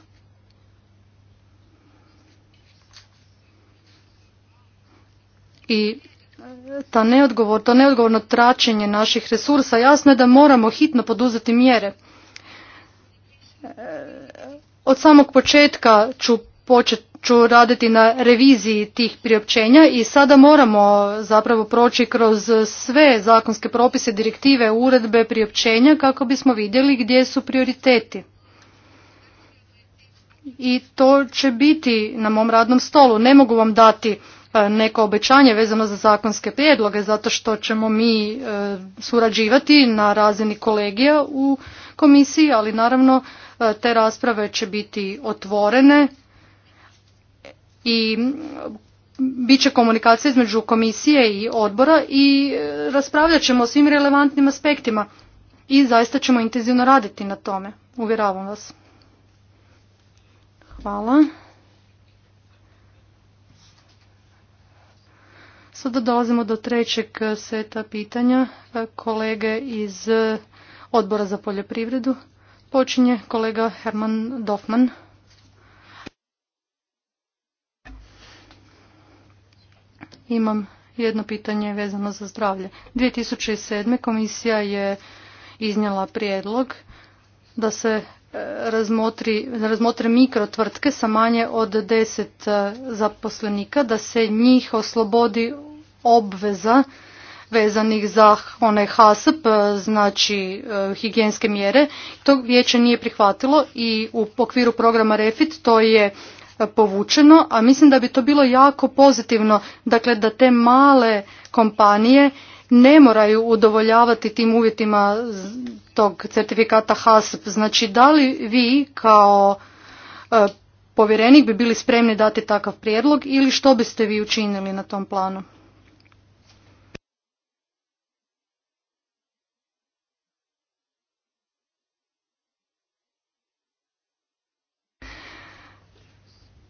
i ta neodgovor, to neodgovorno tračenje naših resursa jasno je da moramo hitno poduzeti mjere. Od samog početka ću ću raditi na reviziji tih priopćenja i sada moramo zapravo proći kroz sve zakonske propise, direktive, uredbe, priopćenja kako bismo vidjeli gdje su prioriteti. I to će biti na mom radnom stolu. Ne mogu vam dati E, neko obećanje vezano za zakonske prijedloge zato što ćemo mi e, surađivati na razini kolegija u komisiji, ali naravno e, te rasprave će biti otvorene i bit će komunikacija između komisije i odbora i raspravljat ćemo o svim relevantnim aspektima i zaista ćemo intenzivno raditi na tome. Uvjeravam vas. Hvala. Sada dolazimo do trećeg e, seta pitanja. E, kolege iz e, odbora za poljoprivredu. Počinje kolega Herman Dofman. Imam jedno pitanje vezano za zdravlje. 2007. komisija je iznijela prijedlog da se razmotri, razmotre mikrotvrtke sa manje od 10 zaposlenika, da se njih oslobodi obveza vezanih za onaj HASP, znači e, higijenske mjere. To vijeće nije prihvatilo i u okviru programa REFIT to je e, povučeno, a mislim da bi to bilo jako pozitivno, dakle da te male kompanije ne moraju udovoljavati tim uvjetima tog certifikata HASP. Znači da li vi kao e, povjerenik bi bili spremni dati takav prijedlog ili što biste vi učinili na tom planu?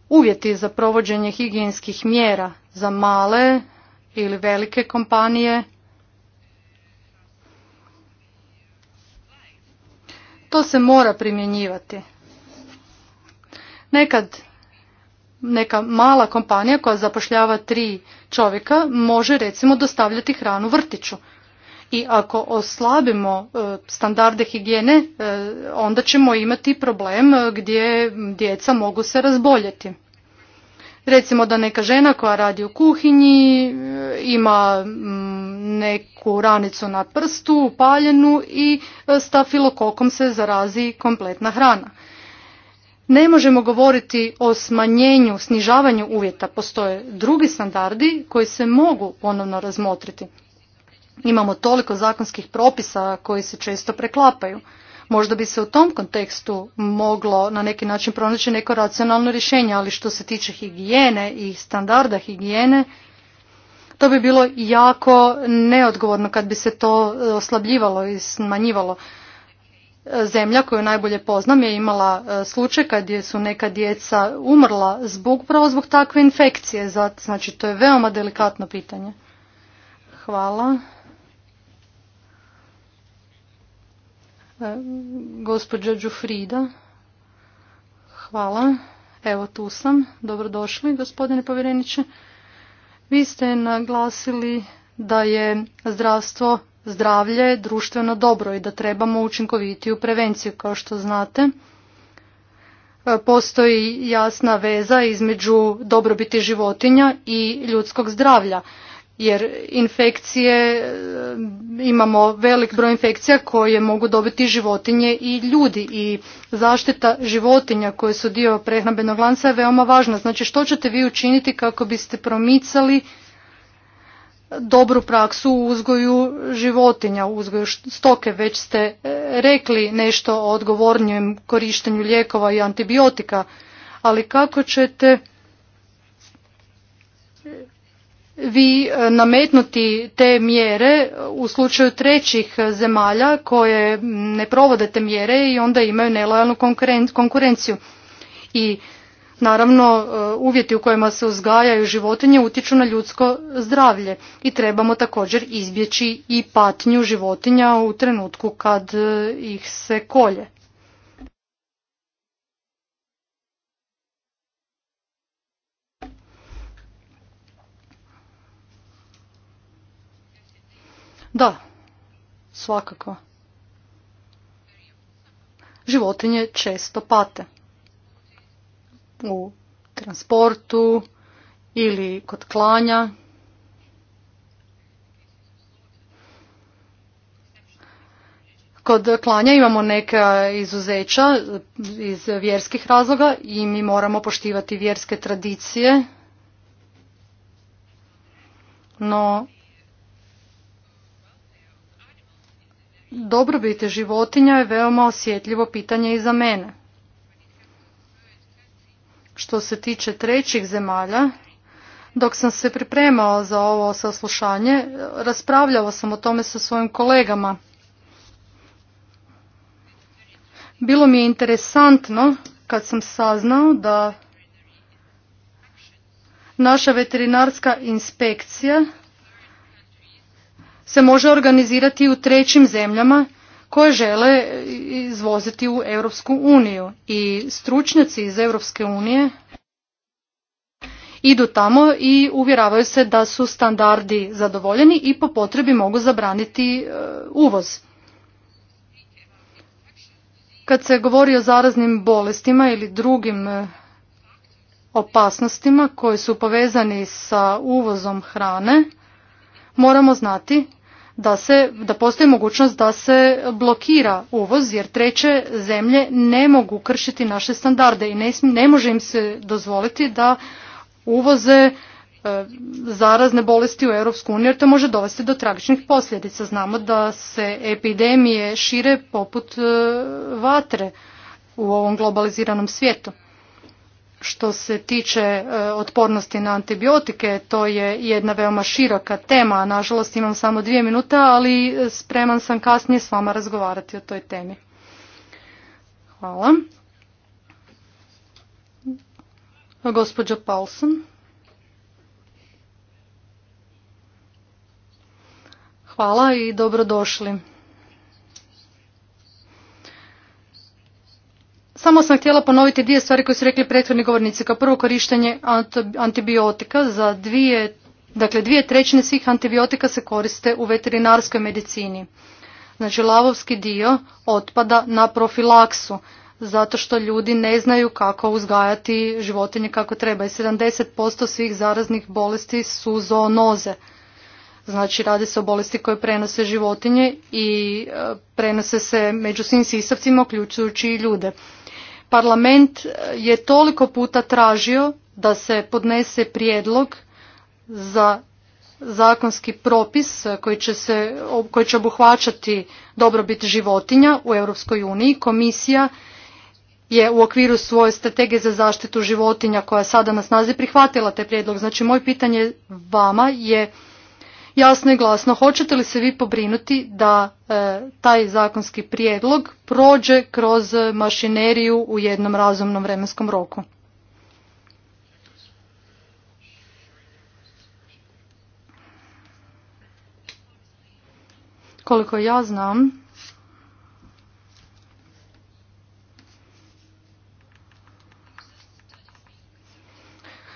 uvjeti za provođenje higijenskih mjera za male ili velike kompanije. To se mora primjenjivati. Nekad neka mala kompanija koja zapošljava tri čovjeka može recimo dostavljati hranu vrtiću i ako oslabimo e, standarde higijene e, onda ćemo imati problem e, gdje djeca mogu se razboljeti. Recimo da neka žena koja radi u kuhinji ima mm, neku ranicu na prstu, upaljenu i stafilokokom se zarazi kompletna hrana. Ne možemo govoriti o smanjenju, snižavanju uvjeta. Postoje drugi standardi koji se mogu ponovno razmotriti. Imamo toliko zakonskih propisa koji se često preklapaju. Možda bi se u tom kontekstu moglo na neki način pronaći neko racionalno rješenje, ali što se tiče higijene i standarda higijene, to bi bilo jako neodgovorno kad bi se to e, oslabljivalo i smanjivalo. E, zemlja koju najbolje poznam je imala e, slučaj kad su neka djeca umrla zbog, upravo zbog takve infekcije. Znači, to je veoma delikatno pitanje. Hvala. Gospođa Đufrida, hvala. Evo tu sam. Dobrodošli, gospodine povjereniče. Vi ste naglasili da je zdravstvo zdravlje društveno dobro i da trebamo učinkovitiju prevenciju, kao što znate. Postoji jasna veza između dobrobiti životinja i ljudskog zdravlja jer infekcije, e, imamo velik broj infekcija koje mogu dobiti životinje i ljudi i zaštita životinja koje su dio prehrambenog lanca je veoma važna. Znači što ćete vi učiniti kako biste promicali dobru praksu u uzgoju životinja, u uzgoju stoke, već ste e, rekli nešto o odgovornijem korištenju lijekova i antibiotika, ali kako ćete vi e, nametnuti te mjere u slučaju trećih e, zemalja koje ne provode te mjere i onda imaju nelojalnu konkurenciju. I naravno e, uvjeti u kojima se uzgajaju životinje utječu na ljudsko zdravlje i trebamo također izbjeći i patnju životinja u trenutku kad ih se kolje. Da, svakako. Životinje često pate. U transportu ili kod klanja. Kod klanja imamo neka izuzeća iz vjerskih razloga i mi moramo poštivati vjerske tradicije. No, Dobrobiti životinja je veoma osjetljivo pitanje i za mene. Što se tiče trećih zemalja, dok sam se pripremao za ovo saslušanje, raspravljao sam o tome sa svojim kolegama. Bilo mi je interesantno kad sam saznao da naša veterinarska inspekcija se može organizirati u trećim zemljama koje žele izvoziti u Europsku uniju i stručnjaci iz Europske unije idu tamo i uvjeravaju se da su standardi zadovoljeni i po potrebi mogu zabraniti e, uvoz. Kad se govori o zaraznim bolestima ili drugim e, opasnostima koji su povezani sa uvozom hrane, moramo znati da, se, da postoji mogućnost da se blokira uvoz jer treće zemlje ne mogu kršiti naše standarde i ne, ne može im se dozvoliti da uvoze e, zarazne bolesti u Europsku uniju jer to može dovesti do tragičnih posljedica. Znamo da se epidemije šire poput e, vatre u ovom globaliziranom svijetu što se tiče e, otpornosti na antibiotike, to je jedna veoma široka tema. Nažalost imam samo dvije minute, ali spreman sam kasnije s vama razgovarati o toj temi. Hvala. Gospođa Paulson. Hvala i dobrodošli. Samo sam htjela ponoviti dvije stvari koje su rekli prethodni govornici. Kao prvo korištenje antibiotika za dvije, dakle dvije trećine svih antibiotika se koriste u veterinarskoj medicini. Znači lavovski dio otpada na profilaksu zato što ljudi ne znaju kako uzgajati životinje kako treba i 70% svih zaraznih bolesti su zoonoze. Znači radi se o bolesti koje prenose životinje i e, prenose se među svim sisavcima uključujući i ljude. Parlament eh, je toliko puta tražio da se podnese prijedlog za zakonski propis eh, koji će, koji obuhvaćati dobrobit životinja u Europskoj uniji. Komisija je u okviru svoje strategije za zaštitu životinja koja je sada na snazi prihvatila taj prijedlog. Znači, moje pitanje vama je jasno i glasno hoćete li se vi pobrinuti da e, taj zakonski prijedlog prođe kroz mašineriju u jednom razumnom vremenskom roku koliko ja znam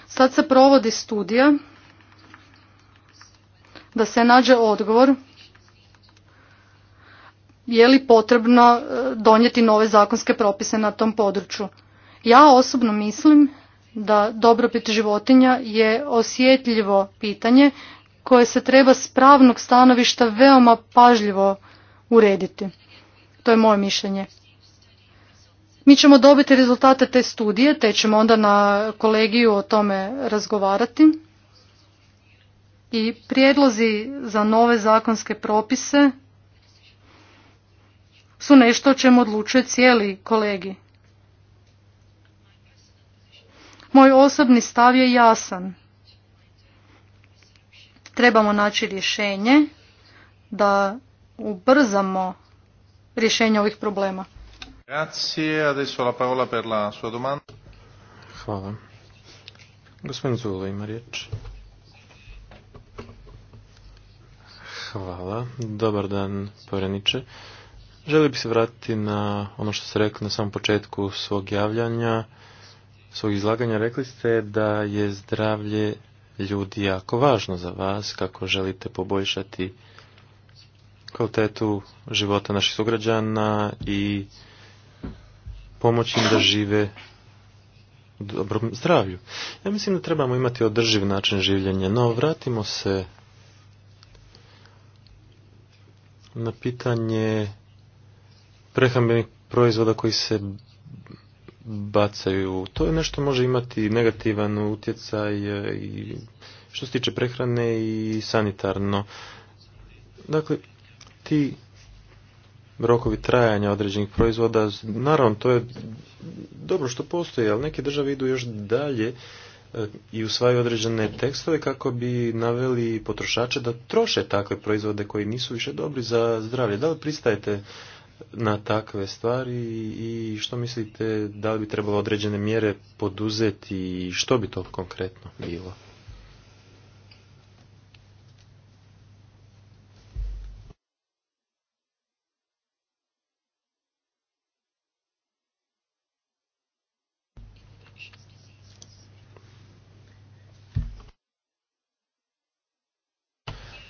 sad se provodi studija da se nađe odgovor je li potrebno e, donijeti nove zakonske propise na tom području. Ja osobno mislim da dobrobit životinja je osjetljivo pitanje koje se treba s pravnog stanovišta veoma pažljivo urediti. To je moje mišljenje. Mi ćemo dobiti rezultate te studije, te ćemo onda na kolegiju o tome razgovarati i prijedlozi za nove zakonske propise su nešto o čemu odlučuje cijeli kolegi. Moj osobni stav je jasan. Trebamo naći rješenje da ubrzamo rješenje ovih problema. Hvala. Gospodin Zula ima riječ. Hvala. Dobar dan, povjereniče. Želio bih se vratiti na ono što ste rekli na samom početku svog javljanja, svog izlaganja. Rekli ste da je zdravlje ljudi jako važno za vas, kako želite poboljšati kvalitetu života naših sugrađana i pomoći im da žive u dobrom zdravlju. Ja mislim da trebamo imati održiv način življenja, no vratimo se Na pitanje prehrambenih proizvoda koji se bacaju, to je nešto može imati negativan utjecaj e, i što se tiče prehrane i sanitarno. Dakle, ti rokovi trajanja određenih proizvoda, naravno to je dobro što postoji, ali neke države idu još dalje i usvajaju određene tekstove kako bi naveli potrošače da troše takve proizvode koji nisu više dobri za zdravlje. Da li pristajete na takve stvari i što mislite da li bi trebalo određene mjere poduzeti i što bi to konkretno bilo?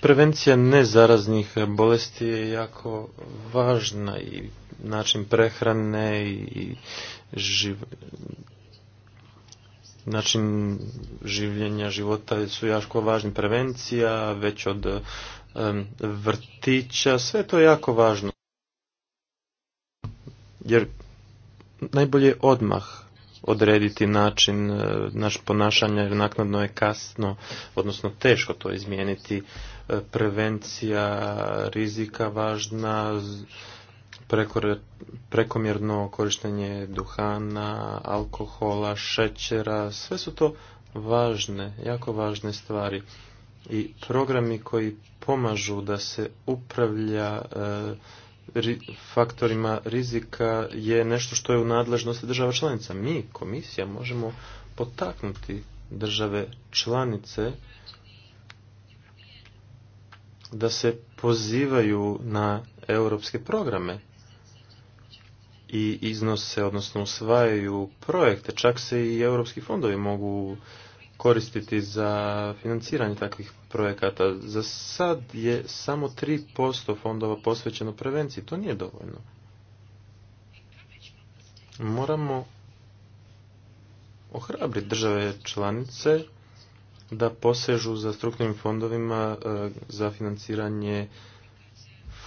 Prevencija nezaraznih bolesti je jako važna i način prehrane i živ... način življenja života su jako važni. Prevencija već od vrtića, sve to je jako važno. Jer najbolje odmah odrediti način e, naš ponašanja jer naknadno je kasno, odnosno teško to izmijeniti. E, prevencija rizika važna, prekomjerno korištenje duhana, alkohola, šećera, sve su to važne, jako važne stvari. I programi koji pomažu da se upravlja e, faktorima rizika je nešto što je u nadležnosti država članica. Mi, komisija, možemo potaknuti države članice da se pozivaju na europske programe i iznose, odnosno usvajaju projekte. Čak se i europski fondovi mogu koristiti za financiranje takvih projekata. Za sad je samo 3% fondova posvećeno prevenciji. To nije dovoljno. Moramo ohrabriti države članice da posežu za strukturnim fondovima e, za financiranje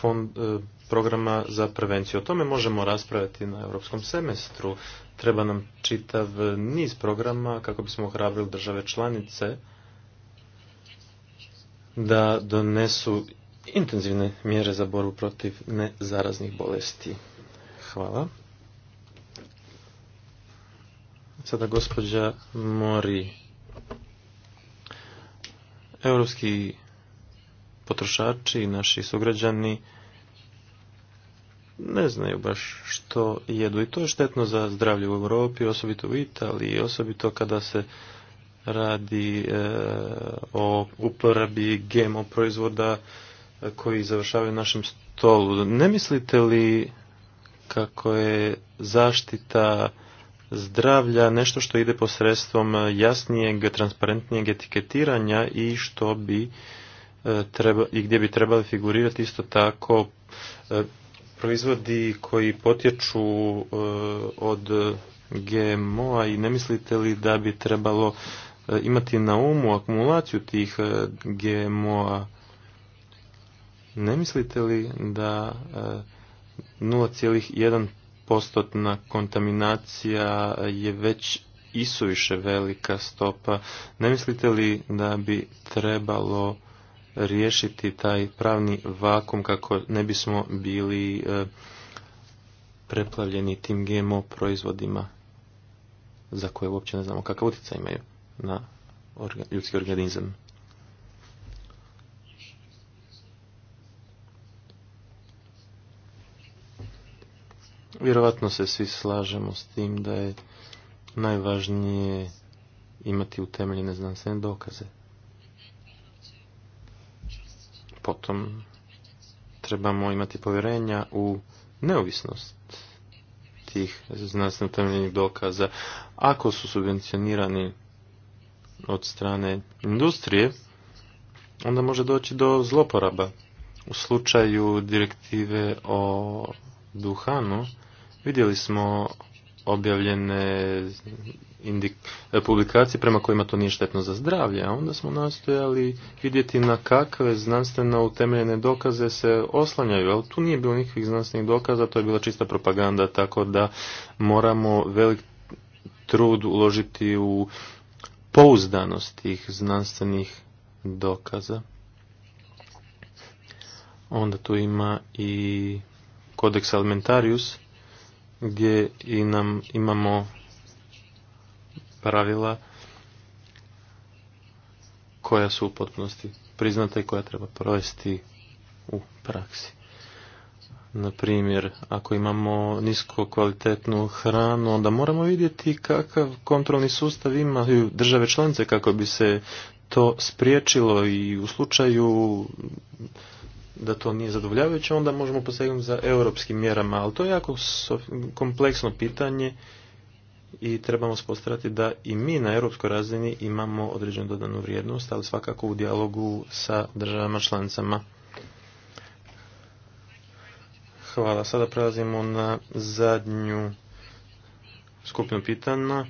fond, e, programa za prevenciju. O tome možemo raspraviti na europskom semestru. Treba nam čitav niz programa kako bismo ohrabrili države članice da donesu intenzivne mjere za borbu protiv nezaraznih bolesti. Hvala. Sada gospođa Mori. Europski potrošači i naši sugrađani ne znaju baš što jedu. I to je štetno za zdravlje u Europi, osobito u Italiji, osobito kada se radi e, o uporabi GMO proizvoda e, koji završavaju našem stolu. Ne mislite li kako je zaštita zdravlja nešto što ide posredstvom jasnijeg, transparentnijeg etiketiranja i što bi e, treba, i gdje bi trebali figurirati isto tako proizvodi koji potječu e, od GMO-a i ne mislite li da bi trebalo e, imati na umu akumulaciju tih e, GMO-a? Ne mislite li da 0,1 postotna kontaminacija je već isuviše velika stopa. Ne mislite li da bi trebalo riješiti taj pravni vakum kako ne bismo bili e, preplavljeni tim GMO proizvodima za koje uopće ne znamo kakav utjecaj imaju na ljudski organizam. Vjerovatno se svi slažemo s tim da je najvažnije imati utemeljene znanstvene dokaze. Potom trebamo imati povjerenja u neovisnost tih znanstveno temeljenih dokaza. Ako su subvencionirani od strane industrije, onda može doći do zloporaba. U slučaju direktive o duhanu vidjeli smo objavljene indik, e, publikacije prema kojima to nije štetno za zdravlje, a onda smo nastojali vidjeti na kakve znanstveno utemeljene dokaze se oslanjaju, ali tu nije bilo nikakvih znanstvenih dokaza, to je bila čista propaganda, tako da moramo velik trud uložiti u pouzdanost tih znanstvenih dokaza. Onda tu ima i kodeks alimentarius gdje i nam imamo pravila koja su u potpunosti priznata i koja treba provesti u praksi. Na primjer, ako imamo nisko kvalitetnu hranu, onda moramo vidjeti kakav kontrolni sustav imaju države članice kako bi se to spriječilo i u slučaju da to nije zadovoljavajuće, onda možemo posegnuti za europskim mjerama, ali to je jako kompleksno pitanje i trebamo spostrati da i mi na europskoj razini imamo određenu dodanu vrijednost, ali svakako u dijalogu sa državama članicama. Hvala. Sada prelazimo na zadnju skupinu pitanja.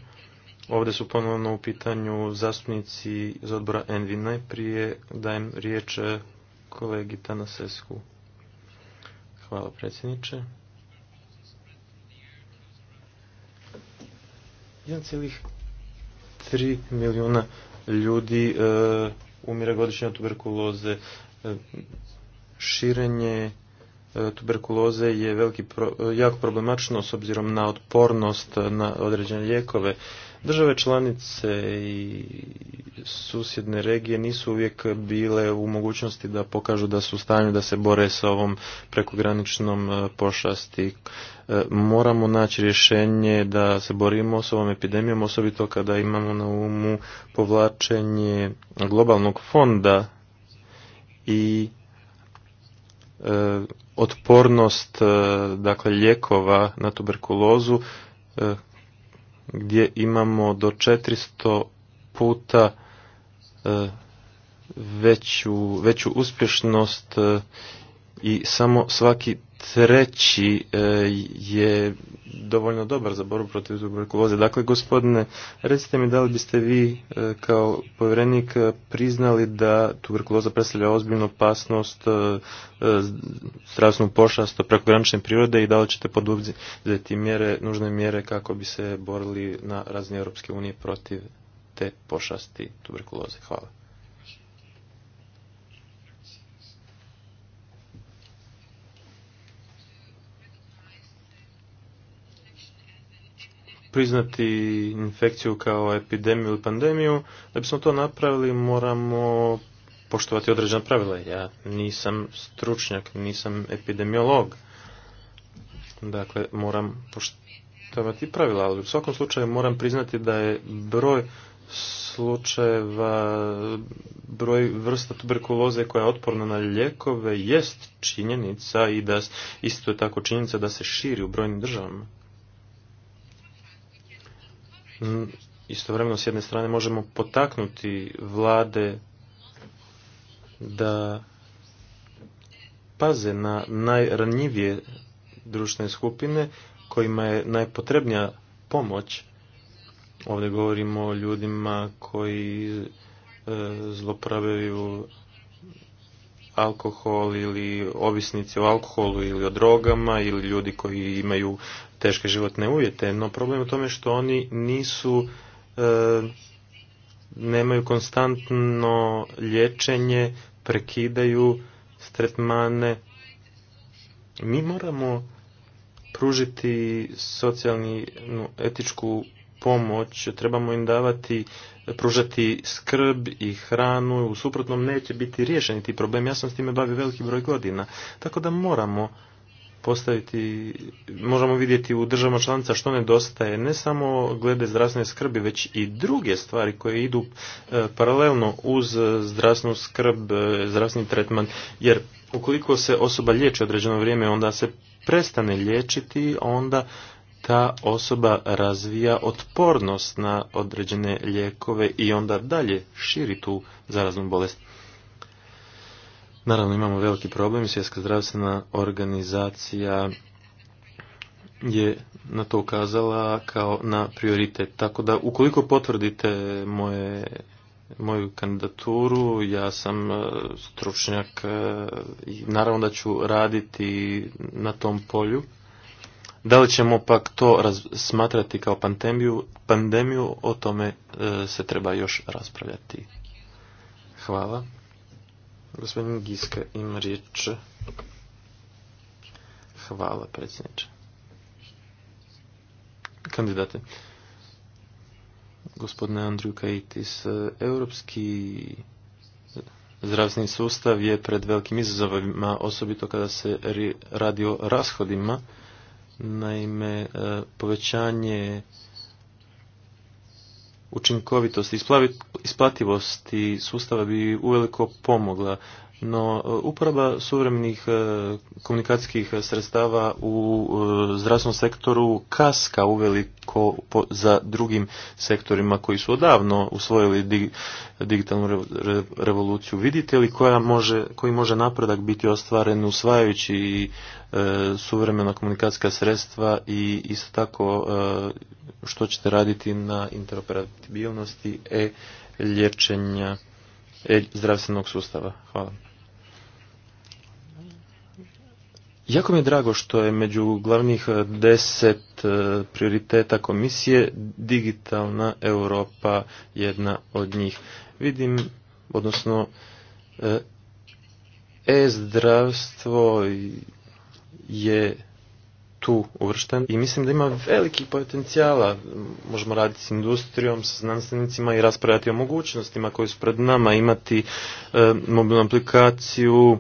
Ovdje su ponovno u pitanju zastupnici iz odbora Envi. Najprije dajem riječ kolegi Tanasesku. Hvala predsjedniče. 1,3 milijuna ljudi e, umire godišnje od tuberkuloze. E, širenje e, tuberkuloze je veliki e, jako problematično s obzirom na otpornost na određene lijekove. Države članice i susjedne regije nisu uvijek bile u mogućnosti da pokažu da su u stanju da se bore sa ovom prekograničnom e, pošasti. E, moramo naći rješenje da se borimo s ovom epidemijom, osobito kada imamo na umu povlačenje globalnog fonda i e, otpornost dakle lijekova na tuberkulozu gdje imamo do 400 puta e, veću, veću uspješnost e, i samo svaki treći e, je dovoljno dobar za borbu protiv tuberkuloze. Dakle, gospodine, recite mi da li biste vi e, kao povjerenik e, priznali da tuberkuloza predstavlja ozbiljnu opasnost zdravstvenu pošast prekogranične prirode i da li ćete poduzeti mjere, nužne mjere kako bi se borili na razini Europske unije protiv te pošasti tuberkuloze. Hvala. priznati infekciju kao epidemiju ili pandemiju, da bismo to napravili moramo poštovati određena pravila. Ja nisam stručnjak, nisam epidemiolog. Dakle, moram poštovati pravila, ali u svakom slučaju moram priznati da je broj slučajeva, broj vrsta tuberkuloze koja je otporna na ljekove jest činjenica i da isto je tako činjenica da se širi u brojnim državama. Mm, istovremeno s jedne strane možemo potaknuti vlade da paze na najranjivije društvene skupine kojima je najpotrebnija pomoć. Ovdje govorimo o ljudima koji e, zlopravljaju alkohol ili ovisnici o alkoholu ili o drogama ili ljudi koji imaju teške životne uvjete, no problem je u tome što oni nisu, e, nemaju konstantno liječenje, prekidaju tretmane. Mi moramo pružiti socijalni, no, etičku pomoć, trebamo im davati, pružati skrb i hranu, u suprotnom neće biti riješeni ti problem. Ja sam s time bavio veliki broj godina, tako da moramo postaviti, možemo vidjeti u državama članica što nedostaje, ne samo glede zdravstvene skrbi, već i druge stvari koje idu e, paralelno uz e, zdravstvenu skrb, e, zdravstveni tretman, jer ukoliko se osoba liječi određeno vrijeme, onda se prestane liječiti, onda ta osoba razvija otpornost na određene lijekove i onda dalje širi tu zaraznu bolest. Naravno imamo veliki problem, svjetska zdravstvena organizacija je na to ukazala kao na prioritet. Tako da ukoliko potvrdite moje, moju kandidaturu, ja sam e, stručnjak e, i naravno da ću raditi na tom polju. Da li ćemo pak to smatrati kao pandemiju, pandemiju, o tome e, se treba još raspravljati. Hvala. Gospodin Giska ima riječ. Hvala, predsjedniče. Kandidate. Gospodine Andriju Kajitis, europski zdravstveni sustav je pred velikim izazovima, osobito kada se radi o rashodima. Naime, e, povećanje učinkovitost i isplativosti sustava bi uveliko pomogla. No, e, uporaba suvremenih e, komunikacijskih sredstava u e, zdravstvenom sektoru kaska uveliko za drugim sektorima koji su odavno usvojili digitalnu revoluciju. Vidite li koja može, koji može napredak biti ostvaren usvajajući suvremena komunikacijska sredstva i isto tako što ćete raditi na interoperabilnosti e lječenja e zdravstvenog sustava? Hvala. Jako mi je drago što je među glavnih e, deset e, prioriteta komisije digitalna Europa jedna od njih. Vidim, odnosno e, e-zdravstvo je tu uvršten i mislim da ima veliki potencijala. Možemo raditi s industrijom, sa znanstvenicima i raspravljati o mogućnostima koje su pred nama, imati mobilnu aplikaciju,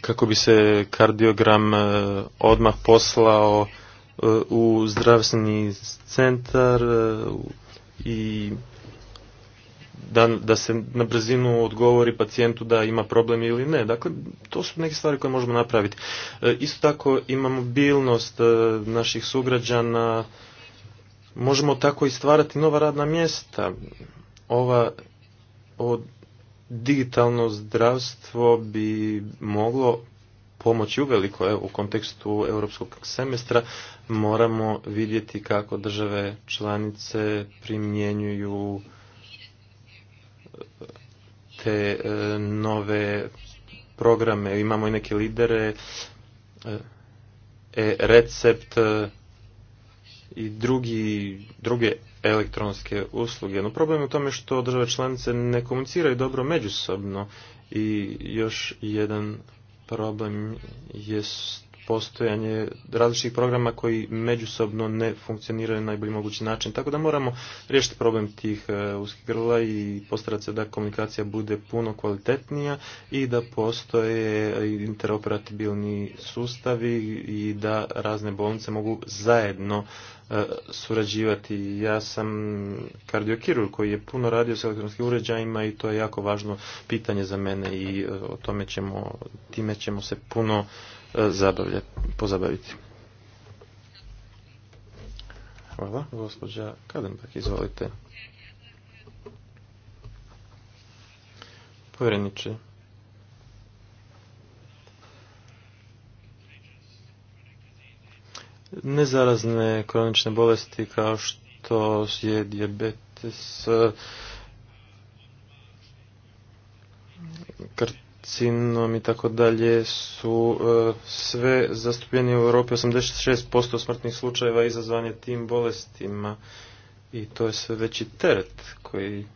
kako bi se kardiogram e, odmah poslao e, u zdravstveni centar e, i da, da se na brzinu odgovori pacijentu da ima problem ili ne. Dakle, to su neke stvari koje možemo napraviti. Isto tako ima mobilnost naših sugrađana. Možemo tako i stvarati nova radna mjesta. Ova, od digitalno zdravstvo bi moglo pomoći uveliko veliko u kontekstu europskog semestra moramo vidjeti kako države članice primjenjuju eh, te eh, nove programe. Imamo i neke lidere, e, eh, recept i drugi, druge elektronske usluge. No problem je u tome što države članice ne komuniciraju dobro međusobno i još jedan problem jest postojanje različitih programa koji međusobno ne funkcioniraju na najbolji mogući način. Tako da moramo riješiti problem tih e, uskih grla i postarati se da komunikacija bude puno kvalitetnija i da postoje interoperatibilni sustavi i da razne bolnice mogu zajedno e, surađivati. Ja sam kardiokirur koji je puno radio s elektronskim uređajima i to je jako važno pitanje za mene i e, o tome ćemo, time ćemo se puno E, zabavlja, pozabaviti. Hvala. Gospođa Kadenbek, izvolite. Povjereniče. Nezarazne kronične bolesti kao što je diabetes, e, karcinom i tako dalje su e, sve zastupljeni u Europi 86% smrtnih slučajeva izazvanje tim bolestima i to je sve veći teret koji e,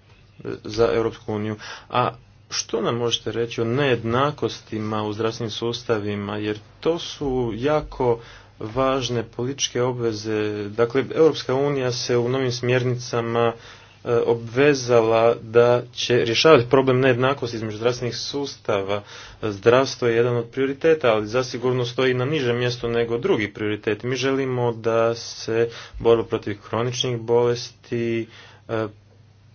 za Europsku uniju. A što nam možete reći o nejednakostima u zdravstvenim sustavima jer to su jako važne političke obveze. Dakle, Europska unija se u novim smjernicama E, obvezala da će rješavati problem nejednakosti između zdravstvenih sustava. Zdravstvo je jedan od prioriteta, ali zasigurno stoji na nižem mjestu nego drugi prioritet. Mi želimo da se borba protiv kroničnih bolesti e,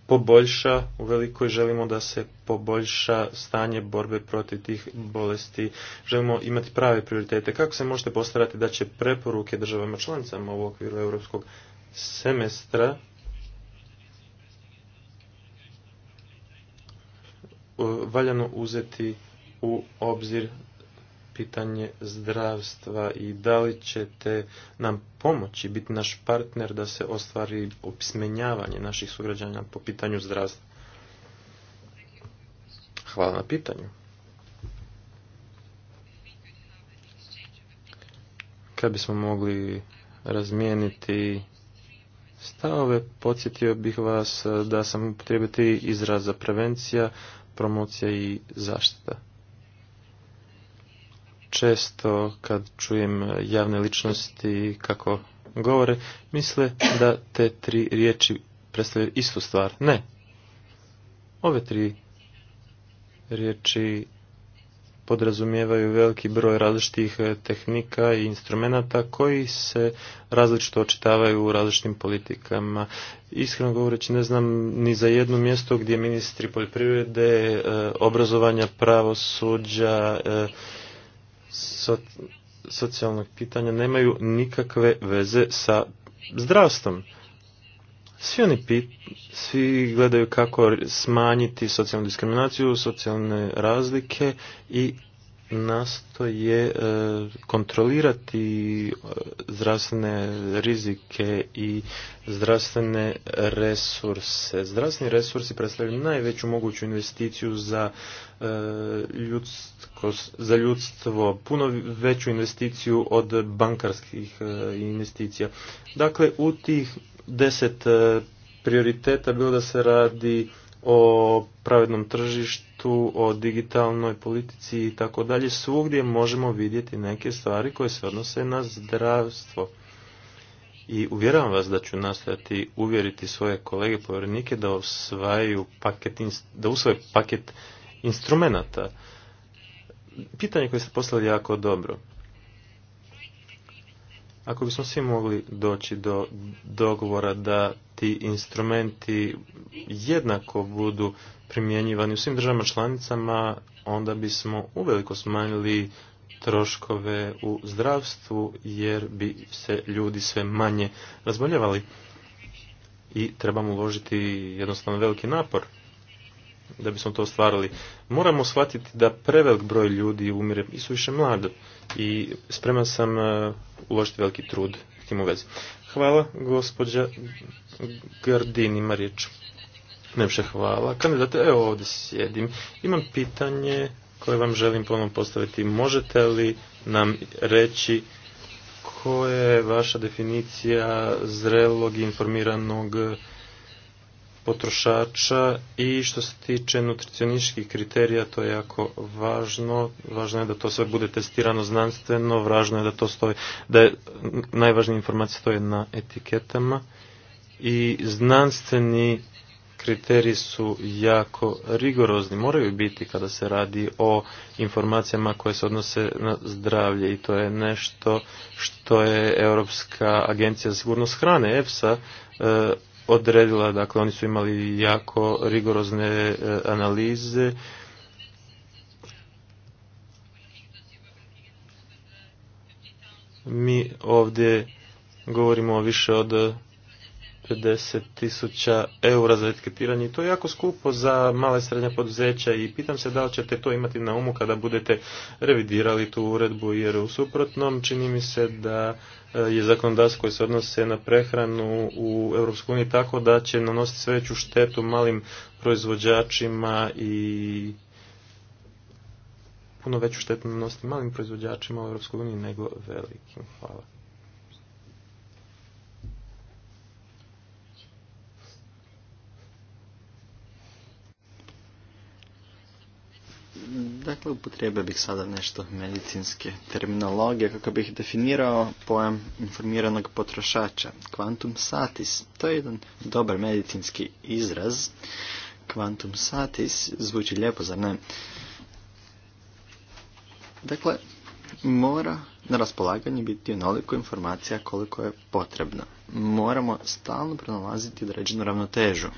poboljša, u velikoj želimo da se poboljša stanje borbe protiv tih bolesti. Želimo imati prave prioritete. Kako se možete postarati da će preporuke državama članicama u okviru europskog semestra E, valjano uzeti u obzir pitanje zdravstva i da li ćete nam pomoći biti naš partner da se ostvari opismenjavanje naših sugrađana po pitanju zdravstva? Hvala na pitanju. Kad bismo mogli razmijeniti stavove, podsjetio bih vas da sam potrebiti izraz za prevencija, promocija i zaštita. Često kad čujem javne ličnosti kako govore, misle da te tri riječi predstavljaju istu stvar. Ne. Ove tri riječi podrazumijevaju veliki broj različitih e, tehnika i instrumenata koji se različito očitavaju u različitim politikama. Iskreno govoreći ne znam ni za jedno mjesto gdje ministri poljoprivrede, e, obrazovanja, pravosuđa, e, socijalnog pitanja nemaju nikakve veze sa zdravstvom. Svi oni svi gledaju kako smanjiti socijalnu diskriminaciju, socijalne razlike i nastoje e, kontrolirati e, zdravstvene rizike i zdravstvene resurse. Zdravstveni resursi predstavljaju najveću moguću investiciju za e, za ljudstvo, puno veću investiciju od bankarskih investicija. Dakle, u tih deset e, prioriteta, bilo da se radi o pravednom tržištu, o digitalnoj politici i tako dalje, svugdje možemo vidjeti neke stvari koje se odnose na zdravstvo. I uvjeravam vas da ću nastaviti uvjeriti svoje kolege povjerenike da usvaju paket, da usvaju paket instrumenata. Pitanje koje ste poslali jako dobro. Ako bismo svi mogli doći do dogovora da ti instrumenti jednako budu primjenjivani u svim državama članicama, onda bismo uveliko smanjili troškove u zdravstvu jer bi se ljudi sve manje razboljevali i trebamo uložiti jednostavno veliki napor da bismo to ostvarili. Moramo shvatiti da prevelik broj ljudi umire i su više mlado i spreman sam e, uložiti veliki trud s tim u vezi. Hvala, gospođa Gardini ima riječ. Najviše hvala. Kandidate, evo ovdje sjedim. Imam pitanje koje vam želim ponovno postaviti. Možete li nam reći koja je vaša definicija zrelog i informiranog potrošača i što se tiče nutricionističkih kriterija to je jako važno važno je da to sve bude testirano znanstveno važno je da to stoji da je najvažnija informacija stoje na etiketama i znanstveni kriteriji su jako rigorozni moraju biti kada se radi o informacijama koje se odnose na zdravlje i to je nešto što je europska agencija za sigurnost hrane EFSA e, odredila, dakle oni su imali jako rigorozne e, analize. Mi ovdje govorimo o više od 50 tisuća eura za etiketiranje i to je jako skupo za male srednje srednja poduzeća i pitam se da li ćete to imati na umu kada budete revidirali tu uredbu jer u suprotnom čini mi se da E, je zakonodavstvo koje se odnose na prehranu u EU tako da će nanositi sve veću štetu malim proizvođačima i puno veću štetu nanositi malim proizvođačima u EU nego velikim. Hvala. Dakle, upotrijebio bih sada nešto medicinske terminologije kako bih definirao pojam informiranog potrošača. Quantum satis. To je jedan dobar medicinski izraz. Quantum satis zvuči lijepo, zar ne? Dakle, mora na raspolaganju biti onoliko informacija koliko je potrebno. Moramo stalno pronalaziti određenu ravnotežu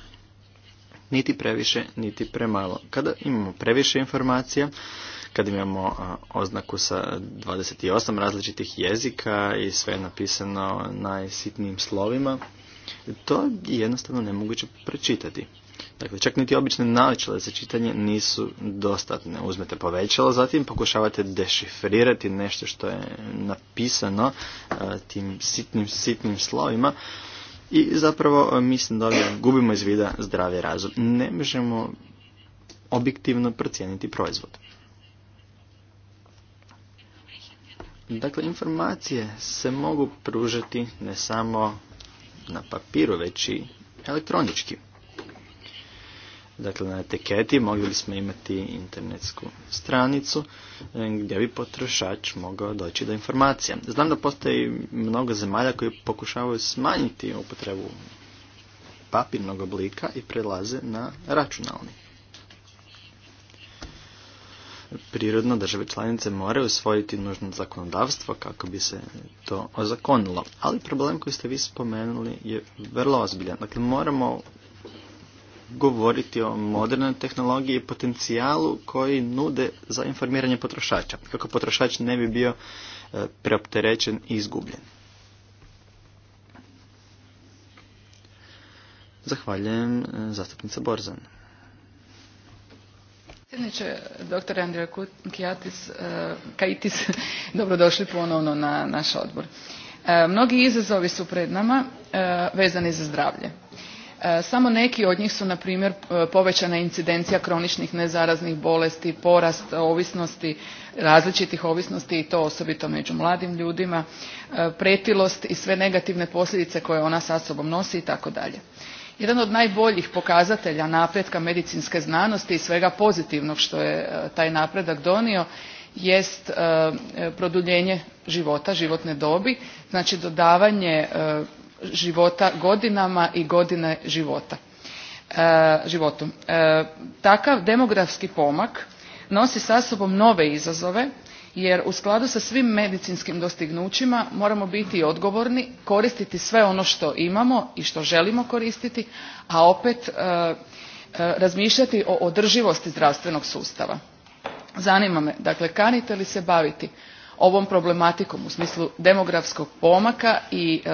niti previše, niti premalo. Kada imamo previše informacija, kad imamo oznaku sa 28 različitih jezika i sve je napisano najsitnijim slovima, to je jednostavno nemoguće pročitati. Dakle, čak niti obične naočale za čitanje nisu dostatne. Uzmete povećalo, zatim pokušavate dešifrirati nešto što je napisano tim sitnim, sitnim slovima i zapravo e, mislim da gubimo iz vida zdravi razum. Ne možemo objektivno procijeniti proizvod. Dakle, informacije se mogu pružati ne samo na papiru, već i elektronički. Dakle, na etiketi mogli bismo imati internetsku stranicu e, gdje bi potrošač mogao doći do informacija. Znam da postoji mnogo zemalja koji pokušavaju smanjiti upotrebu papirnog oblika i prelaze na računalni. Prirodno države članice moraju usvojiti nužno zakonodavstvo kako bi se to ozakonilo. Ali problem koji ste vi spomenuli je vrlo ozbiljan. Dakle, moramo govoriti o modernoj tehnologiji i potencijalu koji nude za informiranje potrošača, kako potrošač ne bi bio e, preopterećen i izgubljen. Zahvaljujem e, zastupnica Borzan. Predsjedniče, doktor Andrija Kijatis, e, dobrodošli ponovno na naš odbor. Mnogi izazovi su pred nama vezani za zdravlje E, samo neki od njih su na primjer e, povećana incidencija kroničnih nezaraznih bolesti porast ovisnosti različitih ovisnosti i to osobito među mladim ljudima e, pretilost i sve negativne posljedice koje ona sa sobom nosi i tako dalje jedan od najboljih pokazatelja napretka medicinske znanosti i svega pozitivnog što je taj napredak donio jest produljenje života životne dobi znači dodavanje života godinama i godine života e, životu. E, takav demografski pomak nosi sa sobom nove izazove jer u skladu sa svim medicinskim dostignućima moramo biti odgovorni, koristiti sve ono što imamo i što želimo koristiti, a opet e, razmišljati o održivosti zdravstvenog sustava. Zanima me, dakle kanite li se baviti ovom problematikom u smislu demografskog pomaka i e,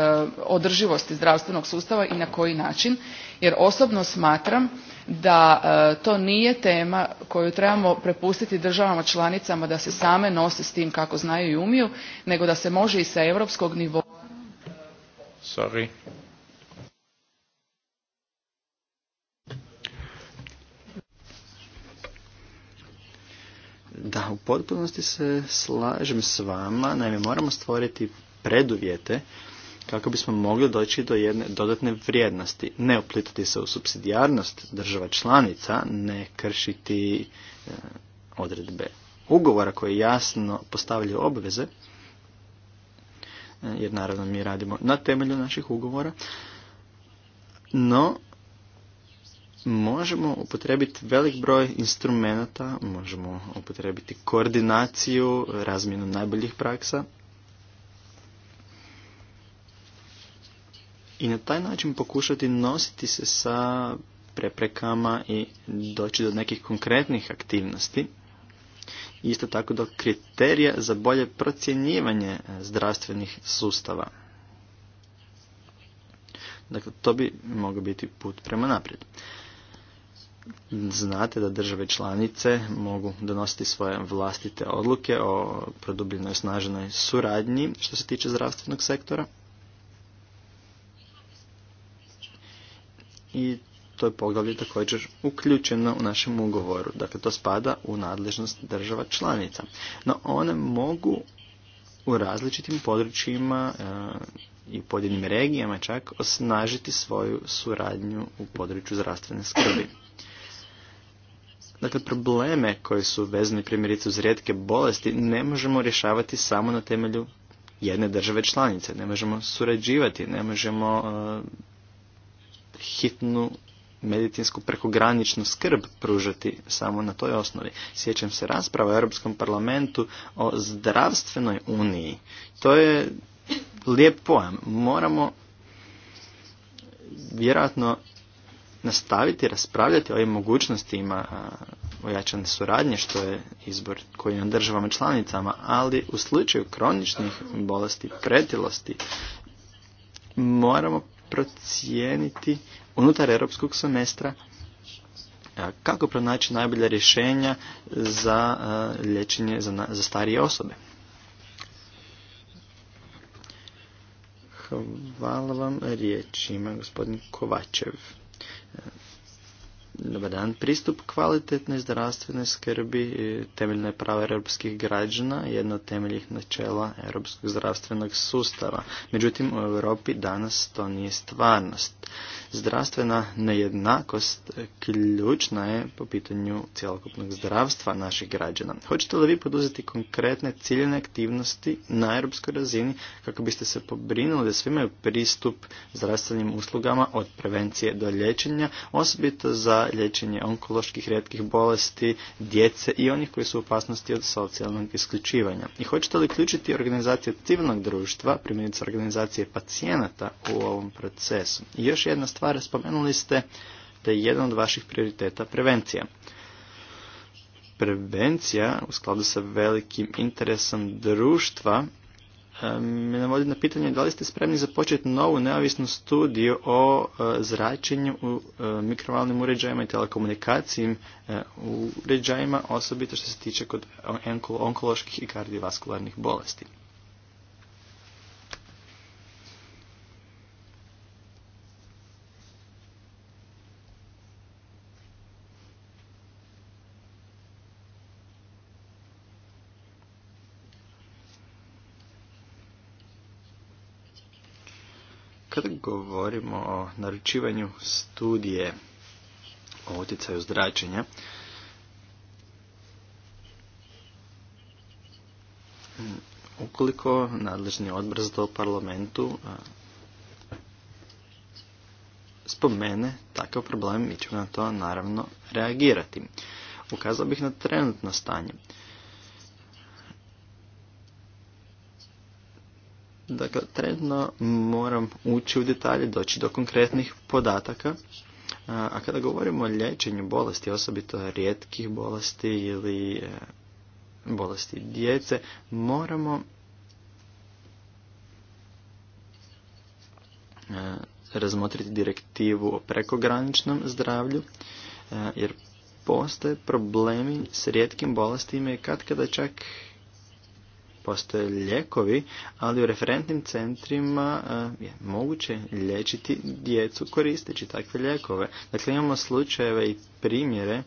održivosti zdravstvenog sustava i na koji način jer osobno smatram da e, to nije tema koju trebamo prepustiti državama članicama da se same nose s tim kako znaju i umiju nego da se može i sa europskog nivoa Da, u potpunosti se slažem s vama, naime moramo stvoriti preduvjete kako bismo mogli doći do jedne dodatne vrijednosti, ne uplitati se u subsidijarnost država članica, ne kršiti e, odredbe ugovora koje jasno postavljaju obveze, e, jer naravno mi radimo na temelju naših ugovora, no možemo upotrebiti velik broj instrumenata, možemo upotrebiti koordinaciju, razmjenu najboljih praksa. I na taj način pokušati nositi se sa preprekama i doći do nekih konkretnih aktivnosti. Isto tako do kriterija za bolje procjenjivanje zdravstvenih sustava. Dakle, to bi mogao biti put prema naprijed znate da države članice mogu donositi svoje vlastite odluke o produbljenoj snaženoj suradnji što se tiče zdravstvenog sektora. I to je poglavlje također uključeno u našem ugovoru. Dakle, to spada u nadležnost država članica. No, one mogu u različitim područjima e, i pojedinim regijama čak osnažiti svoju suradnju u području zdravstvene skrbi. Dakle, probleme koji su vezani primjerice uz rijetke bolesti ne možemo rješavati samo na temelju jedne države članice. Ne možemo surađivati, ne možemo uh, hitnu medicinsku prekograničnu skrb pružati samo na toj osnovi. Sjećam se rasprava u Europskom parlamentu o zdravstvenoj uniji. To je lijep pojam. Moramo vjerojatno nastaviti raspravljati o ovim mogućnostima ojačane suradnje, što je izbor koji je na državama članicama, ali u slučaju kroničnih bolesti, pretilosti, moramo procijeniti unutar europskog semestra kako pronaći najbolja rješenja za liječenje za, starije osobe. Hvala vam riječima, gospodin Kovačev. Hvala Dobar dan. Pristup kvalitetnoj zdravstvenoj skrbi temeljno prava europskih građana, jedno od temeljih načela europskog zdravstvenog sustava. Međutim, u Europi danas to nije stvarnost. Zdravstvena nejednakost ključna je po pitanju cjelokupnog zdravstva naših građana. Hoćete li vi poduzeti konkretne ciljene aktivnosti na europskoj razini kako biste se pobrinuli da svi imaju pristup zdravstvenim uslugama od prevencije do liječenja, osobito za liječenje onkoloških redkih bolesti, djece i onih koji su u opasnosti od socijalnog isključivanja. I hoćete li uključiti organizaciju civilnog društva, primjerice organizacije pacijenata u ovom procesu? I još jedna stvar, spomenuli ste da je jedan od vaših prioriteta prevencija prevencija u skladu sa velikim interesom društva me navodi na pitanje da li ste spremni započeti novu neovisnu studiju o e, zračenju u e, mikrovalnim uređajima i telekomunikacijim e, uređajima, osobito što se tiče kod onkoloških i kardiovaskularnih bolesti. govorimo o naručivanju studije o utjecaju zračenja, ukoliko nadležni odbor za to parlamentu spomene takav problem, mi ćemo na to naravno reagirati. Ukazao bih na trenutno stanje. Dakle, trenutno moram ući u detalje, doći do konkretnih podataka. A kada govorimo o liječenju bolesti, osobito rijetkih bolesti ili e, bolesti djece, moramo e, razmotriti direktivu o prekograničnom zdravlju, e, jer postoje problemi s rijetkim bolestima i kad kada čak postoje lijekovi, ali u referentnim centrima e, je moguće liječiti djecu koristeći takve lijekove. Dakle, imamo slučajeve i primjere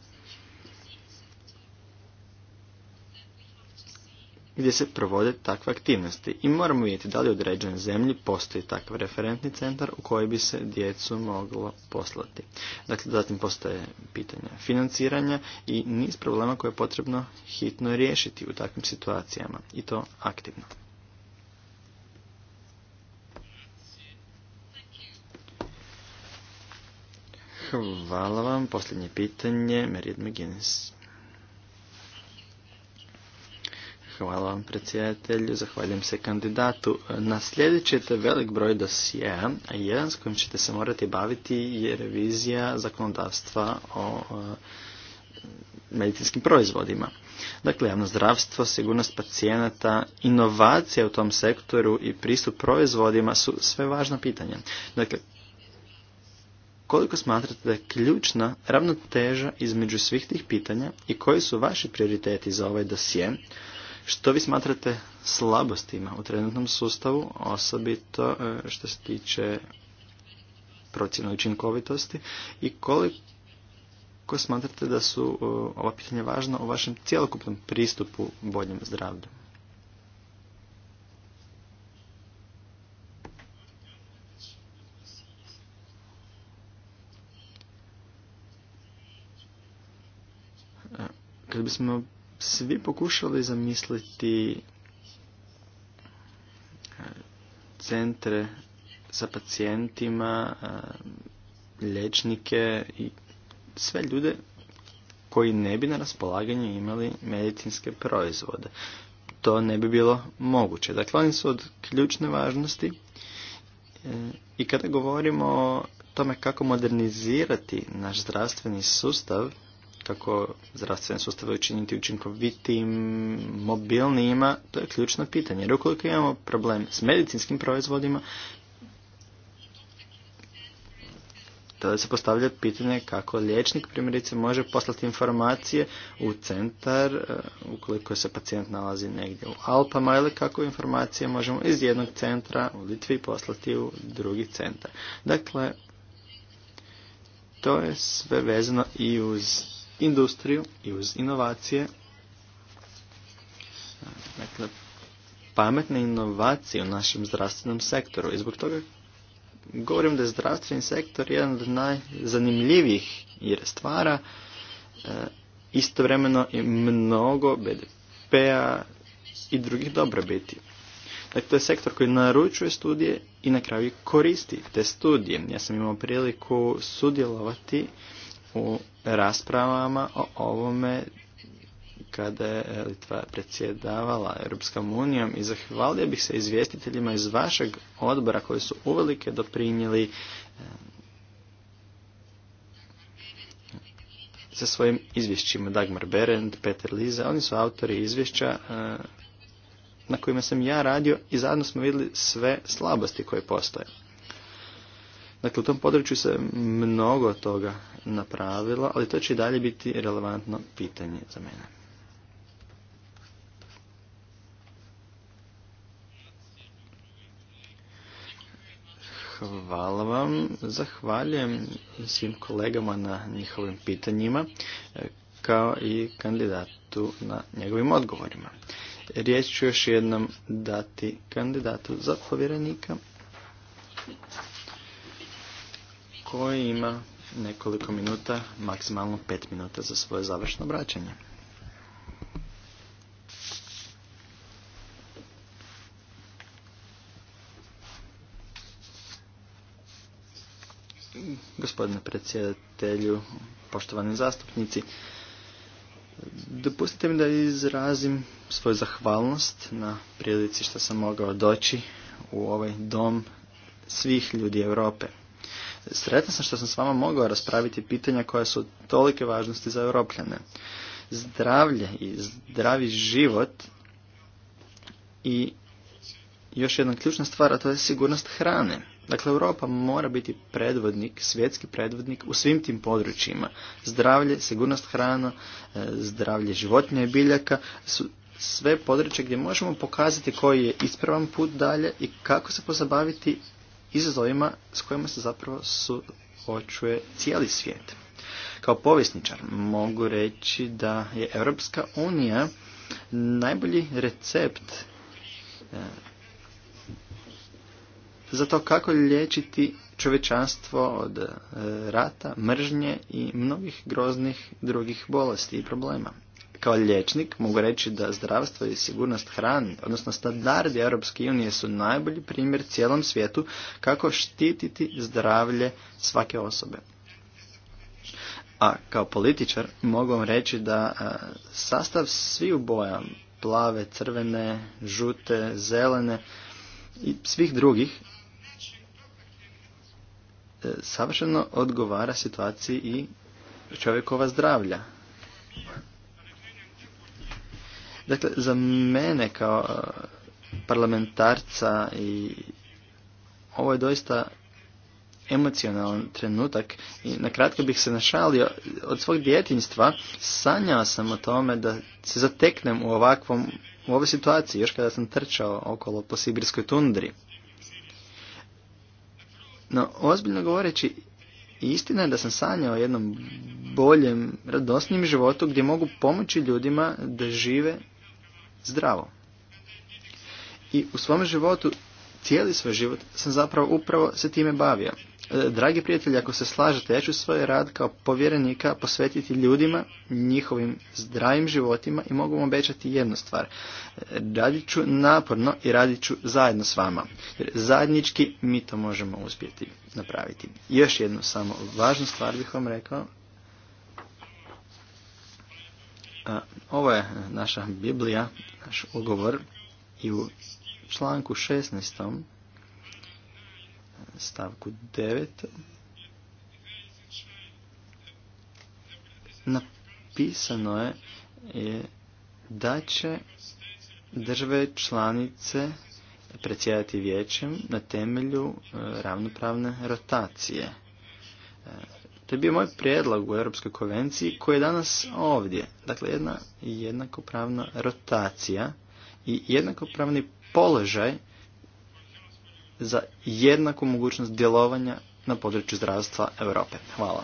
gdje se provode takve aktivnosti i moramo vidjeti da li u određenoj zemlji postoji takav referentni centar u koji bi se djecu moglo poslati. Dakle, zatim postoje pitanja financiranja i niz problema koje je potrebno hitno riješiti u takvim situacijama i to aktivno. Hvala vam. Posljednje pitanje, Merid McGinnis. Hvala vam predsjedatelju, zahvaljujem se kandidatu. Naslijedit ćete velik broj dosijeja, a jedan s kojim ćete se morati baviti je revizija zakonodavstva o e, medicinskim proizvodima. Dakle, javno zdravstvo, sigurnost pacijenata, inovacija u tom sektoru i pristup proizvodima su sve važna pitanja. Dakle, koliko smatrate da je ključna ravnoteža između svih tih pitanja i koji su vaši prioriteti za ovaj dosije, što vi smatrate slabostima u trenutnom sustavu, osobito e, što se tiče procjene učinkovitosti i koliko smatrate da su e, ova pitanja važna u vašem cjelokupnom pristupu boljem zdravlju? E, kad bismo svi pokušali zamisliti eh, centre sa pacijentima, eh, liječnike i sve ljude koji ne bi na raspolaganju imali medicinske proizvode. To ne bi bilo moguće. Dakle, oni su od ključne važnosti eh, i kada govorimo o tome kako modernizirati naš zdravstveni sustav, kako zdravstvene sustave učiniti učinkovitim, mobilnijima, to je ključno pitanje. Jer ukoliko imamo problem s medicinskim proizvodima, tada se postavlja pitanje kako liječnik primjerice može poslati informacije u centar e, ukoliko se pacijent nalazi negdje u Alpama ili kako informacije možemo iz jednog centra u Litvi poslati u drugi centar. Dakle, to je sve vezano i uz industriju i uz inovacije. Dakle, pametne inovacije u našem zdravstvenom sektoru. I zbog toga govorim da je zdravstveni sektor jedan od najzanimljivijih jer stvara e, istovremeno i mnogo BDP-a i drugih dobrobiti. Dakle, to je sektor koji naručuje studije i na kraju koristi te studije. Ja sam imao priliku sudjelovati u raspravama o ovome kada je e, Litva predsjedavala Europskom unijom i zahvalio bih se izvjestiteljima iz vašeg odbora koji su uvelike doprinijeli e, sa svojim izvješćima. Dagmar Berend, Peter Liza, oni su autori izvješća e, na kojima sam ja radio i zajedno smo vidjeli sve slabosti koje postoje. Dakle, u tom području se mnogo toga napravila, ali to će i dalje biti relevantno pitanje za mene. Hvala vam. Zahvaljujem svim kolegama na njihovim pitanjima, kao i kandidatu na njegovim odgovorima. Riječ ću još jednom dati kandidatu za povjerenika koji ima nekoliko minuta, maksimalno pet minuta za svoje završno obraćanje. Gospodine predsjedatelju, poštovani zastupnici, dopustite mi da izrazim svoju zahvalnost na prilici što sam mogao doći u ovaj dom svih ljudi Europe. Sretan sam što sam s vama mogao raspraviti pitanja koja su tolike važnosti za europljane. Zdravlje i zdravi život i još jedna ključna stvar, a to je sigurnost hrane. Dakle, Europa mora biti predvodnik, svjetski predvodnik u svim tim područjima. Zdravlje, sigurnost hrana, e, zdravlje životinja i biljaka su sve područje gdje možemo pokazati koji je ispravan put dalje i kako se pozabaviti izazovima s kojima se zapravo suočuje cijeli svijet. Kao povjesničar mogu reći da je Europska unija najbolji recept e, za to kako liječiti čovečanstvo od e, rata, mržnje i mnogih groznih drugih bolesti i problema. Kao liječnik mogu reći da zdravstvo i sigurnost hrane, odnosno standardi Europske unije su najbolji primjer cijelom svijetu kako štititi zdravlje svake osobe. A kao političar mogu vam reći da e, sastav svih boja, plave, crvene, žute, zelene i svih drugih, e, savršeno odgovara situaciji i čovjekova zdravlja. Dakle, za mene kao e, parlamentarca i ovo je doista emocionalan trenutak i na kratko bih se našalio od svog djetinjstva sanjao sam o tome da se zateknem u ovakvom u ovoj situaciji još kada sam trčao okolo po sibirskoj tundri no ozbiljno govoreći istina je da sam sanjao o jednom boljem radosnijem životu gdje mogu pomoći ljudima da žive zdravo. I u svom životu, cijeli svoj život, sam zapravo upravo se time bavio. E, dragi prijatelji, ako se slažete, ja ću svoj rad kao povjerenika posvetiti ljudima, njihovim zdravim životima i mogu vam obećati jednu stvar. E, radit ću naporno i radit ću zajedno s vama. Jer zajednički mi to možemo uspjeti napraviti. Još jednu samo važnu stvar bih vam rekao. E, ovo je naša Biblija naš ugovor i u članku 16. stavku 9. napisano je, je da će države članice predsjedati vijećem na temelju e, ravnopravne rotacije. E, to je bio moj prijedlog u Europskoj konvenciji koji je danas ovdje. Dakle, jedna jednakopravna rotacija i jednakopravni položaj za jednaku mogućnost djelovanja na području zdravstva Europe. Hvala.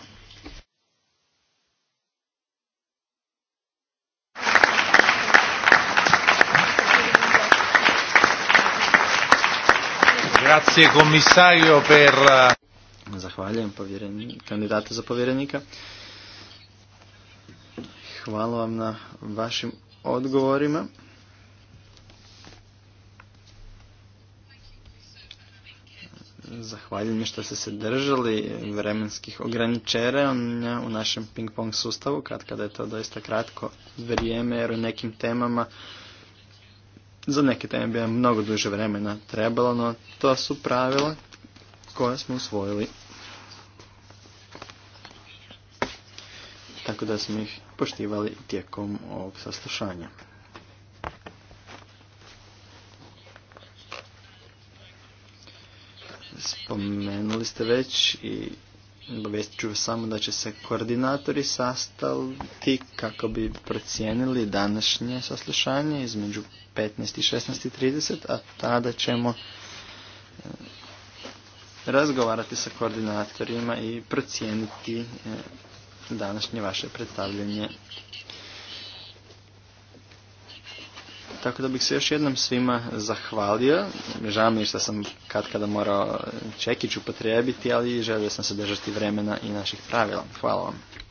Grazie commissario per uh, Zahvaljujem kandidata za povjerenika. Hvala vam na vašim odgovorima. Zahvaljujem što ste se držali vremenskih ograničenja u našem ping-pong sustavu, kad kada je to doista kratko vrijeme, jer u nekim temama, za neke teme bi mnogo duže vremena trebalo, no to su pravila koja smo usvojili. Tako da smo ih poštivali tijekom ovog saslušanja. Spomenuli ste već i obavestit ću samo da će se koordinatori sastati kako bi procijenili današnje saslušanje između 15 i 16.30, a tada ćemo razgovarati sa koordinatorima i procijeniti e, današnje vaše predstavljanje. Tako da bih se još jednom svima zahvalio. Žao mi što sam kad kada morao čekić upotrijebiti, ali želio sam se držati vremena i naših pravila. Hvala vam.